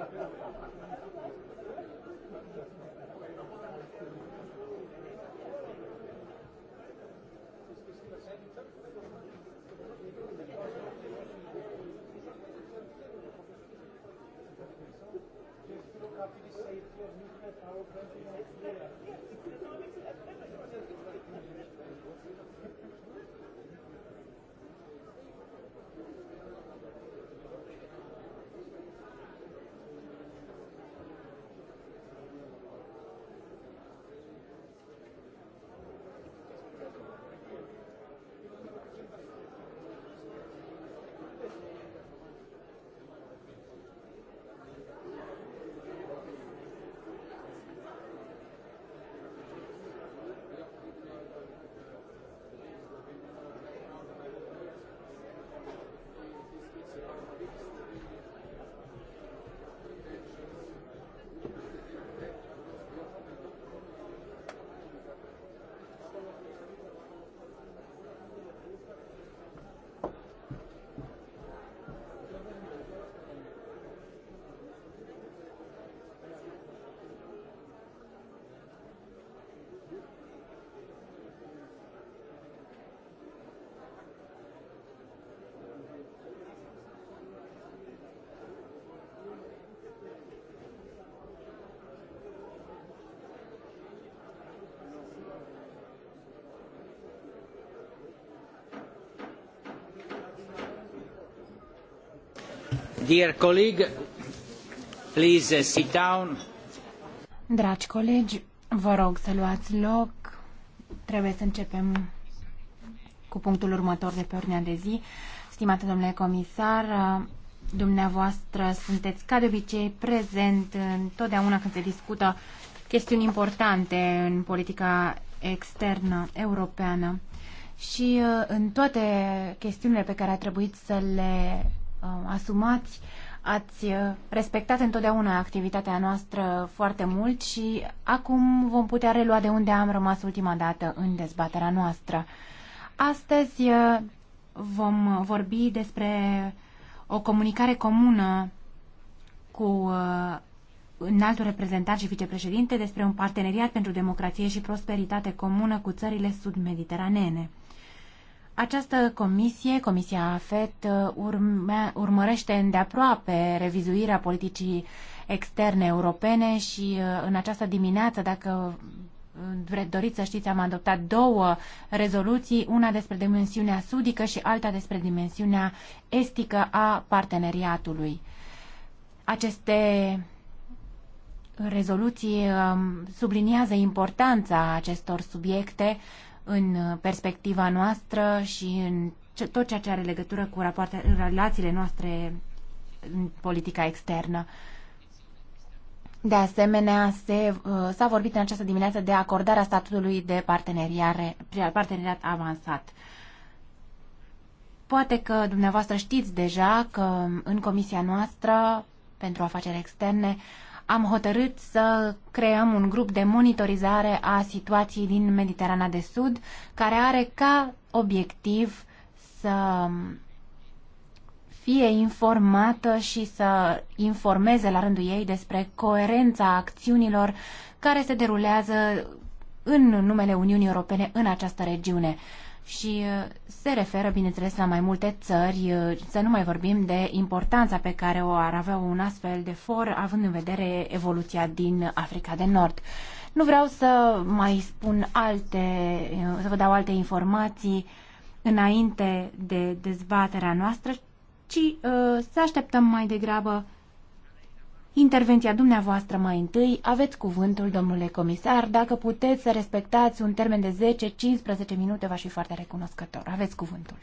Dear colleague, please uh, sit down.
Dragi colegi, vă rog să luați loc. Trebuie să începem cu punctul următor de pe ordinea de zi. Stimate domnule comisar, dumneavoastră sunteți ca de obicei prezent întotdeauna când se discută chestiuni importante în politica externă europeană și uh, în toate chestiunile pe care a trebuit să le Um, asumați. Ați uh, respectat întotdeauna activitatea noastră foarte mult și acum vom putea relua de unde am rămas ultima dată în dezbaterea noastră. Astăzi uh, vom vorbi despre o comunicare comună cu uh, înaltul reprezentant și vicepreședinte despre un parteneriat pentru democrație și prosperitate comună cu țările sud-mediteranene. Această comisie, Comisia AFET, urme, urmărește îndeaproape revizuirea politicii externe europene și uh, în această dimineață, dacă uh, vreți doriți să știți, am adoptat două rezoluții, una despre dimensiunea sudică și alta despre dimensiunea estică a parteneriatului. Aceste rezoluții um, subliniază importanța acestor subiecte în perspectiva noastră și în tot ceea ce are legătură cu rapoarte, relațiile noastre în politica externă. De asemenea, uh, s-a vorbit în această dimineață de acordarea statutului de parteneriat avansat. Poate că dumneavoastră știți deja că în comisia noastră pentru afaceri externe am hotărât să creăm un grup de monitorizare a situației din Mediterana de Sud, care are ca obiectiv să fie informată și să informeze la rândul ei despre coerența acțiunilor care se derulează în numele Uniunii Europene în această regiune și uh, se referă, bineînțeles, la mai multe țări, uh, să nu mai vorbim de importanța pe care o ar avea un astfel de for, având în vedere evoluția din Africa de Nord. Nu vreau să mai spun alte, uh, să vă dau alte informații înainte de dezbaterea noastră, ci să așteptăm mai degrabă intervenția dumneavoastră mai întâi. Aveți cuvântul, domnule comisar. Dacă puteți să respectați un termen de 10-15 minute, v-aș fi foarte recunoscător. Aveți cuvântul.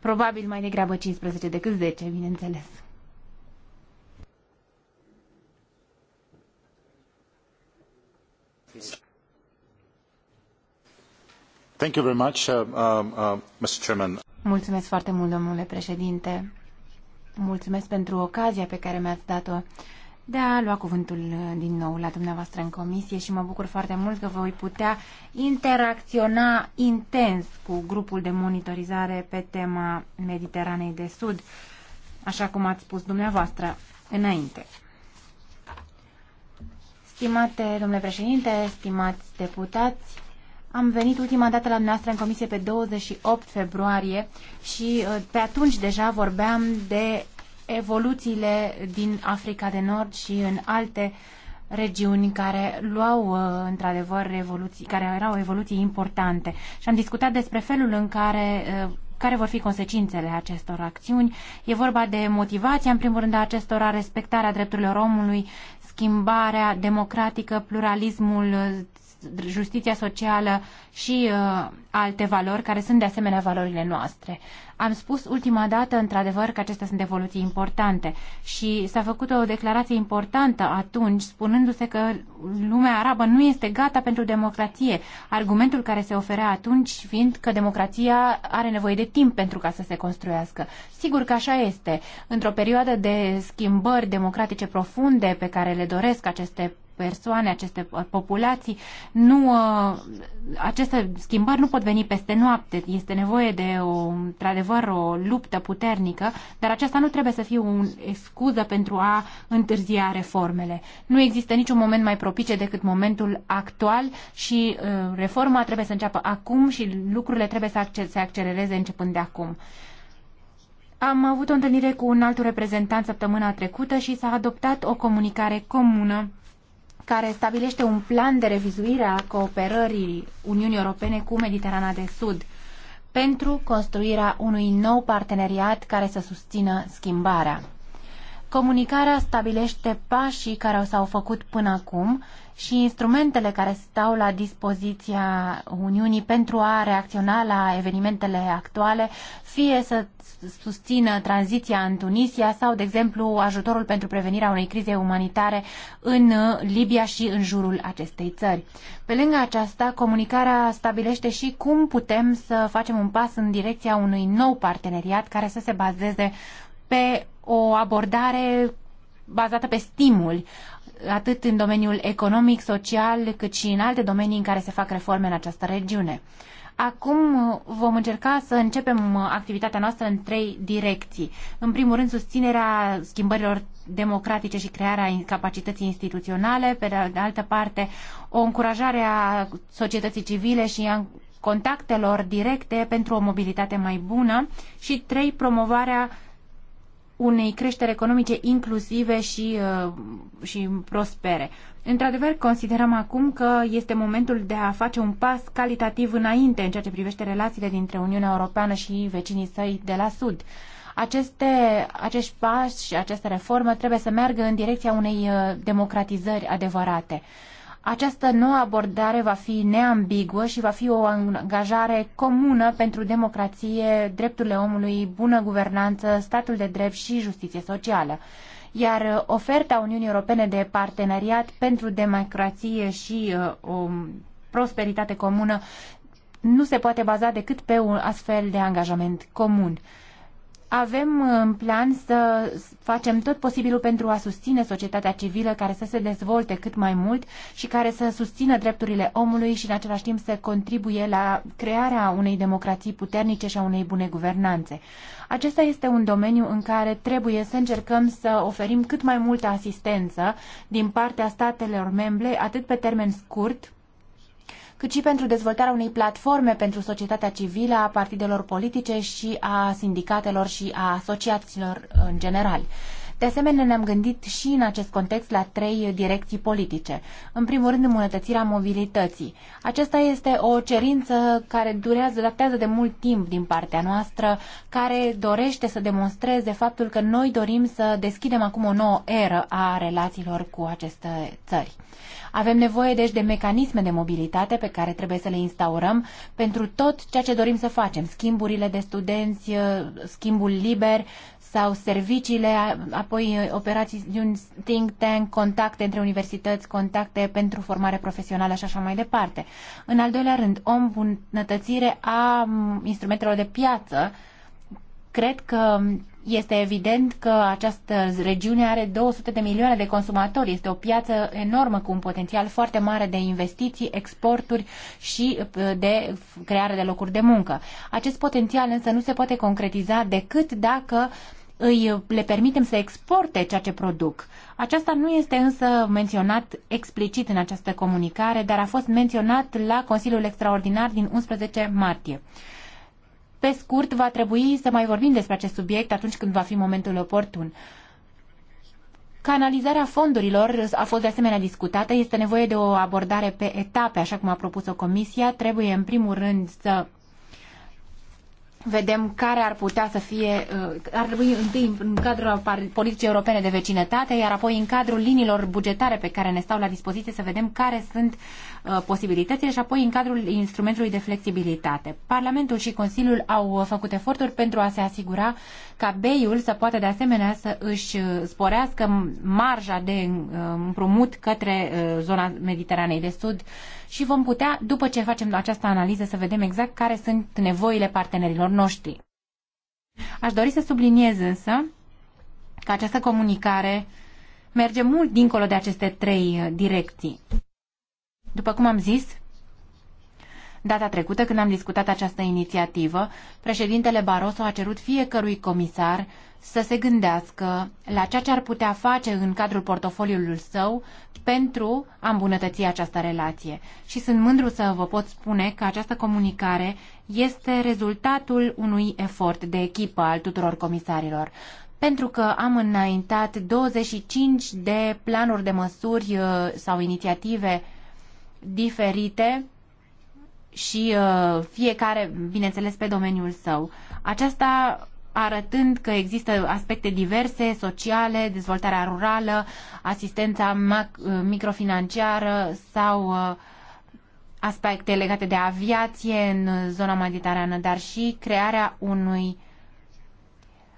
Probabil mai degrabă 15 decât 10, bineînțeles.
Uh, uh, uh,
Mulțumesc foarte mult, domnule președinte mulțumesc pentru ocazia pe care mi-ați dat-o de a lua cuvântul uh, din nou la dumneavoastră în comisie și mă bucur foarte mult că voi putea interacționa intens cu grupul de monitorizare pe tema Mediteranei de Sud, așa cum ați spus dumneavoastră înainte. Stimate domnule președinte, stimați deputați, am venit ultima dată la dumneavoastră în comisie pe 28 februarie și uh, pe atunci deja vorbeam de evoluțiile din Africa de Nord și în alte regiuni care luau uh, într-adevăr evoluții, care erau evoluții importante. Și am discutat despre felul în care uh, care vor fi consecințele acestor acțiuni. E vorba de motivația, în primul rând, a acestora, respectarea drepturilor omului, schimbarea democratică, pluralismul justiția socială și uh, alte valori care sunt de asemenea valorile noastre. Am spus ultima dată, într-adevăr, că acestea sunt evoluții importante și s-a făcut o declarație importantă atunci, spunându-se că lumea arabă nu este gata pentru democrație. Argumentul care se oferea atunci fiind că democrația are nevoie de timp pentru ca să se construiască. Sigur că așa este. Într-o perioadă de schimbări democratice profunde pe care le doresc aceste persoane, aceste populații, nu, ă, aceste schimbări nu pot veni peste noapte. Este nevoie de, o, într-adevăr, o luptă puternică, dar aceasta nu trebuie să fie o scuză pentru a întârzia reformele. Nu există niciun moment mai propice decât momentul actual și ă, reforma trebuie să înceapă acum și lucrurile trebuie să se accelereze începând de acum. Am avut o întâlnire cu un alt reprezentant săptămâna trecută și s-a adoptat o comunicare comună care stabilește un plan de revizuire a cooperării Uniunii Europene cu Mediterana de Sud pentru construirea unui nou parteneriat care să susțină schimbarea. Comunicarea stabilește pașii care s-au făcut până acum și instrumentele care stau la dispoziția Uniunii pentru a reacționa la evenimentele actuale, fie să susțină tranziția în Tunisia sau, de exemplu, ajutorul pentru prevenirea unei crize umanitare în Libia și în jurul acestei țări. Pe lângă aceasta, comunicarea stabilește și cum putem să facem un pas în direcția unui nou parteneriat care să se bazeze pe o abordare bazată pe stimul, atât în domeniul economic, social, cât și în alte domenii în care se fac reforme în această regiune. Acum uh, vom încerca să începem uh, activitatea noastră în trei direcții. În primul rând, susținerea schimbărilor democratice și crearea capacității instituționale, pe de altă parte, o încurajare a societății civile și a contactelor directe pentru o mobilitate mai bună și trei, promovarea unei creșteri economice inclusive și, uh, și prospere. Într-adevăr, considerăm acum că este momentul de a face un pas calitativ înainte în ceea ce privește relațiile dintre Uniunea Europeană și vecinii săi de la Sud. Aceste, acești pași și această reformă trebuie să meargă în direcția unei uh, democratizări adevărate. Această nouă abordare va fi neambiguă și va fi o angajare comună pentru democrație, drepturile omului, bună guvernanță, statul de drept și justiție socială. Iar uh, oferta Uniunii Europene de parteneriat pentru democrație și uh, o prosperitate comună nu se poate baza decât pe un astfel de angajament comun avem uh, în plan să facem tot posibilul pentru a susține societatea civilă care să se dezvolte cât mai mult și care să susțină drepturile omului și în același timp să contribuie la crearea unei democrații puternice și a unei bune guvernanțe. Acesta este un domeniu în care trebuie să încercăm să oferim cât mai multă asistență din partea statelor membre, atât pe termen scurt, cât și pentru dezvoltarea unei platforme pentru societatea civilă a partidelor politice și a sindicatelor și a asociațiilor în general. De asemenea, ne-am gândit și în acest context la trei direcții politice. În primul rând, îmbunătățirea mobilității. Aceasta este o cerință care durează, datează de mult timp din partea noastră, care dorește să demonstreze faptul că noi dorim să deschidem acum o nouă eră a relațiilor cu aceste țări. Avem nevoie, deci, de mecanisme de mobilitate pe care trebuie să le instaurăm pentru tot ceea ce dorim să facem. Schimburile de studenți, schimbul liber, sau serviciile, apoi operații de un think tank, contacte între universități, contacte pentru formare profesională și așa mai departe. În al doilea rând, o îmbunătățire a instrumentelor de piață. Cred că este evident că această regiune are 200 de milioane de consumatori. Este o piață enormă cu un potențial foarte mare de investiții, exporturi și uh, de creare de locuri de muncă. Acest potențial însă nu se poate concretiza decât dacă îi le permitem să exporte ceea ce produc. Aceasta nu este însă menționat explicit în această comunicare, dar a fost menționat la Consiliul Extraordinar din 11 martie pe scurt, va trebui să mai vorbim despre acest subiect atunci când va fi momentul oportun. Canalizarea fondurilor a fost de asemenea discutată. Este nevoie de o abordare pe etape, așa cum a propus-o Comisia. Trebuie, în primul rând, să vedem care ar putea să fie, uh, ar trebui întâi în cadrul politicii europene de vecinătate, iar apoi în cadrul liniilor bugetare pe care ne stau la dispoziție să vedem care sunt Uh, posibilitățile și apoi în cadrul instrumentului de flexibilitate. Parlamentul și Consiliul au uh, făcut eforturi pentru a se asigura ca BEI-ul să poată de asemenea să își uh, sporească marja de împrumut către zona Mediteranei de Sud și vom putea, după ce facem această analiză, să vedem exact care sunt nevoile partenerilor noștri. Aș dori să subliniez însă că această comunicare merge mult dincolo de aceste trei direcții. După cum am zis, data trecută, când am discutat această inițiativă, președintele Barroso a cerut fiecărui comisar să se gândească la ceea ce ar putea face în cadrul portofoliului său pentru a îmbunătăți această relație. Și sunt mândru să vă pot spune că această comunicare este rezultatul unui efort de echipă al tuturor comisarilor pentru că am înaintat 25 de planuri de măsuri uh, sau inițiative diferite și uh, fiecare, bineînțeles, pe domeniul său. Aceasta arătând că există aspecte diverse, sociale, dezvoltarea rurală, asistența uh, microfinanciară sau uh, aspecte legate de aviație în zona mediterană, dar și crearea unui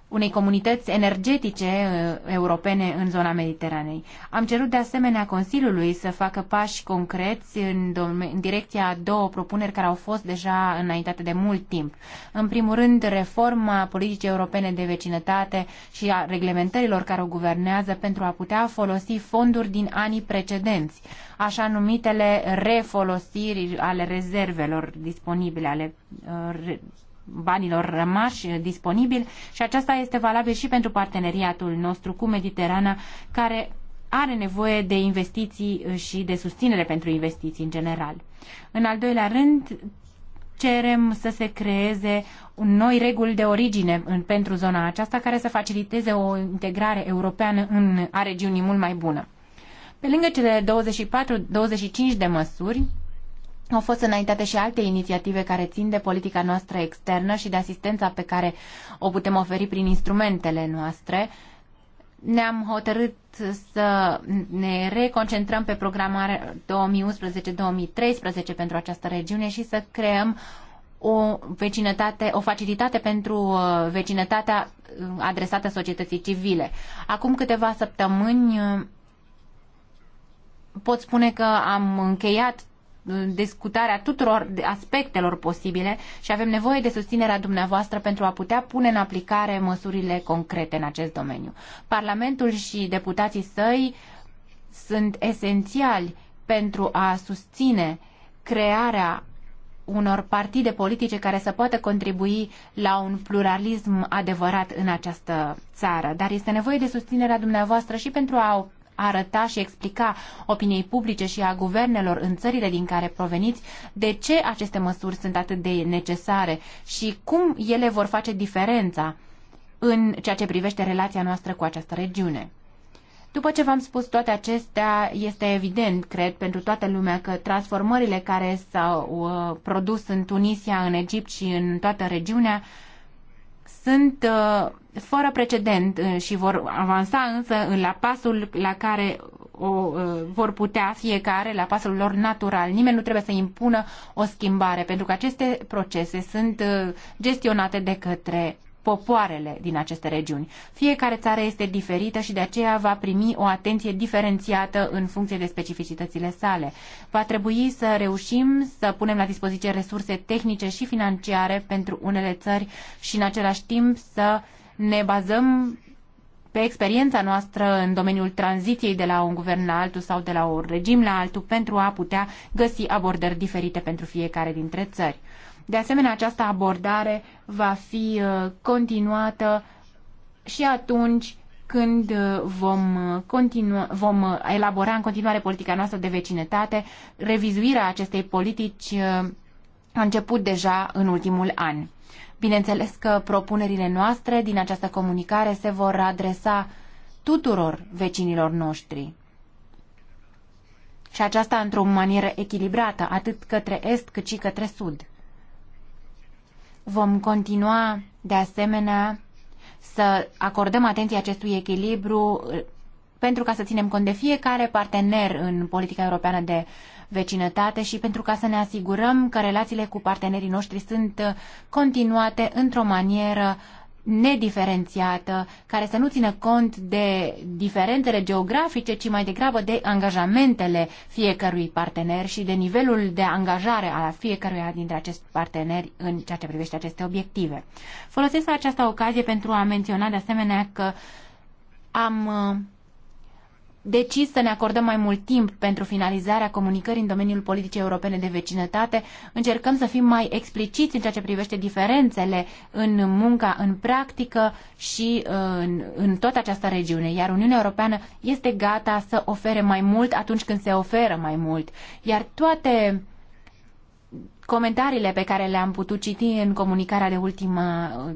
unei comunități energetice uh, europene în zona Mediteranei. Am cerut de asemenea Consiliului să facă pași concreți în, în direcția a două propuneri care au fost deja înaintate de mult timp. În primul rând, reforma politicii europene de vecinătate și a reglementărilor care o guvernează pentru a putea folosi fonduri din anii precedenți, așa numitele refolosiri ale rezervelor disponibile, ale uh, banilor rămași disponibili și aceasta este valabil și pentru parteneriatul nostru cu Mediterana, care are nevoie de investiții și de susținere pentru investiții în general. În al doilea rând, cerem să se creeze noi reguli de origine în, pentru zona aceasta care să faciliteze o integrare europeană în, a regiunii mult mai bună. Pe lângă cele 24-25 de măsuri, au fost înaintate și alte inițiative care țin de politica noastră externă și de asistența pe care o putem oferi prin instrumentele noastre. Ne-am hotărât să ne reconcentrăm pe programarea 2011-2013 pentru această regiune și să creăm o vecinătate, o facilitate pentru uh, vecinătatea uh, adresată societății civile. Acum câteva săptămâni uh, pot spune că am încheiat discutarea tuturor aspectelor posibile și avem nevoie de susținerea dumneavoastră pentru a putea pune în aplicare măsurile concrete în acest domeniu. Parlamentul și deputații săi sunt esențiali pentru a susține crearea unor partide politice care să poată contribui la un pluralism adevărat în această țară. Dar este nevoie de susținerea dumneavoastră și pentru a arăta și explica opiniei publice și a guvernelor în țările din care proveniți de ce aceste măsuri sunt atât de necesare și cum ele vor face diferența în ceea ce privește relația noastră cu această regiune. După ce v-am spus toate acestea, este evident, cred, pentru toată lumea că transformările care s-au uh, produs în Tunisia, în Egipt și în toată regiunea sunt uh, fără precedent uh, și vor avansa însă la pasul la care o uh, vor putea fiecare la pasul lor natural. Nimeni nu trebuie să impună o schimbare, pentru că aceste procese sunt gestionate de către popoarele din aceste regiuni. Fiecare țară este diferită și de aceea va primi o atenție diferențiată în funcție de specificitățile sale. Va trebui să reușim să punem la dispoziție resurse tehnice și financiare pentru unele țări și în același timp să ne bazăm pe experiența noastră în domeniul tranziției de la un guvern la altul sau de la un regim la altul pentru a putea găsi abordări diferite pentru fiecare dintre țări. De asemenea, această abordare va fi uh, continuată și atunci când uh, vom, uh, continua, vom elabora în continuare politica noastră de vecinătate. Revizuirea acestei politici a început deja în ultimul an. Bineînțeles că propunerile noastre din această comunicare se vor adresa tuturor vecinilor noștri. Și aceasta într-o manieră echilibrată, atât către est cât și către sud. Vom continua, de asemenea, să acordăm atenție acestui echilibru uh, pentru ca să ținem cont de fiecare partener în politica europeană de vecinătate și pentru ca să ne asigurăm că relațiile cu partenerii noștri sunt uh, continuate într-o manieră nediferențiată, care să nu țină cont de diferențele geografice, ci mai degrabă de angajamentele fiecărui partener și de nivelul de angajare a fiecăruia dintre acești parteneri în ceea ce privește aceste obiective. Folosesc această ocazie pentru a menționa de asemenea că am uh, decis să ne acordăm mai mult timp pentru finalizarea comunicării în domeniul politicii europene de vecinătate. Încercăm să fim mai expliciți în ceea ce privește diferențele în munca, în practică și uh, în, în toată această regiune. Iar Uniunea Europeană este gata să ofere mai mult atunci când se oferă mai mult. Iar toate Comentariile pe care le-am putut citi în comunicarea de ultimă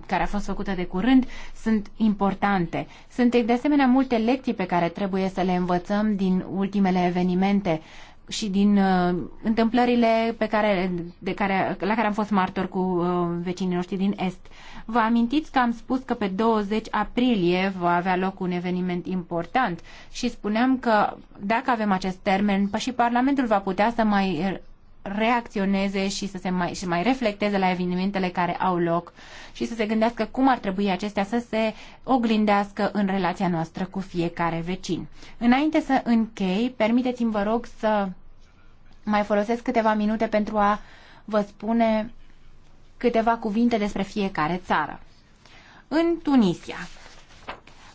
care a fost făcută de curând sunt importante. Sunt de asemenea multe lecții pe care trebuie să le învățăm din ultimele evenimente și din uh, întâmplările pe care, de care, la care am fost martor cu uh, vecinii noștri din Est. Vă amintiți că am spus că pe 20 aprilie va avea loc un eveniment important și spuneam că dacă avem acest termen, și Parlamentul va putea să mai reacționeze și să se mai, și mai reflecteze la evenimentele care au loc și să se gândească cum ar trebui acestea să se oglindească în relația noastră cu fiecare vecin. Înainte să închei, permiteți-mi, vă rog, să mai folosesc câteva minute pentru a vă spune câteva cuvinte despre fiecare țară. În Tunisia,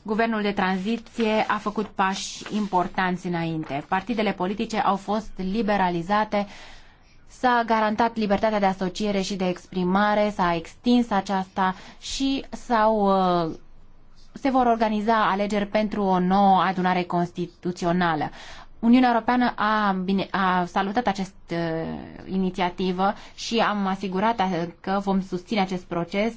Guvernul de tranziție a făcut pași importanți înainte. Partidele politice au fost liberalizate, S-a garantat libertatea de asociere și de exprimare, s-a extins aceasta și s-au, uh, se vor organiza alegeri pentru o nouă adunare constituțională. Uniunea Europeană a, bine, a salutat această uh, inițiativă și am asigurat că vom susține acest proces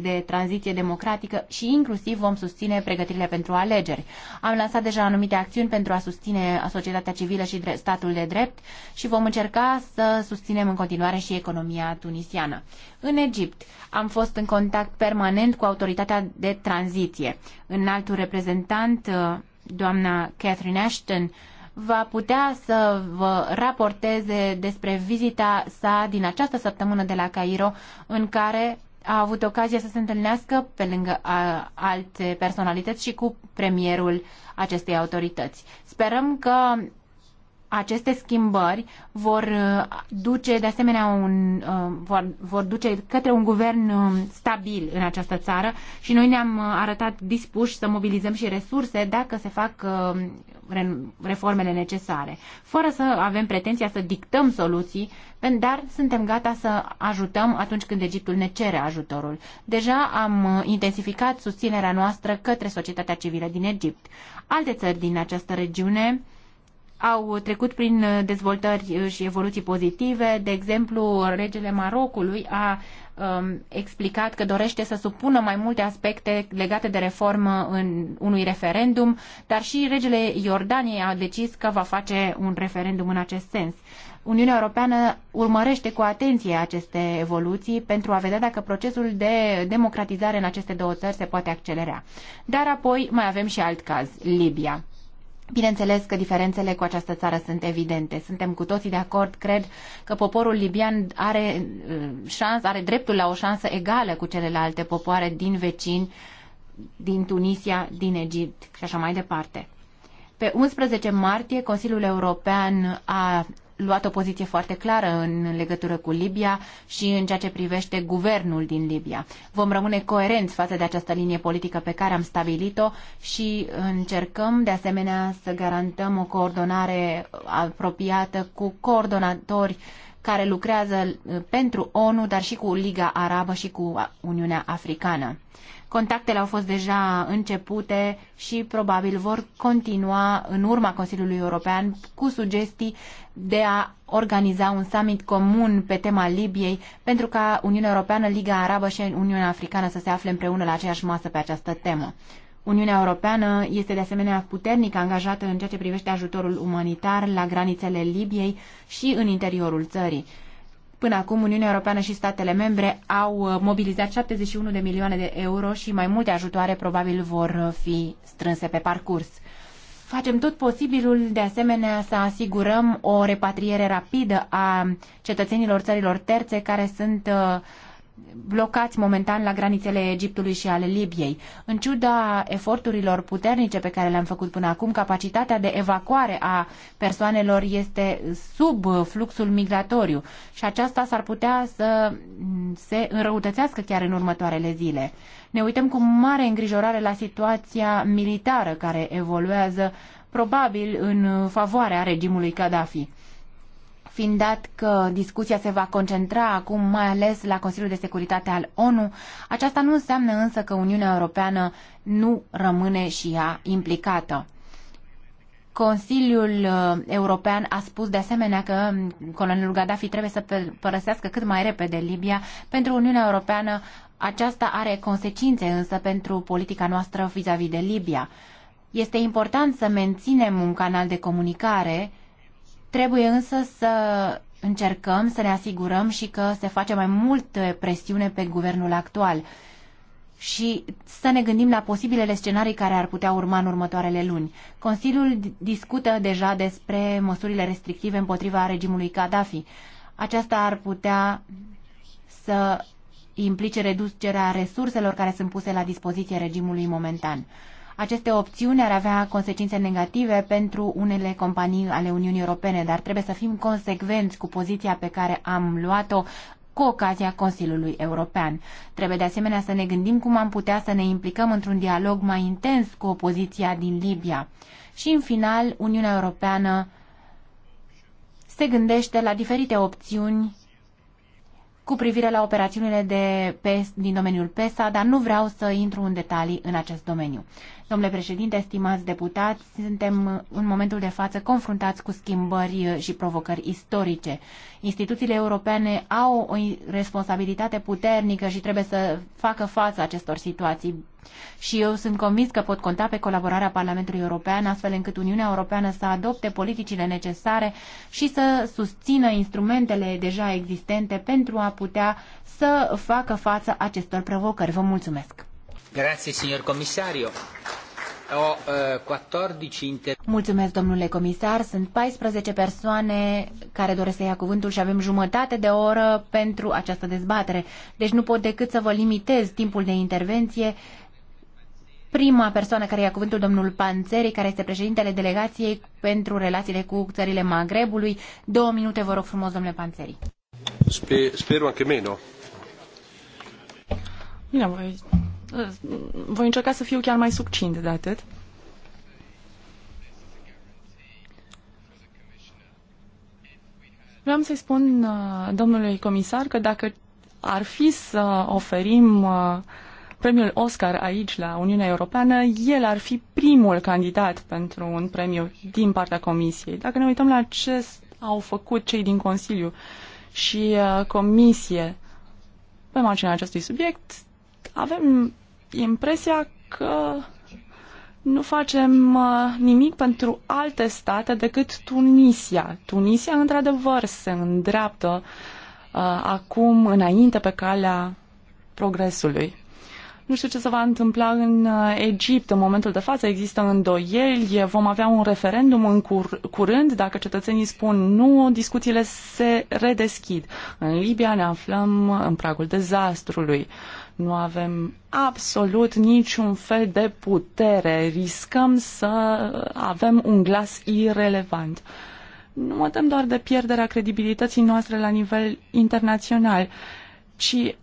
de tranziție democratică și inclusiv vom susține pregătirile pentru alegeri. Am lansat deja anumite acțiuni pentru a susține societatea civilă și statul de drept și vom încerca să susținem în continuare și economia tunisiană. În Egipt am fost în contact permanent cu autoritatea de tranziție. Înaltul reprezentant, uh, doamna Catherine Ashton, va putea să vă raporteze despre vizita sa din această săptămână de la Cairo, în care a avut ocazia să se întâlnească pe lângă a, alte personalități și cu premierul acestei autorități. Sperăm că aceste schimbări vor uh, duce de asemenea un, uh, vor, vor duce către un guvern uh, stabil în această țară și noi ne-am arătat dispuși să mobilizăm și resurse dacă se fac reformele necesare, fără să avem pretenția să dictăm soluții, dar suntem gata să ajutăm atunci când Egiptul ne cere ajutorul. Deja am intensificat susținerea noastră către societatea civilă din Egipt. Alte țări din această regiune au trecut prin uh, dezvoltări uh, și evoluții pozitive. De exemplu, regele Marocului a um, explicat că dorește să supună mai multe aspecte legate de reformă în unui referendum, dar și regele Iordaniei a decis că va face un referendum în acest sens. Uniunea Europeană urmărește cu atenție aceste evoluții pentru a vedea dacă procesul de democratizare în aceste două țări se poate accelera. Dar apoi mai avem și alt caz, Libia. Bineînțeles că diferențele cu această țară sunt evidente. Suntem cu toții de acord, cred că poporul libian are, uh, șans, are dreptul la o șansă egală cu celelalte popoare din vecini, din Tunisia, din Egipt și așa mai departe. Pe 11 martie, Consiliul European a luat o poziție foarte clară în legătură cu Libia și în ceea ce privește guvernul din Libia. Vom rămâne coerenți față de această linie politică pe care am stabilit-o și încercăm de asemenea să garantăm o coordonare apropiată cu coordonatori care lucrează uh, pentru ONU, dar și cu Liga Arabă și cu Uniunea Africană. Contactele au fost deja începute și probabil vor continua în urma Consiliului European cu sugestii de a organiza un summit comun pe tema Libiei pentru ca Uniunea Europeană, Liga Arabă și Uniunea Africană să se afle împreună la aceeași masă pe această temă. Uniunea Europeană este de asemenea puternic angajată în ceea ce privește ajutorul umanitar la granițele Libiei și în interiorul țării. Până acum, Uniunea Europeană și statele membre au uh, mobilizat 71 de milioane de euro și mai multe ajutoare probabil vor uh, fi strânse pe parcurs. Facem tot posibilul, de asemenea, să asigurăm o repatriere rapidă a cetățenilor țărilor terțe care sunt uh, blocați momentan la granițele Egiptului și ale Libiei. În ciuda eforturilor puternice pe care le-am făcut până acum, capacitatea de evacuare a persoanelor este sub fluxul migratoriu și aceasta s-ar putea să se înrăutățească chiar în următoarele zile. Ne uităm cu mare îngrijorare la situația militară care evoluează probabil în favoarea regimului Gaddafi fiind dat că discuția se va concentra acum mai ales la Consiliul de Securitate al ONU, aceasta nu înseamnă însă că Uniunea Europeană nu rămâne și ea implicată. Consiliul uh, European a spus de asemenea că um, colonelul Gaddafi trebuie să părăsească cât mai repede Libia. Pentru Uniunea Europeană aceasta are consecințe însă pentru politica noastră vis-a-vis de Libia. Este important să menținem un canal de comunicare Trebuie însă să încercăm să ne asigurăm și că se face mai multă presiune pe guvernul actual și să ne gândim la posibilele scenarii care ar putea urma în următoarele luni. Consiliul discută deja despre măsurile restrictive împotriva regimului Gaddafi. Aceasta ar putea să implice reducerea resurselor care sunt puse la dispoziție regimului momentan. Aceste opțiuni ar avea consecințe negative pentru unele companii ale Uniunii Europene, dar trebuie să fim consecvenți cu poziția pe care am luat-o cu ocazia Consiliului European. Trebuie de asemenea să ne gândim cum am putea să ne implicăm într-un dialog mai intens cu opoziția din Libia. Și în final, Uniunea Europeană se gândește la diferite opțiuni cu privire la operațiunile de PES, din domeniul PESA, dar nu vreau să intru în detalii în acest domeniu. Domnule președinte, stimați deputați, suntem în momentul de față confruntați cu schimbări și provocări istorice. Instituțiile europene au o responsabilitate puternică și trebuie să facă față acestor situații. Și eu sunt convins că pot conta pe colaborarea Parlamentului European, astfel încât Uniunea Europeană să adopte politicile necesare și să susțină instrumentele deja existente pentru a putea să facă față acestor provocări. Vă mulțumesc!
Grazie, signor Commissario. O, uh, 14 inter...
Mulțumesc, domnule comisar. Sunt 14 persoane care doresc să ia cuvântul și avem jumătate de oră pentru această dezbatere. Deci nu pot decât să vă limitez timpul de intervenție. Prima persoană care ia cuvântul, domnul Panțeri, care este președintele delegației pentru relațiile cu țările Magrebului. Două minute, vă rog frumos, domnule Panțeri.
Sper,
spero anche meno.
Bine, voi încerca să fiu chiar mai succint de atât. Vreau să-i spun uh, domnului comisar că dacă ar fi să oferim uh, premiul Oscar aici, la Uniunea Europeană, el ar fi primul candidat pentru un premiu din partea Comisiei. Dacă ne uităm la ce au făcut cei din Consiliu și uh, Comisie pe marginea acestui subiect, avem impresia că nu facem uh, nimic pentru alte state decât Tunisia. Tunisia, într-adevăr, se îndreaptă uh, acum înainte pe calea progresului. Nu știu ce se va întâmpla în uh, Egipt în momentul de față. Există îndoieli, vom avea un referendum în cur- curând. Dacă cetățenii spun nu, discuțiile se redeschid. În Libia ne aflăm în pragul dezastrului. Nu avem absolut niciun fel de putere. Riscăm să avem un glas irelevant. Nu mă tem doar de pierderea credibilității noastre la nivel internațional, ci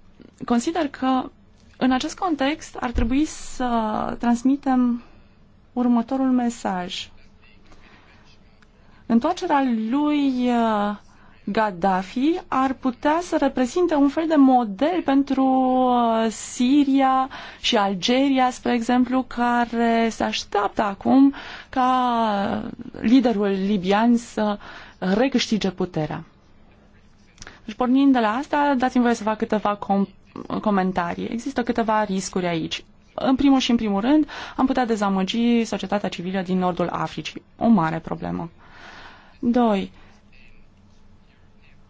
consider că în acest context ar trebui să transmitem următorul mesaj. Întoarcerea lui uh, Gaddafi ar putea să reprezinte un fel de model pentru uh, Siria și Algeria, spre exemplu, care se așteaptă acum ca liderul libian să recâștige puterea. Deci, pornind de la asta, dați-mi voie să fac câteva com- comentarii. Există câteva riscuri aici. În primul și în primul rând, am putea dezamăgi societatea civilă din nordul Africii. O mare problemă. 2.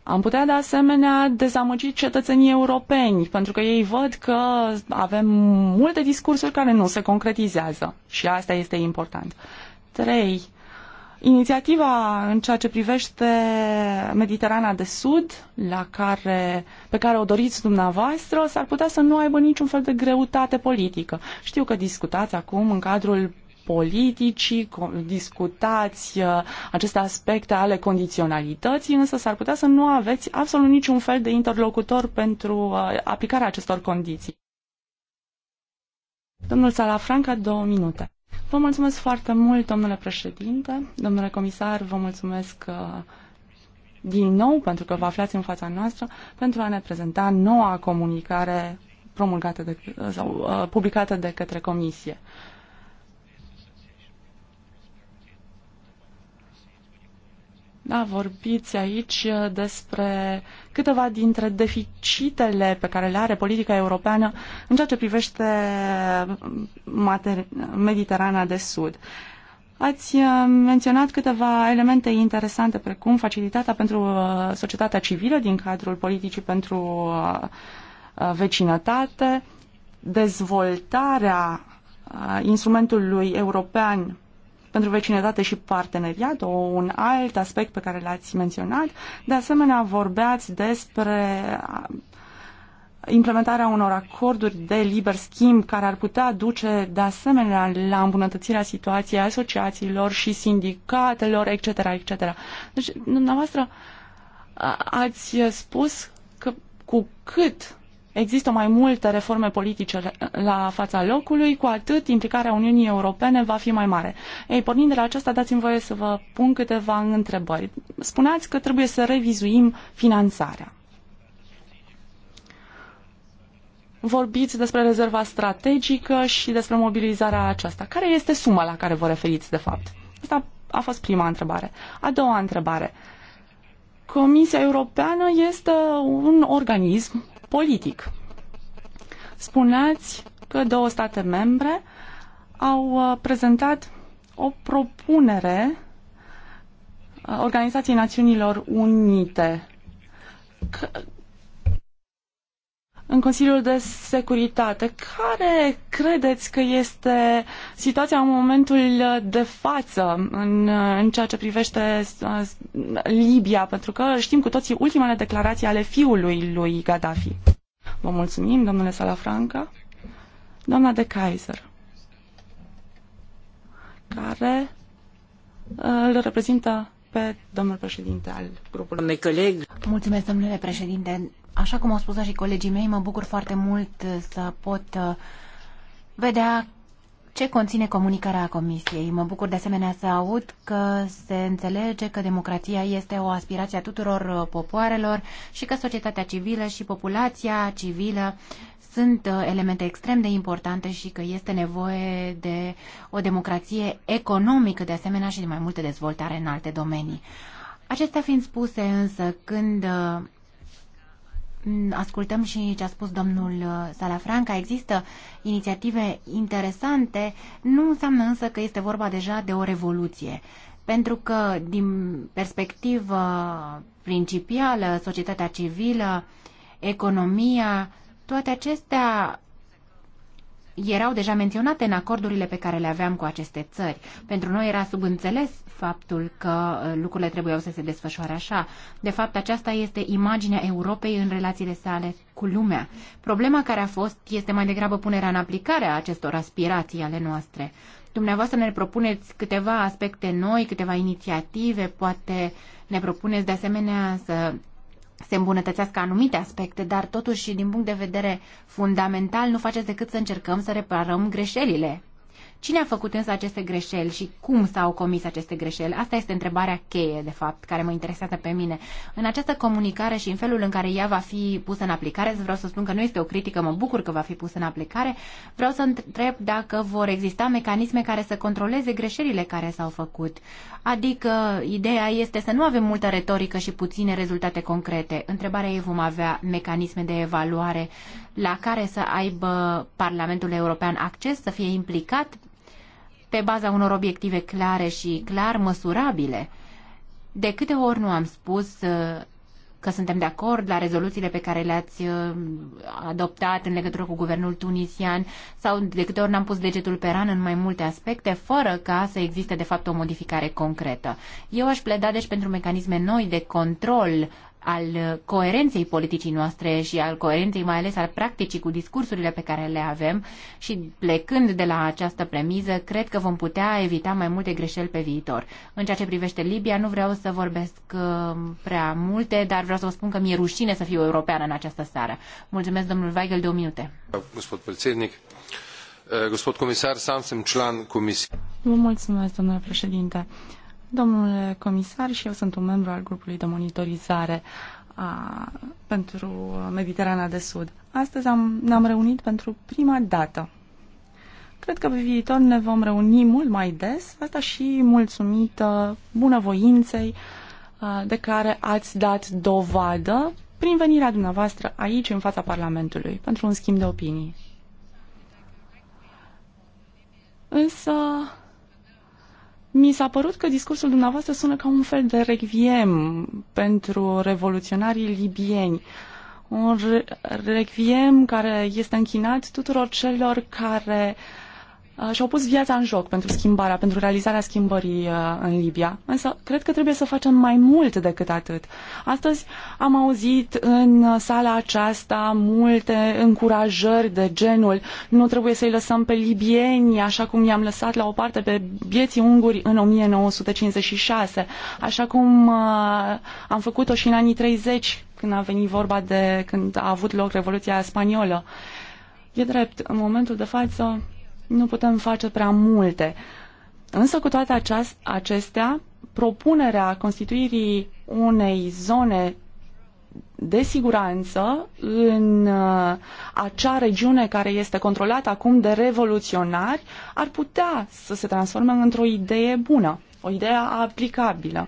Am putea de asemenea dezamăgi cetățenii europeni, pentru că ei văd că avem multe discursuri care nu se concretizează și asta este important. 3. Inițiativa în ceea ce privește Mediterana de Sud, la care, pe care o doriți dumneavoastră, s-ar putea să nu aibă niciun fel de greutate politică. Știu că discutați acum în cadrul politicii, discutați uh, aceste aspecte ale condiționalității, însă s-ar putea să nu aveți absolut niciun fel de interlocutor pentru uh, aplicarea acestor condiții. Domnul Salafranca, două minute. Vă mulțumesc foarte mult, domnule președinte, domnule comisar, vă mulțumesc uh, din nou pentru că vă aflați în fața noastră pentru a ne prezenta noua comunicare promulgată de, sau publicată de către comisie. Da, vorbiți aici uh, despre câteva dintre deficitele pe care le are politica europeană în ceea ce privește uh, Mediterana de Sud. Ați uh, menționat câteva elemente interesante, precum facilitatea pentru societatea civilă din cadrul politicii pentru vecinătate, dezvoltarea instrumentului european pentru vecinătate și parteneriat, o, un alt aspect pe care l-ați menționat. De asemenea, vorbeați despre implementarea unor acorduri de liber schimb care ar putea duce de asemenea la îmbunătățirea situației asociațiilor și sindicatelor, etc., etc. Deci, dumneavoastră, ați spus că cu cât există mai multe reforme politice la fața locului, cu atât implicarea Uniunii Europene va fi mai mare. Ei, pornind de la aceasta, dați-mi voie să vă pun câteva întrebări. Spuneați că trebuie să revizuim finanțarea. Vorbiți despre rezerva strategică și despre mobilizarea aceasta. Care este suma la care vă referiți, de fapt? Asta a fost prima întrebare. A doua întrebare. Comisia Europeană este un organism politic. Spuneați că două state membre au uh, prezentat o propunere uh, Organizației Națiunilor Unite în Consiliul de Securitate. Care credeți că este situația în momentul de față în, în ceea ce privește uh, Libia? Pentru că știm cu toții ultimele declarații ale fiului lui Gaddafi. Vă mulțumim, domnule Salafranca. Doamna de Kaiser, care uh, îl reprezintă pe domnul președinte al grupului. Mulțumesc, domnule președinte.
Așa cum au spus și colegii mei, mă bucur foarte mult uh, să pot uh, vedea ce conține comunicarea Comisiei. Mă bucur de asemenea să aud că se înțelege că democrația este o aspirație a tuturor uh, popoarelor și că societatea civilă și populația civilă sunt elemente extrem de importante și că este nevoie de o democrație economică de asemenea și de mai multă dezvoltare în alte domenii. Acestea fiind spuse însă, când ascultăm și ce a spus domnul uh, Salafranca, există inițiative interesante, nu înseamnă însă că este vorba deja de o revoluție. Pentru că, din perspectivă principială, societatea civilă, economia, toate acestea erau deja menționate în acordurile pe care le aveam cu aceste țări. Pentru noi era subînțeles faptul că uh, lucrurile trebuiau să se desfășoare așa. De fapt, aceasta este imaginea Europei în relațiile sale cu lumea. Problema care a fost este mai degrabă punerea în aplicare a acestor aspirații ale noastre. Dumneavoastră ne propuneți câteva aspecte noi, câteva inițiative, poate ne propuneți de asemenea să se îmbunătățească anumite aspecte, dar totuși, din punct de vedere fundamental, nu faceți decât să încercăm să reparăm greșelile Cine a făcut însă aceste greșeli și cum s-au comis aceste greșeli? Asta este întrebarea cheie, de fapt, care mă interesează pe mine. În această comunicare și în felul în care ea va fi pusă în aplicare, vreau să spun că nu este o critică, mă bucur că va fi pusă în aplicare, vreau să întreb dacă vor exista mecanisme care să controleze greșelile care s-au făcut. Adică, ideea este să nu avem multă retorică și puține rezultate concrete. Întrebarea ei vom avea mecanisme de evaluare la care să aibă Parlamentul European acces, să fie implicat pe baza unor obiective clare și clar măsurabile. De câte ori nu am spus uh, că suntem de acord la rezoluțiile pe care le-ați uh, adoptat în legătură cu guvernul tunisian sau de câte ori n-am pus degetul pe ran în mai multe aspecte, fără ca să existe de fapt o modificare concretă. Eu aș pleda deci pentru mecanisme noi de control al coerenței politicii noastre și al coerenței mai ales al practicii cu discursurile pe care le avem și plecând de la această premiză, cred că vom putea evita mai multe greșeli pe viitor. În ceea ce privește Libia, nu vreau să vorbesc uh, prea multe, dar vreau să vă spun că mi-e rușine să fiu european în această seară. Mulțumesc, domnul Weigel, două minute.
Gospod uh, gospod comisar, sam sunt član
Vă mulțumesc, domnule președinte. Domnule comisar, și eu sunt un membru al grupului de monitorizare a, pentru Mediterana de Sud. Astăzi am, ne-am reunit pentru prima dată. Cred că pe viitor ne vom reuni mult mai des, asta și mulțumită bunăvoinței a, de care ați dat dovadă prin venirea dumneavoastră aici, în fața Parlamentului, pentru un schimb de opinii. Însă, mi s-a părut că discursul dumneavoastră sună ca un fel de requiem pentru revoluționarii libieni. Un requiem care este închinat tuturor celor care uh, Uh, și-au pus viața în joc pentru schimbarea, pentru realizarea schimbării uh, în Libia. Însă, cred că trebuie să facem mai mult decât atât. Astăzi am auzit în sala aceasta multe încurajări de genul nu trebuie să-i lăsăm pe libieni așa cum i-am lăsat la o parte pe bieții unguri în 1956, așa cum uh, am făcut-o și în anii 30 când a venit vorba de când a avut loc Revoluția Spaniolă. E drept, în momentul de față, nu putem face prea multe. Însă, cu toate acestea, propunerea constituirii unei zone de siguranță în uh, acea regiune care este controlată acum de revoluționari ar putea să se transforme într-o idee bună, o idee aplicabilă.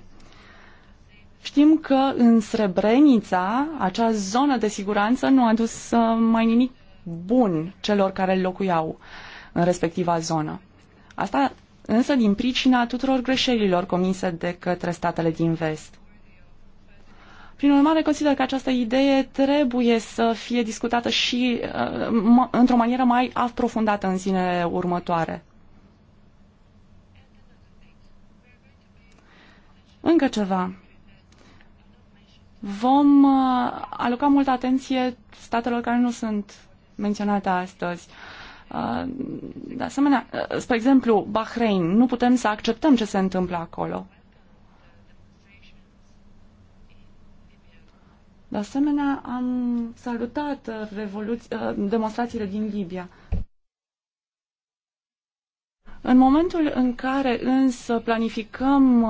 Știm că în Srebrenica acea zonă de siguranță nu a dus uh, mai nimic bun celor care locuiau în respectiva zonă. Asta însă din pricina tuturor greșelilor comise de către statele din vest. Prin urmare, consider că această idee trebuie să fie discutată și uh, într-o manieră mai aprofundată în zilele următoare. Încă ceva. Vom uh, aloca multă atenție statelor care nu sunt menționate astăzi. Uh, Uh, de asemenea, uh, spre exemplu, Bahrain, nu putem să acceptăm ce se întâmplă acolo. De asemenea, am salutat uh, demonstrațiile din Libia. În momentul în care însă planificăm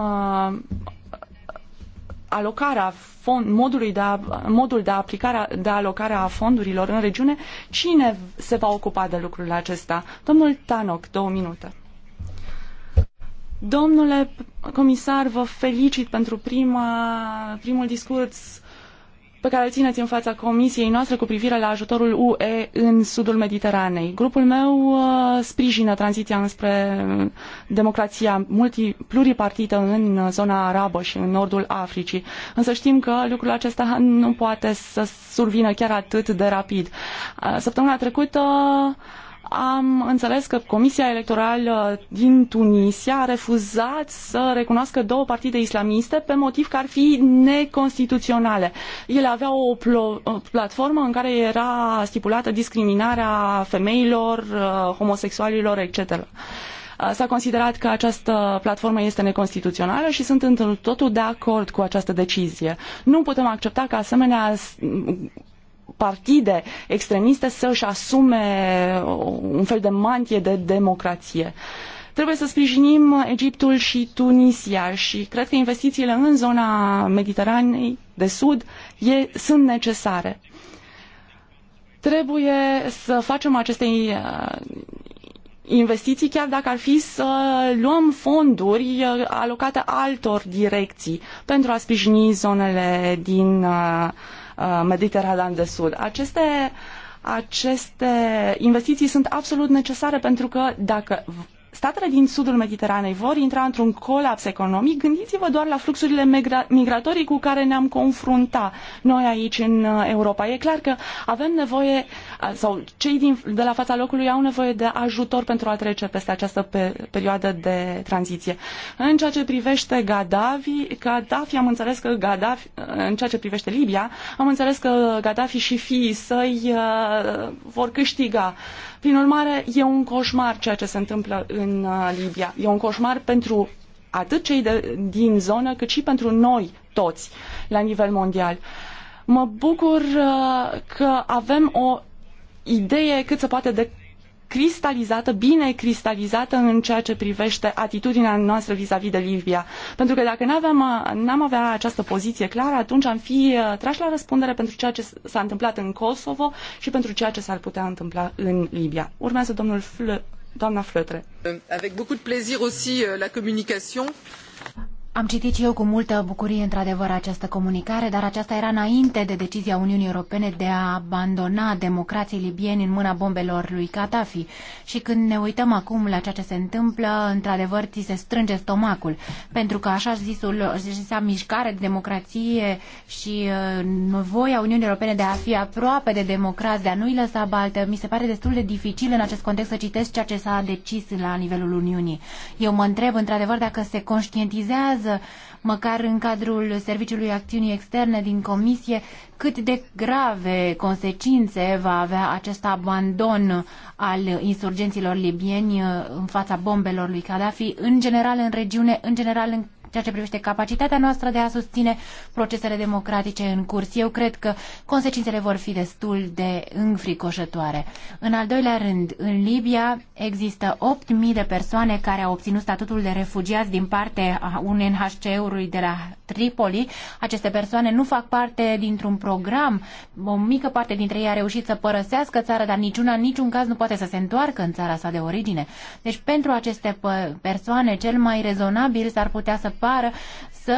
alocarea fond, modului de, modul de aplicare, de alocare a fondurilor în regiune, cine se va ocupa de lucrurile acesta? Domnul Tanoc, două minute. Domnule comisar, vă felicit pentru prima, primul discurs pe care îl țineți în fața comisiei noastre cu privire la ajutorul UE în sudul Mediteranei. Grupul meu uh, sprijină tranziția înspre democrația multi, pluripartită în zona arabă și în nordul Africii, însă știm că lucrul acesta nu poate să survină chiar atât de rapid. Uh, săptămâna trecută am înțeles că Comisia Electorală din Tunisia a refuzat să recunoască două partide islamiste pe motiv că ar fi neconstituționale. Ele aveau o platformă în care era stipulată discriminarea femeilor, uh, homosexualilor, etc. Uh, s-a considerat că această platformă este neconstituțională și sunt într totul de acord cu această decizie. Nu putem accepta ca asemenea partide extremiste să-și asume uh, un fel de mantie de democrație trebuie să sprijinim Egiptul și Tunisia și cred că investițiile în zona Mediteranei de Sud e, sunt necesare. Trebuie să facem aceste uh, investiții chiar dacă ar fi să luăm fonduri uh, alocate altor direcții pentru a sprijini zonele din Uh, Mediteranean de Sud. Aceste aceste investiții sunt absolut necesare pentru că dacă statele din sudul Mediteranei vor intra într-un colaps economic, gândiți-vă doar la fluxurile migratorii cu care ne-am confruntat noi aici în uh, Europa. E clar că avem nevoie, sau cei din, de la fața locului au nevoie de ajutor pentru a trece peste această pe, perioadă de tranziție. În ceea ce privește Gaddafi, Gaddafi am înțeles că Gaddafi, uh, în ceea ce privește Libia, am înțeles că Gaddafi și fiii săi uh, vor câștiga prin urmare, e un coșmar ceea ce se întâmplă în uh, Libia. E un coșmar pentru atât cei de, din zonă, cât și pentru noi toți la nivel mondial. Mă bucur uh, că avem o idee cât se poate de cristalizată, bine cristalizată în ceea ce privește atitudinea noastră vis-a-vis -vis de Libia. Pentru că dacă n-am avea această poziție clară, atunci am fi uh, trași la răspundere pentru ceea ce s-a întâmplat în Kosovo și pentru ceea ce s-ar putea întâmpla în Libia. Urmează domnul Fl- doamna Flătre.
Avec beaucoup de plaisir aussi euh, la communication.
Am citit și eu cu
multă bucurie, într-adevăr, această comunicare, dar aceasta era înainte de decizia Uniunii Europene de a abandona democrații libieni în mâna bombelor lui Gaddafi. Și când ne uităm acum la ceea ce se întâmplă, într-adevăr, ți se strânge stomacul. Pentru că așa zisul, zisa mișcare de democrație și nevoia uh, Uniunii Europene de a fi aproape de democrație, de a nu-i lăsa baltă, mi se pare destul de dificil în acest context să citesc ceea ce s-a decis la nivelul Uniunii. Eu mă întreb, într-adevăr, dacă se conștientizează demonstrează, măcar în cadrul Serviciului Acțiunii Externe din Comisie, cât de grave consecințe va avea acest abandon al insurgenților libieni uh, în fața bombelor lui Gaddafi, în general în regiune, în general în ceea ce privește capacitatea noastră de a susține procesele democratice în curs. Eu cred că consecințele vor fi destul de înfricoșătoare. În al doilea rând, în Libia există 8.000 de persoane care au obținut statutul de refugiați din partea UNHCR-ului de la Tripoli. Aceste persoane nu fac parte dintr-un program. O mică parte dintre ei a reușit să părăsească țara, dar niciuna, niciun caz nu poate să se întoarcă în țara sa de origine. Deci pentru aceste persoane, cel mai rezonabil s-ar putea să afară să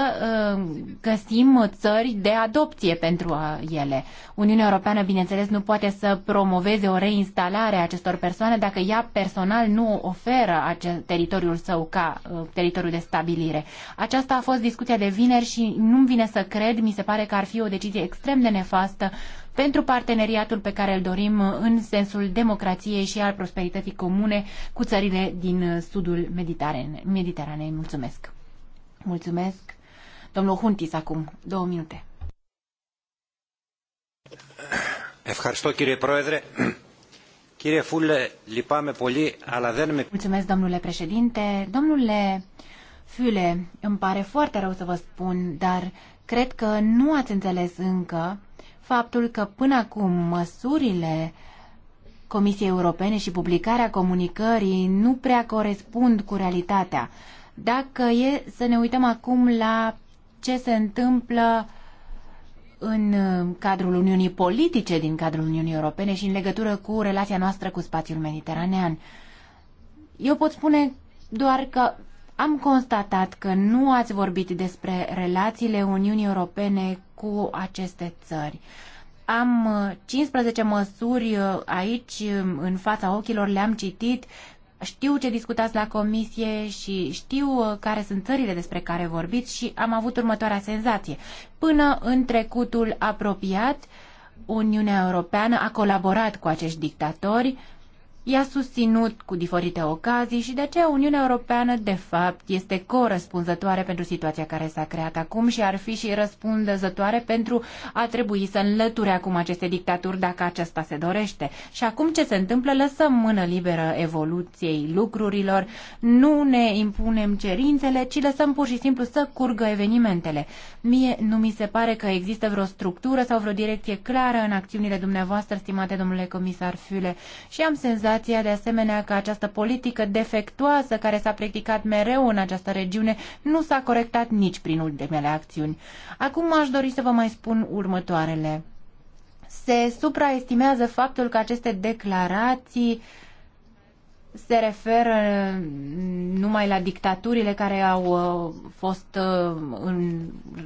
uh, găsim țări de adopție pentru uh, ele. Uniunea Europeană, bineînțeles, nu poate să promoveze o reinstalare a acestor persoane dacă ea personal nu oferă acest teritoriul său ca uh, teritoriu de stabilire. Aceasta a fost discuția de vineri și nu-mi vine să cred, mi se pare că ar fi o decizie extrem de nefastă pentru parteneriatul pe care îl dorim în sensul democrației și al prosperității comune cu țările din sudul Mediteranei. Mulțumesc! Mulțumesc. Domnul Huntis acum, două minute.
Ευχαριστώ κύριε Πρόεδρε. Κύριε Φούλε, λυπάμαι πολύ, αλλά δεν με...
Mulțumesc, domnule președinte. Domnule Fule, îmi pare foarte rău să vă spun, dar cred că nu ați înțeles încă faptul că până acum măsurile Comisiei Europene și publicarea comunicării nu prea corespund cu realitatea. Dacă e să ne uităm acum la ce se întâmplă în uh, cadrul Uniunii Politice din cadrul Uniunii Europene și în legătură cu relația noastră cu spațiul mediteranean. Eu pot spune doar că am constatat că nu ați vorbit despre relațiile Uniunii Europene cu aceste țări. Am 15 uh, măsuri uh, aici în fața ochilor, le-am citit știu ce discutați la comisie și știu uh, care sunt țările despre care vorbiți și am avut următoarea senzație. Până în trecutul apropiat, Uniunea Europeană a colaborat cu acești dictatori i-a susținut cu diferite ocazii și de aceea Uniunea Europeană, de fapt, este corespunzătoare pentru situația care s-a creat acum și ar fi și răspunzătoare pentru a trebui să înlăture acum aceste dictaturi dacă aceasta se dorește. Și acum ce se întâmplă? Lăsăm mână liberă evoluției lucrurilor, nu ne impunem cerințele, ci lăsăm pur și simplu să curgă evenimentele. Mie nu mi se pare că există vreo structură sau vreo direcție clară în acțiunile dumneavoastră, stimate domnule comisar Fule, și am senzat senzația de asemenea că această politică defectuoasă care s-a practicat mereu în această regiune nu s-a corectat nici prin ultimele acțiuni. Acum aș dori să vă mai spun următoarele. Se supraestimează faptul că aceste declarații uh, se referă mm, numai la dictaturile care au uh, fost uh, în,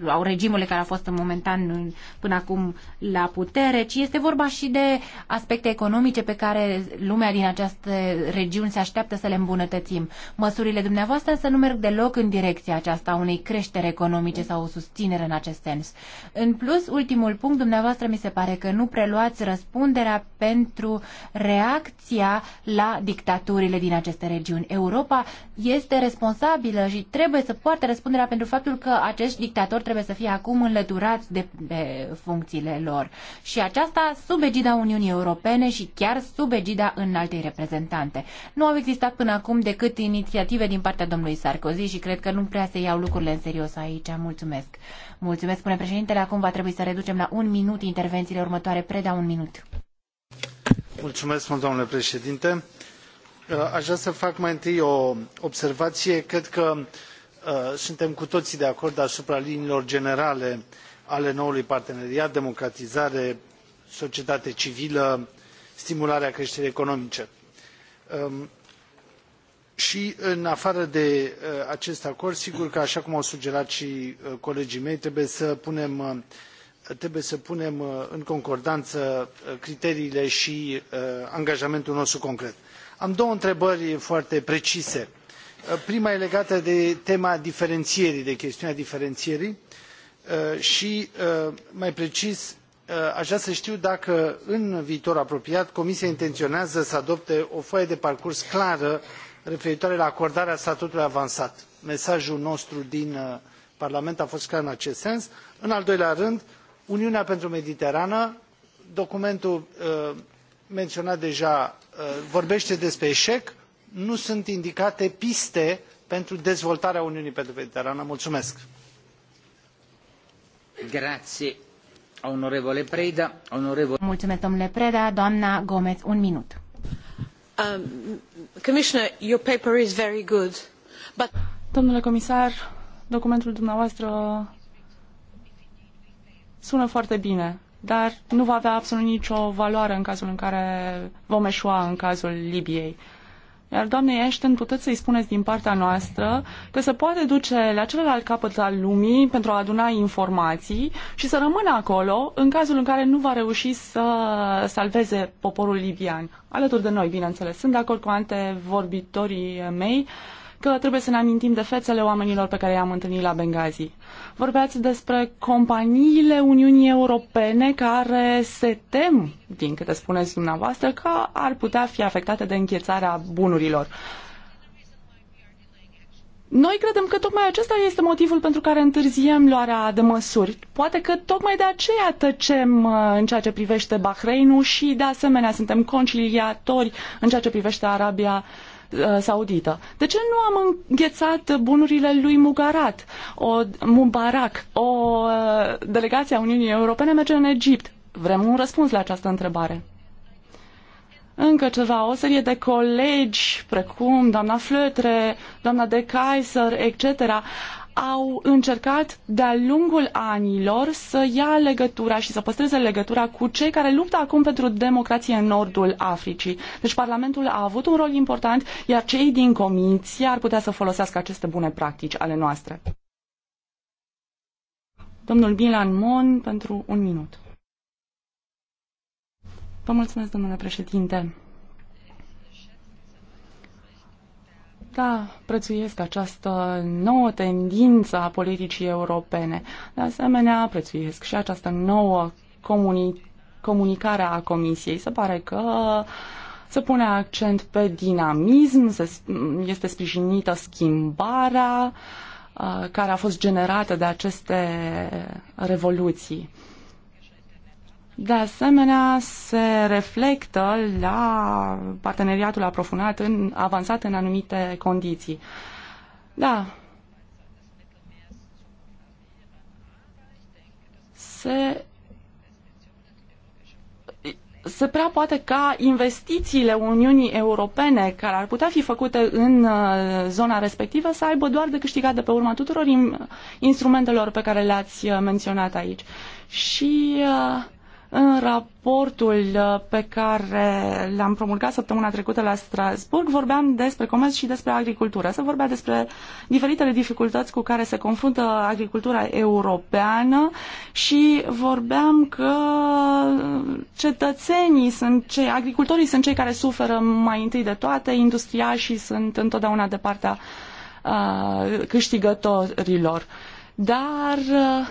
au regimurile care au fost în momentan în, până acum la putere, ci este vorba și de aspecte economice pe care lumea din aceste regiuni se așteaptă să le îmbunătățim. Măsurile dumneavoastră să nu merg deloc în direcția aceasta unei creșteri economice sau o susținere în acest sens. În plus, ultimul punct, dumneavoastră mi se pare că nu preluați răspunderea pentru reacția la dictatură legăturile din aceste regiuni. Europa este responsabilă și trebuie să poarte răspunderea pentru faptul că acești dictatori trebuie să fie acum înlăturați de de funcțiile lor. Și aceasta sub egida Uniunii Europene și chiar sub egida înaltei reprezentante. Nu au existat până acum decât inițiative din partea domnului Sarkozy și cred că nu prea se iau lucrurile în serios aici. Mulțumesc. Mulțumesc, spune președintele. Acum va trebui să reducem la un minut intervențiile următoare. Preda un minut.
Mulțumesc, domnule președinte Uh, a vrea să fac mai întâi o observație. Cred că uh, suntem cu toii de acord asupra liniilor generale ale noului parteneriat, democratizare, societate civilă, stimularea creșterii economice. Um, și în afară de uh, acest acord, sigur că, așa cum au sugerat și colegii mei, trebuie să punem, trebuie să punem în concordanță criteriile și angajamentul nostru concret am două întrebări foarte precise uh, prima este legată de tema diferențierii de chestiunea diferențierii uh, și uh, mai precis a vrea să tiu dacă în viitorul apropiat comisia intenionează să adopte o foaie de parcurs clară referitoare la acordarea statutului avansat. mesajul nostru din parlament a fost clar în acest sens. în al doilea rând uniunea pentru mediterană documentul menționat deja uh, vorbește despre eșec, nu sunt indicate piste pentru dezvoltarea Uniunii pentru Mediterană. Mulțumesc!
Grazie, onorevole Preda. Onorevole... Mulțumesc,
domnule Preda. Doamna Gomez, un minut.
Um,
Commissioner, your paper is very good,
but... Domnule
comisar, documentul dumneavoastră
sună foarte bine, dar nu va avea absolut nicio valoare în cazul în care vom eșua în cazul Libiei. Iar, doamnei Ashton, puteți să-i spuneți din partea noastră că se poate duce la celălalt capăt al lumii pentru a aduna informații și să rămână acolo în cazul în care nu va reuși să salveze poporul libian. Alături de noi, bineînțeles. Sunt de acord cu vorbitorii mei. Uh, că trebuie să ne amintim de fețele oamenilor pe care i-am întâlnit la Benghazi. Vorbeați despre companiile Uniunii Europene care se tem, din câte spuneți dumneavoastră, că ar putea fi afectate de înghețarea bunurilor. Noi credem că tocmai acesta este motivul pentru care întârziem luarea de măsuri. Poate că tocmai de aceea tăcem uh, în ceea ce privește Bahreinul și de asemenea suntem conciliatori în ceea ce privește Arabia Uh, saudită. De ce nu am înghețat bunurile lui Mugarat, o, Mubarak? O uh, delegație a Uniunii Europene merge în Egipt. Vrem un răspuns la această întrebare. Încă ceva, o serie de colegi, precum doamna Flătre, doamna de Kaiser, etc., au încercat de-a lungul anilor să ia legătura și să păstreze legătura cu cei care luptă acum pentru democrație în nordul Africii. Deci Parlamentul a avut un rol important, iar cei din comisie ar putea să folosească aceste bune practici ale noastre. Domnul Milan Mon pentru un minut. Vă mulțumesc, domnule președinte. Da, prețuiesc această nouă tendință a politicii europene. De asemenea, prețuiesc și această nouă comuni- comunicare a Comisiei. Se pare că se pune accent pe dinamism, se, este sprijinită schimbarea uh, care a fost generată de aceste revoluții. De asemenea, se reflectă la parteneriatul aprofundat, în, avansat în anumite condiții. Da. Se se prea poate ca investițiile Uniunii Europene care ar putea fi făcute în uh, zona respectivă să aibă doar de câștigat de pe urma tuturor instrumentelor pe care le-ați uh, menționat aici. Și uh, în raportul uh, pe care l-am promulgat săptămâna trecută la Strasburg vorbeam despre comerț și despre agricultură. Se vorbea despre diferitele dificultăți cu care se confruntă agricultura europeană și vorbeam că cetățenii sunt cei, agricultorii sunt cei care suferă mai întâi de toate, industriașii sunt întotdeauna de partea uh, câștigătorilor. Dar uh,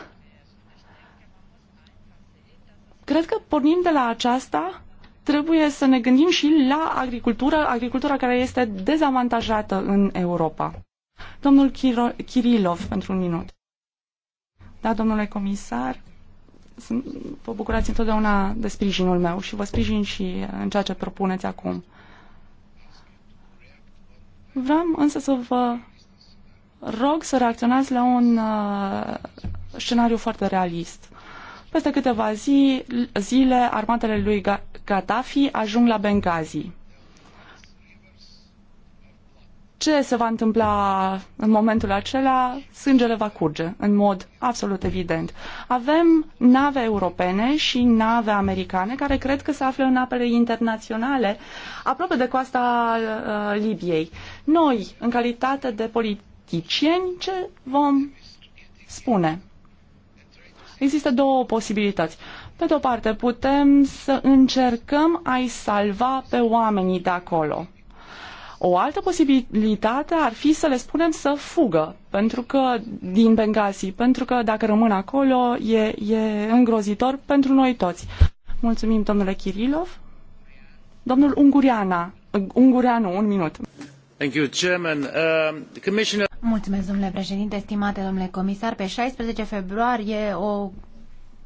Cred că pornind de la aceasta, trebuie să ne gândim și la agricultură, agricultura care este dezavantajată în Europa. Domnul Chiro Kirilov, pentru un minut. Da, domnule comisar, sunt, vă bucurați întotdeauna de sprijinul meu și vă sprijin și în ceea ce propuneți acum. Vreau însă să vă rog să reacționați la un uh, scenariu foarte realist. Peste câteva zi, zile, armatele lui Gaddafi ajung la Benghazi. Ce se va întâmpla în momentul acela? Sângele va curge, în mod absolut evident. Avem nave europene și nave americane care cred că se află în apele internaționale, aproape de coasta uh, Libiei. Noi, în calitate de politicieni, ce vom spune? Există două posibilități. Pe de o parte, putem să încercăm a-i salva pe oamenii de acolo. O altă posibilitate ar fi să le spunem să fugă pentru că din Benghazi, pentru că dacă rămân acolo e, e îngrozitor pentru noi toți. Mulțumim, domnule Kirilov. Domnul Ungureana, Ungureanu, un minut.
Thank you, Chairman. Uh, Commissioner...
Mulțumesc, domnule președinte, stimate domnule comisar. Pe 16 februarie o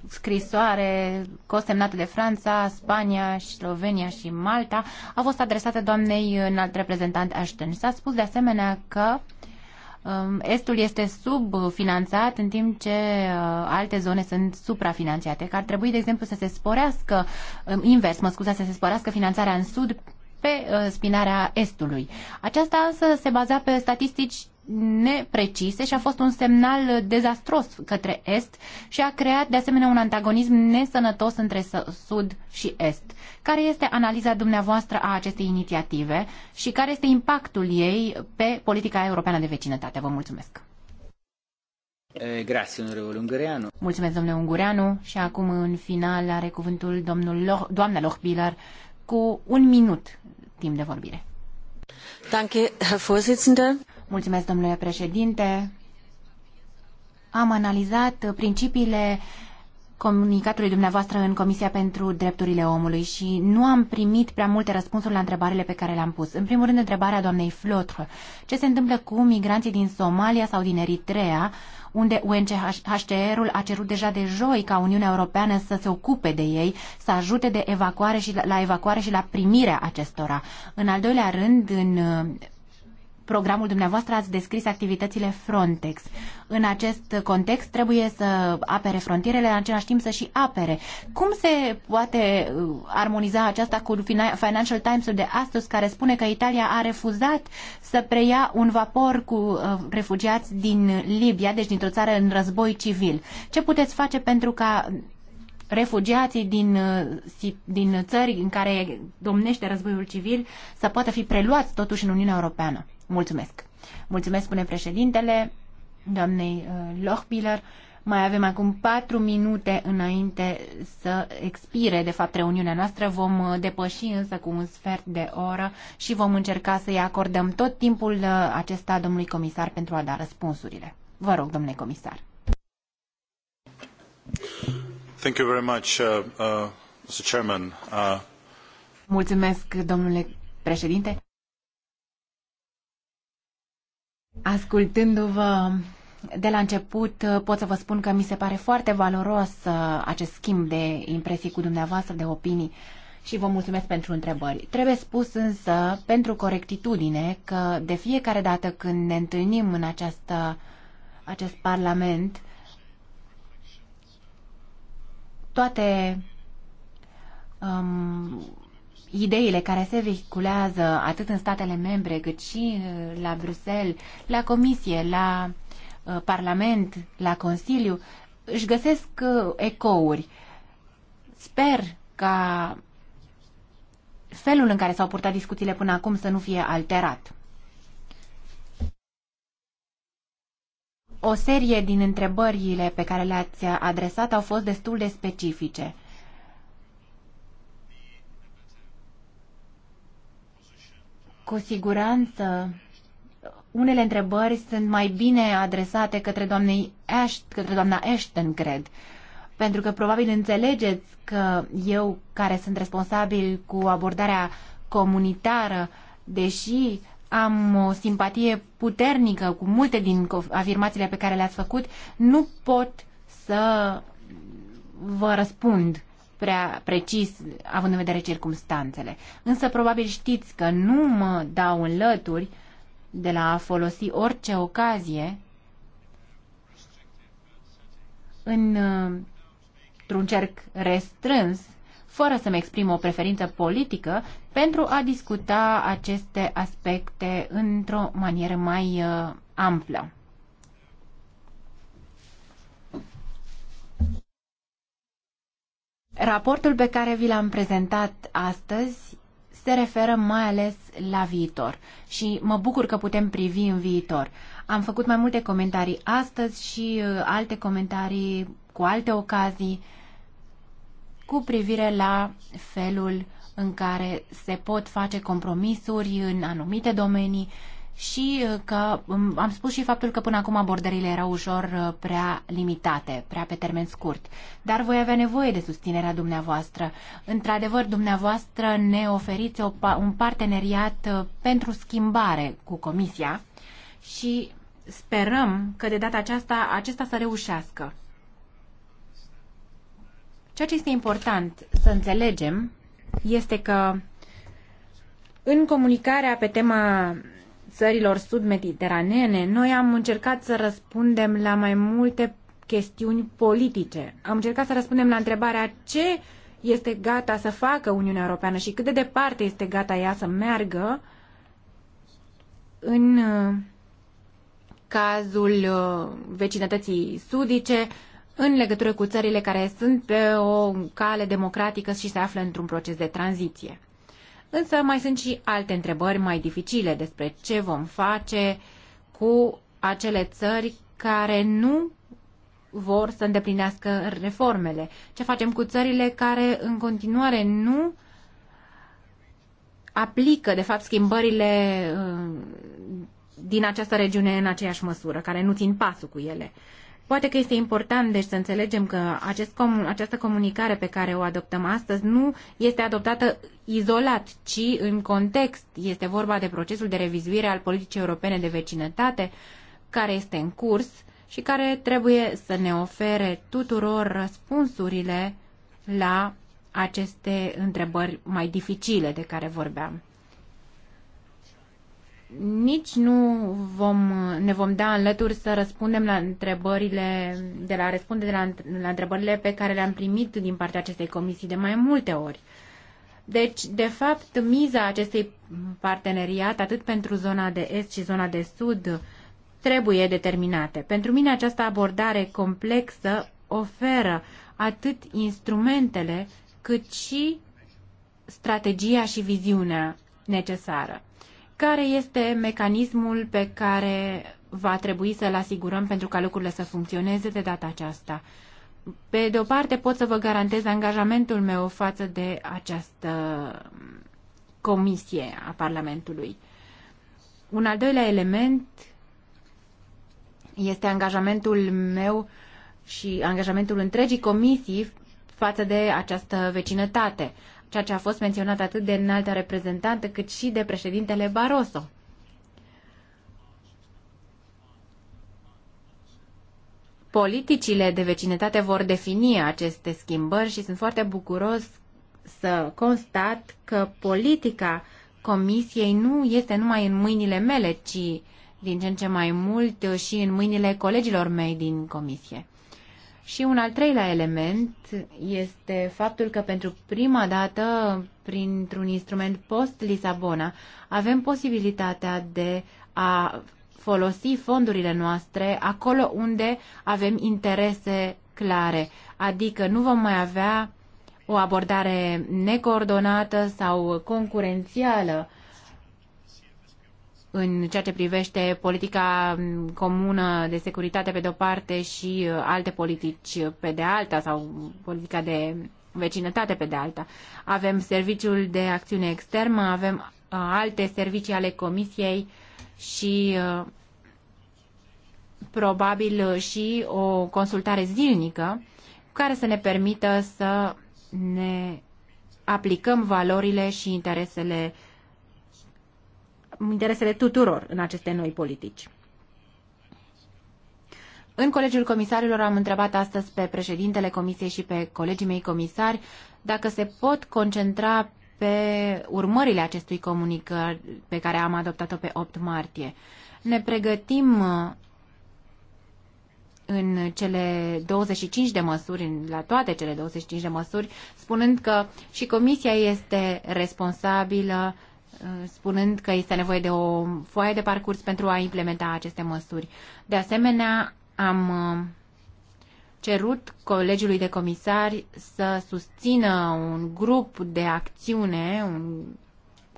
scrisoare consemnată de Franța, Spania, Slovenia și Malta a fost adresată doamnei înalt reprezentant Ashton. S-a spus de asemenea că um, Estul este subfinanțat în timp ce uh, alte zone sunt suprafinanțate, că ar trebui, de exemplu, să se sporească, um, invers, mă scuzați, să se sporească finanțarea în sud pe uh, spinarea Estului. Aceasta însă se baza pe statistici neprecise și a fost un semnal dezastros către Est și a creat de asemenea un antagonism nesănătos între Sud și Est. Care este analiza dumneavoastră a acestei inițiative și care este impactul ei pe politica europeană de vecinătate? Vă mulțumesc!
Eh, grazie, onorevole Ungureanu.
Mulțumesc, domnule Ungureanu. Și acum, în final, are cuvântul domnul Loh, doamna Lohbilar cu un minut timp de vorbire. Danke, Herr Vorsitzender. Mulțumesc, domnule președinte. Am analizat principiile comunicatului dumneavoastră în Comisia pentru Drepturile Omului și nu am primit prea multe răspunsuri la întrebările pe care le-am pus. În primul rând, întrebarea doamnei Flotre: Ce se întâmplă cu migranții din Somalia sau din Eritrea, unde UNCHR-ul a cerut deja de joi ca Uniunea Europeană să se ocupe de ei, să ajute de evacuare și la, la evacuare și la primirea acestora. În al doilea rând, în programul dumneavoastră ați descris activitățile Frontex. În acest context trebuie să apere frontierele, în același timp să și apere. Cum se poate uh, armoniza aceasta cu Financial Times-ul de astăzi, care spune că Italia a refuzat să preia un vapor cu uh, refugiați din Libia, deci dintr-o țară în război civil? Ce puteți face pentru ca refugiații din, uh, din țări în care domnește războiul civil să poată fi preluați totuși în Uniunea Europeană. Mulțumesc. Mulțumesc, spune președintele, doamnei uh, Lochbiller. Mai avem acum patru minute înainte să expire, de fapt, reuniunea noastră. Vom uh, depăși însă cu un sfert de oră și vom încerca să-i acordăm tot timpul uh, acesta domnului comisar pentru a da răspunsurile. Vă rog, domnule comisar.
Thank you very much, uh, uh, Mr. Chairman. Uh...
Mulțumesc, domnule președinte. Ascultându-vă de la început, pot să vă spun că mi se pare foarte valoros uh, acest schimb de impresii cu dumneavoastră, de opinii și vă mulțumesc pentru întrebări. Trebuie spus însă, pentru corectitudine, că de fiecare dată când ne întâlnim în această, acest parlament, toate um, ideile care se vehiculează atât în statele membre cât și uh, la Bruxelles, la Comisie, la uh, Parlament, la Consiliu, își găsesc uh, ecouri. Sper ca felul în care s-au purtat discuțiile până acum să nu fie alterat. O serie din întrebările pe care le-ați adresat au fost destul de specifice. cu siguranță unele întrebări sunt mai bine adresate către, doamnei Ash, către doamna Ashton, cred. Pentru că probabil înțelegeți că eu, care sunt responsabil cu abordarea comunitară, deși am o simpatie puternică cu multe din afirmațiile pe care le-ați făcut, nu pot să vă răspund prea precis, având în vedere circumstanțele. Însă probabil știți că nu mă dau în lături de la a folosi orice ocazie în, într-un cerc restrâns, fără să-mi exprim o preferință politică, pentru a discuta aceste aspecte într-o manieră mai uh, amplă. Raportul pe care vi l-am prezentat astăzi se referă mai ales la viitor și mă bucur că putem privi în viitor. Am făcut mai multe comentarii astăzi și uh, alte comentarii cu alte ocazii cu privire la felul în care se pot face compromisuri în anumite domenii și uh, că um, am spus și faptul că până acum abordările erau ușor uh, prea limitate, prea pe termen scurt. Dar voi avea nevoie de susținerea dumneavoastră. Într-adevăr, dumneavoastră ne oferiți o, un parteneriat uh, pentru schimbare cu Comisia și sperăm că de data aceasta acesta să reușească. Ceea ce este important să înțelegem este că în comunicarea pe tema țărilor sud-mediteraneene, noi am încercat să răspundem la mai multe chestiuni politice. Am încercat să răspundem la întrebarea ce este gata să facă Uniunea Europeană și cât de departe este gata ea să meargă în uh, cazul uh, vecinătății sudice, în legătură cu țările care sunt pe o cale democratică și se află într-un proces de tranziție. Însă mai sunt și alte întrebări mai dificile despre ce vom face cu acele țări care nu vor să îndeplinească reformele. Ce facem cu țările care în continuare nu aplică, de fapt, schimbările uh, din această regiune în aceeași măsură, care nu țin pasul cu ele. Poate că este important, deci, să înțelegem că acest com- această comunicare pe care o adoptăm astăzi nu este adoptată izolat, ci în context. Este vorba de procesul de revizuire al politicii europene de vecinătate, care este în curs și care trebuie să ne ofere tuturor răspunsurile la aceste întrebări mai dificile de care vorbeam nici nu vom, ne vom da în lături să răspundem la întrebările, de la răspunde de la, la întrebările pe care le-am primit din partea acestei comisii de mai multe ori. Deci, de fapt, miza acestei parteneriat, atât pentru zona de est și zona de sud, trebuie determinate. Pentru mine această abordare complexă oferă atât instrumentele, cât și strategia și viziunea necesară care este mecanismul pe care va trebui să-l asigurăm pentru ca lucrurile să funcționeze de data aceasta. Pe de o parte pot să vă garantez angajamentul meu față de această comisie a Parlamentului. Un al doilea element este angajamentul meu și angajamentul întregii comisii față de această vecinătate ceea ce a fost menționat atât de înaltă reprezentantă cât și de președintele Barroso. Politicile de vecinătate vor defini aceste schimbări și sunt foarte bucuros să constat că politica Comisiei nu este numai în mâinile mele, ci din ce în ce mai mult și în mâinile colegilor mei din Comisie. Și un al treilea element este faptul că pentru prima dată, printr-un instrument post-Lisabona, avem posibilitatea de a folosi fondurile noastre acolo unde avem interese clare, adică nu vom mai avea o abordare necoordonată sau concurențială în ceea ce privește politica comună de securitate pe de-o parte și uh, alte politici pe de alta sau politica de vecinătate pe de alta. Avem serviciul de acțiune externă, avem uh, alte servicii ale comisiei și uh, probabil și o consultare zilnică care să ne permită să ne aplicăm valorile și interesele uh, interesele tuturor în aceste noi politici. În Colegiul Comisarilor am întrebat astăzi pe președintele Comisiei și pe colegii mei comisari dacă se pot concentra pe urmările acestui comunicat pe care am adoptat-o pe 8 martie. Ne pregătim uh, în cele 25 de măsuri, la toate cele 25 de măsuri, spunând că și Comisia este responsabilă spunând că este nevoie de o foaie de parcurs pentru a implementa aceste măsuri. De asemenea, am uh, cerut Colegiului de Comisari să susțină un grup de acțiune un,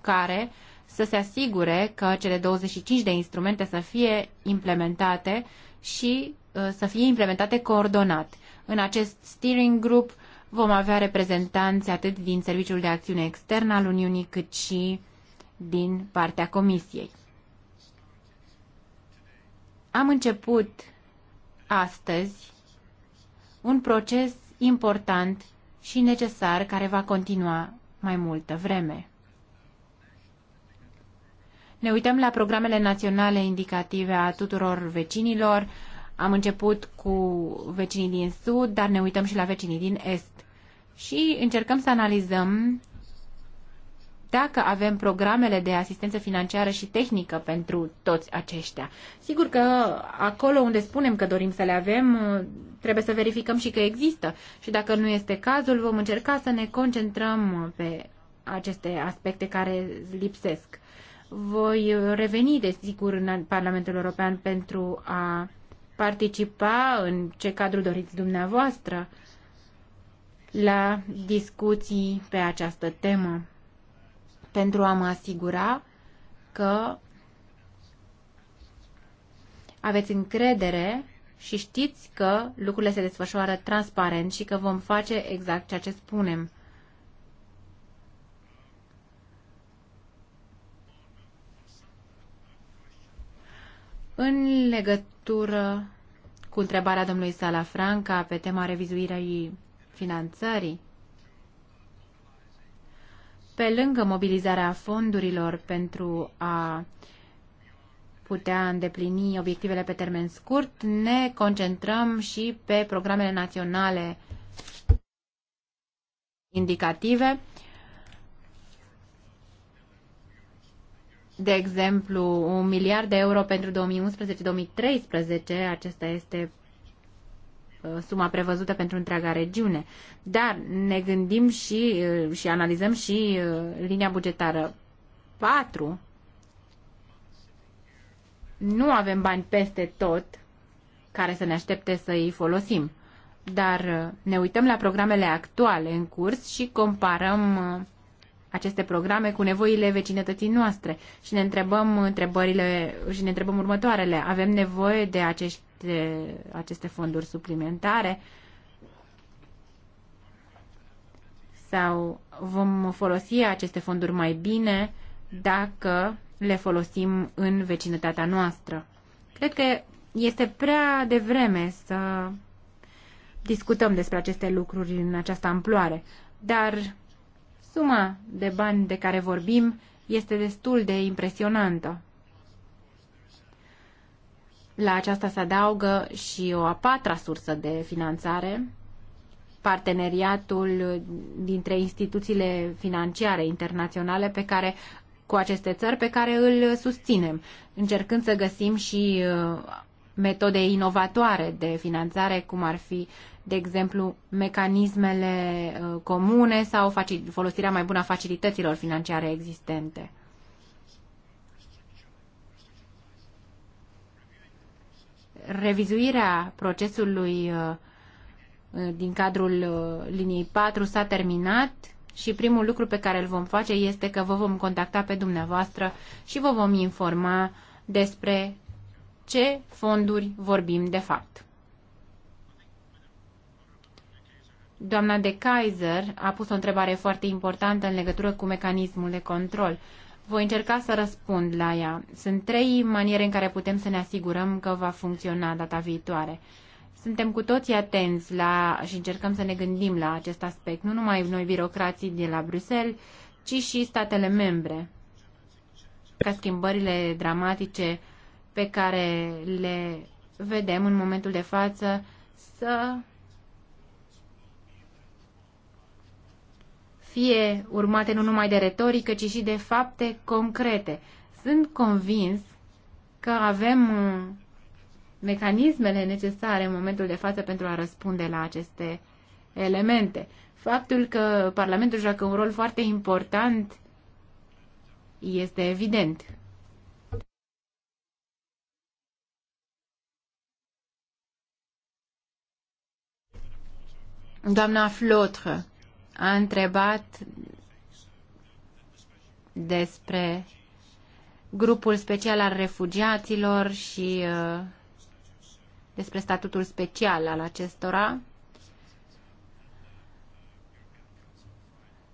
care să se asigure că cele 25 de instrumente să fie implementate și uh, să fie implementate coordonat. În acest steering group vom avea reprezentanți atât din Serviciul de Acțiune Externă al Uniunii cât și din partea Comisiei. Am început astăzi un proces important și necesar care va continua mai multă vreme. Ne uităm la programele naționale indicative a tuturor vecinilor. Am început cu vecinii din sud, dar ne uităm și la vecinii din est. Și încercăm să analizăm dacă avem programele de asistență financiară și tehnică pentru toți aceștia. Sigur că acolo unde spunem că dorim să le avem, trebuie să verificăm și că există. Și dacă nu este cazul, vom încerca să ne concentrăm pe aceste aspecte care lipsesc. Voi reveni, desigur, în Parlamentul European pentru a participa în ce cadru doriți dumneavoastră la discuții pe această temă pentru a mă asigura că aveți încredere și știți că lucrurile se desfășoară transparent și că vom face exact ceea ce spunem. În legătură cu întrebarea domnului Salafranca pe tema revizuirii finanțării, pe lângă mobilizarea fondurilor pentru a putea îndeplini obiectivele pe termen scurt, ne concentrăm și pe programele naționale indicative. De exemplu, un miliard de euro pentru 2011-2013, acesta este Uh, suma prevăzută pentru întreaga regiune. Dar ne gândim și, uh, și analizăm și uh, linia bugetară 4. Nu avem bani peste tot care să ne aștepte să îi folosim. Dar ne uităm la programele actuale în curs și comparăm aceste programe cu nevoile vecinătății noastre și ne întrebăm întrebările și ne întrebăm următoarele. Avem nevoie de aceste, aceste fonduri suplimentare sau vom folosi aceste fonduri mai bine dacă le folosim în vecinătatea noastră. Cred că este prea devreme să discutăm despre aceste lucruri în această amploare, dar Suma de bani de care vorbim este destul de impresionantă. La aceasta se adaugă și o a patra sursă de finanțare, parteneriatul dintre instituțiile financiare internaționale pe care cu aceste țări pe care îl susținem, încercând să găsim și uh, metode inovatoare de finanțare, cum ar fi de exemplu, mecanismele uh, comune sau folosirea mai bună a facilităților financiare existente. Revizuirea procesului uh, uh, din cadrul liniei 4 s-a terminat și primul lucru pe care îl vom face este că vă vom contacta pe dumneavoastră și vă vom informa despre ce fonduri vorbim de fapt. Doamna de Kaiser a pus o întrebare foarte importantă în legătură cu mecanismul de control. Voi încerca să răspund la ea. Sunt trei maniere în care putem să ne asigurăm că va funcționa data viitoare. Suntem cu toții atenți la și încercăm să ne gândim la acest aspect, nu numai noi birocrații de la Bruxelles, ci și statele membre. Ca schimbările dramatice pe care le vedem în momentul de față să fie urmate nu numai de retorică, ci și de fapte concrete. Sunt convins că avem uh, mecanismele necesare în momentul de față pentru a răspunde la aceste elemente. Faptul că Parlamentul joacă un rol foarte important este evident. Doamna Flotre a întrebat despre grupul special al refugiaților și uh, despre statutul special al acestora.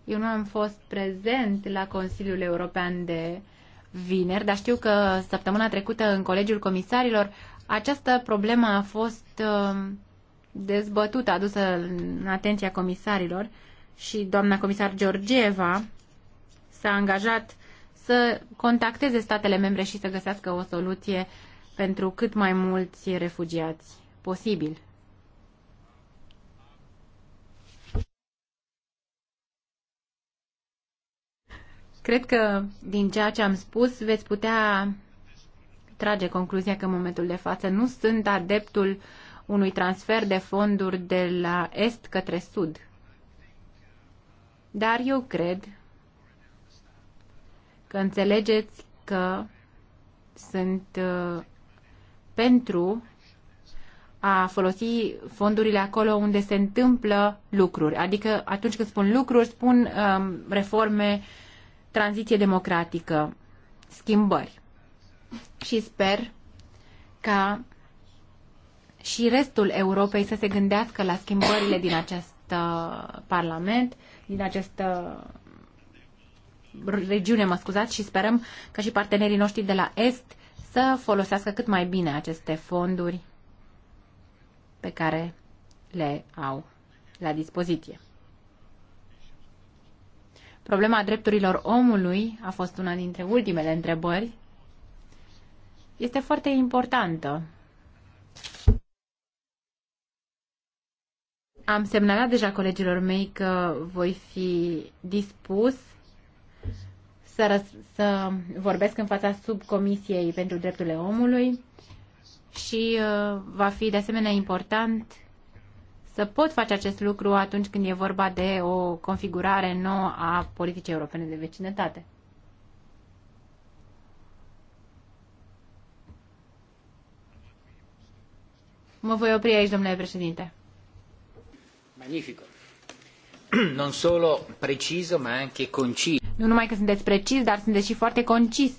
Eu nu am fost prezent la Consiliul European de vineri, dar știu că săptămâna trecută în Colegiul Comisarilor această problemă a fost uh, dezbătută, adusă în atenția comisarilor și doamna comisar Georgieva s-a angajat să contacteze statele membre și să găsească o soluție pentru cât mai mulți refugiați posibil. Cred că din ceea ce am spus veți putea trage concluzia că în momentul de față nu sunt adeptul unui transfer de fonduri de la est către sud. Dar eu cred că înțelegeți că sunt uh, pentru a folosi fondurile acolo unde se întâmplă lucruri. Adică atunci când spun lucruri, spun um, reforme, tranziție democratică, schimbări. Și sper ca și restul Europei să se gândească la schimbările din acest uh, Parlament din această regiune, mă scuzați, și sperăm ca și partenerii noștri de la Est să folosească cât mai bine aceste fonduri pe care le au la dispoziție. Problema drepturilor omului a fost una dintre ultimele întrebări. Este foarte importantă Am semnalat deja colegilor mei că voi fi dispus să, răs- să vorbesc în fața subcomisiei pentru drepturile omului și uh, va fi de asemenea important să pot face acest lucru atunci când e vorba de o configurare nouă a politicii europene de vecinătate. Mă voi opri aici, domnule președinte.
Magnifico. Non solo preciso, ma anche concis.
Nu numai că sunteți precis, dar sunteți și foarte concis.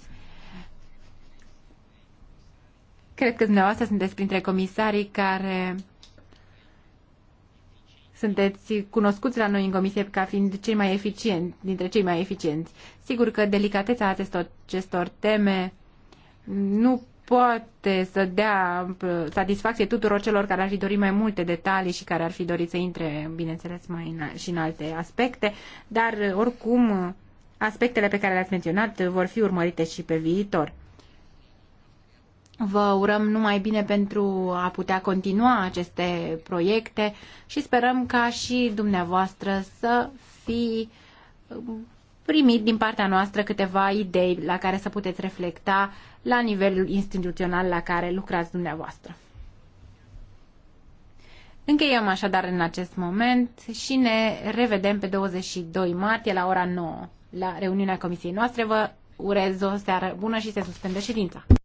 Cred că dumneavoastră sunteți printre comisarii care sunteți cunoscuți la noi în comisie ca fiind cei mai eficienți, dintre cei mai eficienți. Sigur că delicatețea acestor, acestor teme nu poate să dea uh, satisfacție tuturor celor care ar fi dorit mai multe detalii și care ar fi dorit să intre, bineînțeles, mai în, și în alte aspecte, dar uh, oricum uh, aspectele pe care le-ați menționat vor fi urmărite și pe viitor. Vă urăm numai bine pentru a putea continua aceste proiecte și sperăm ca și dumneavoastră să fi primit din partea noastră câteva idei la care să puteți reflecta la nivelul instituțional la care lucrați dumneavoastră. Încheiem așadar în acest moment și ne revedem pe 22 martie la ora 9 la reuniunea comisiei noastre. Vă urez o seară bună și se suspendă ședința.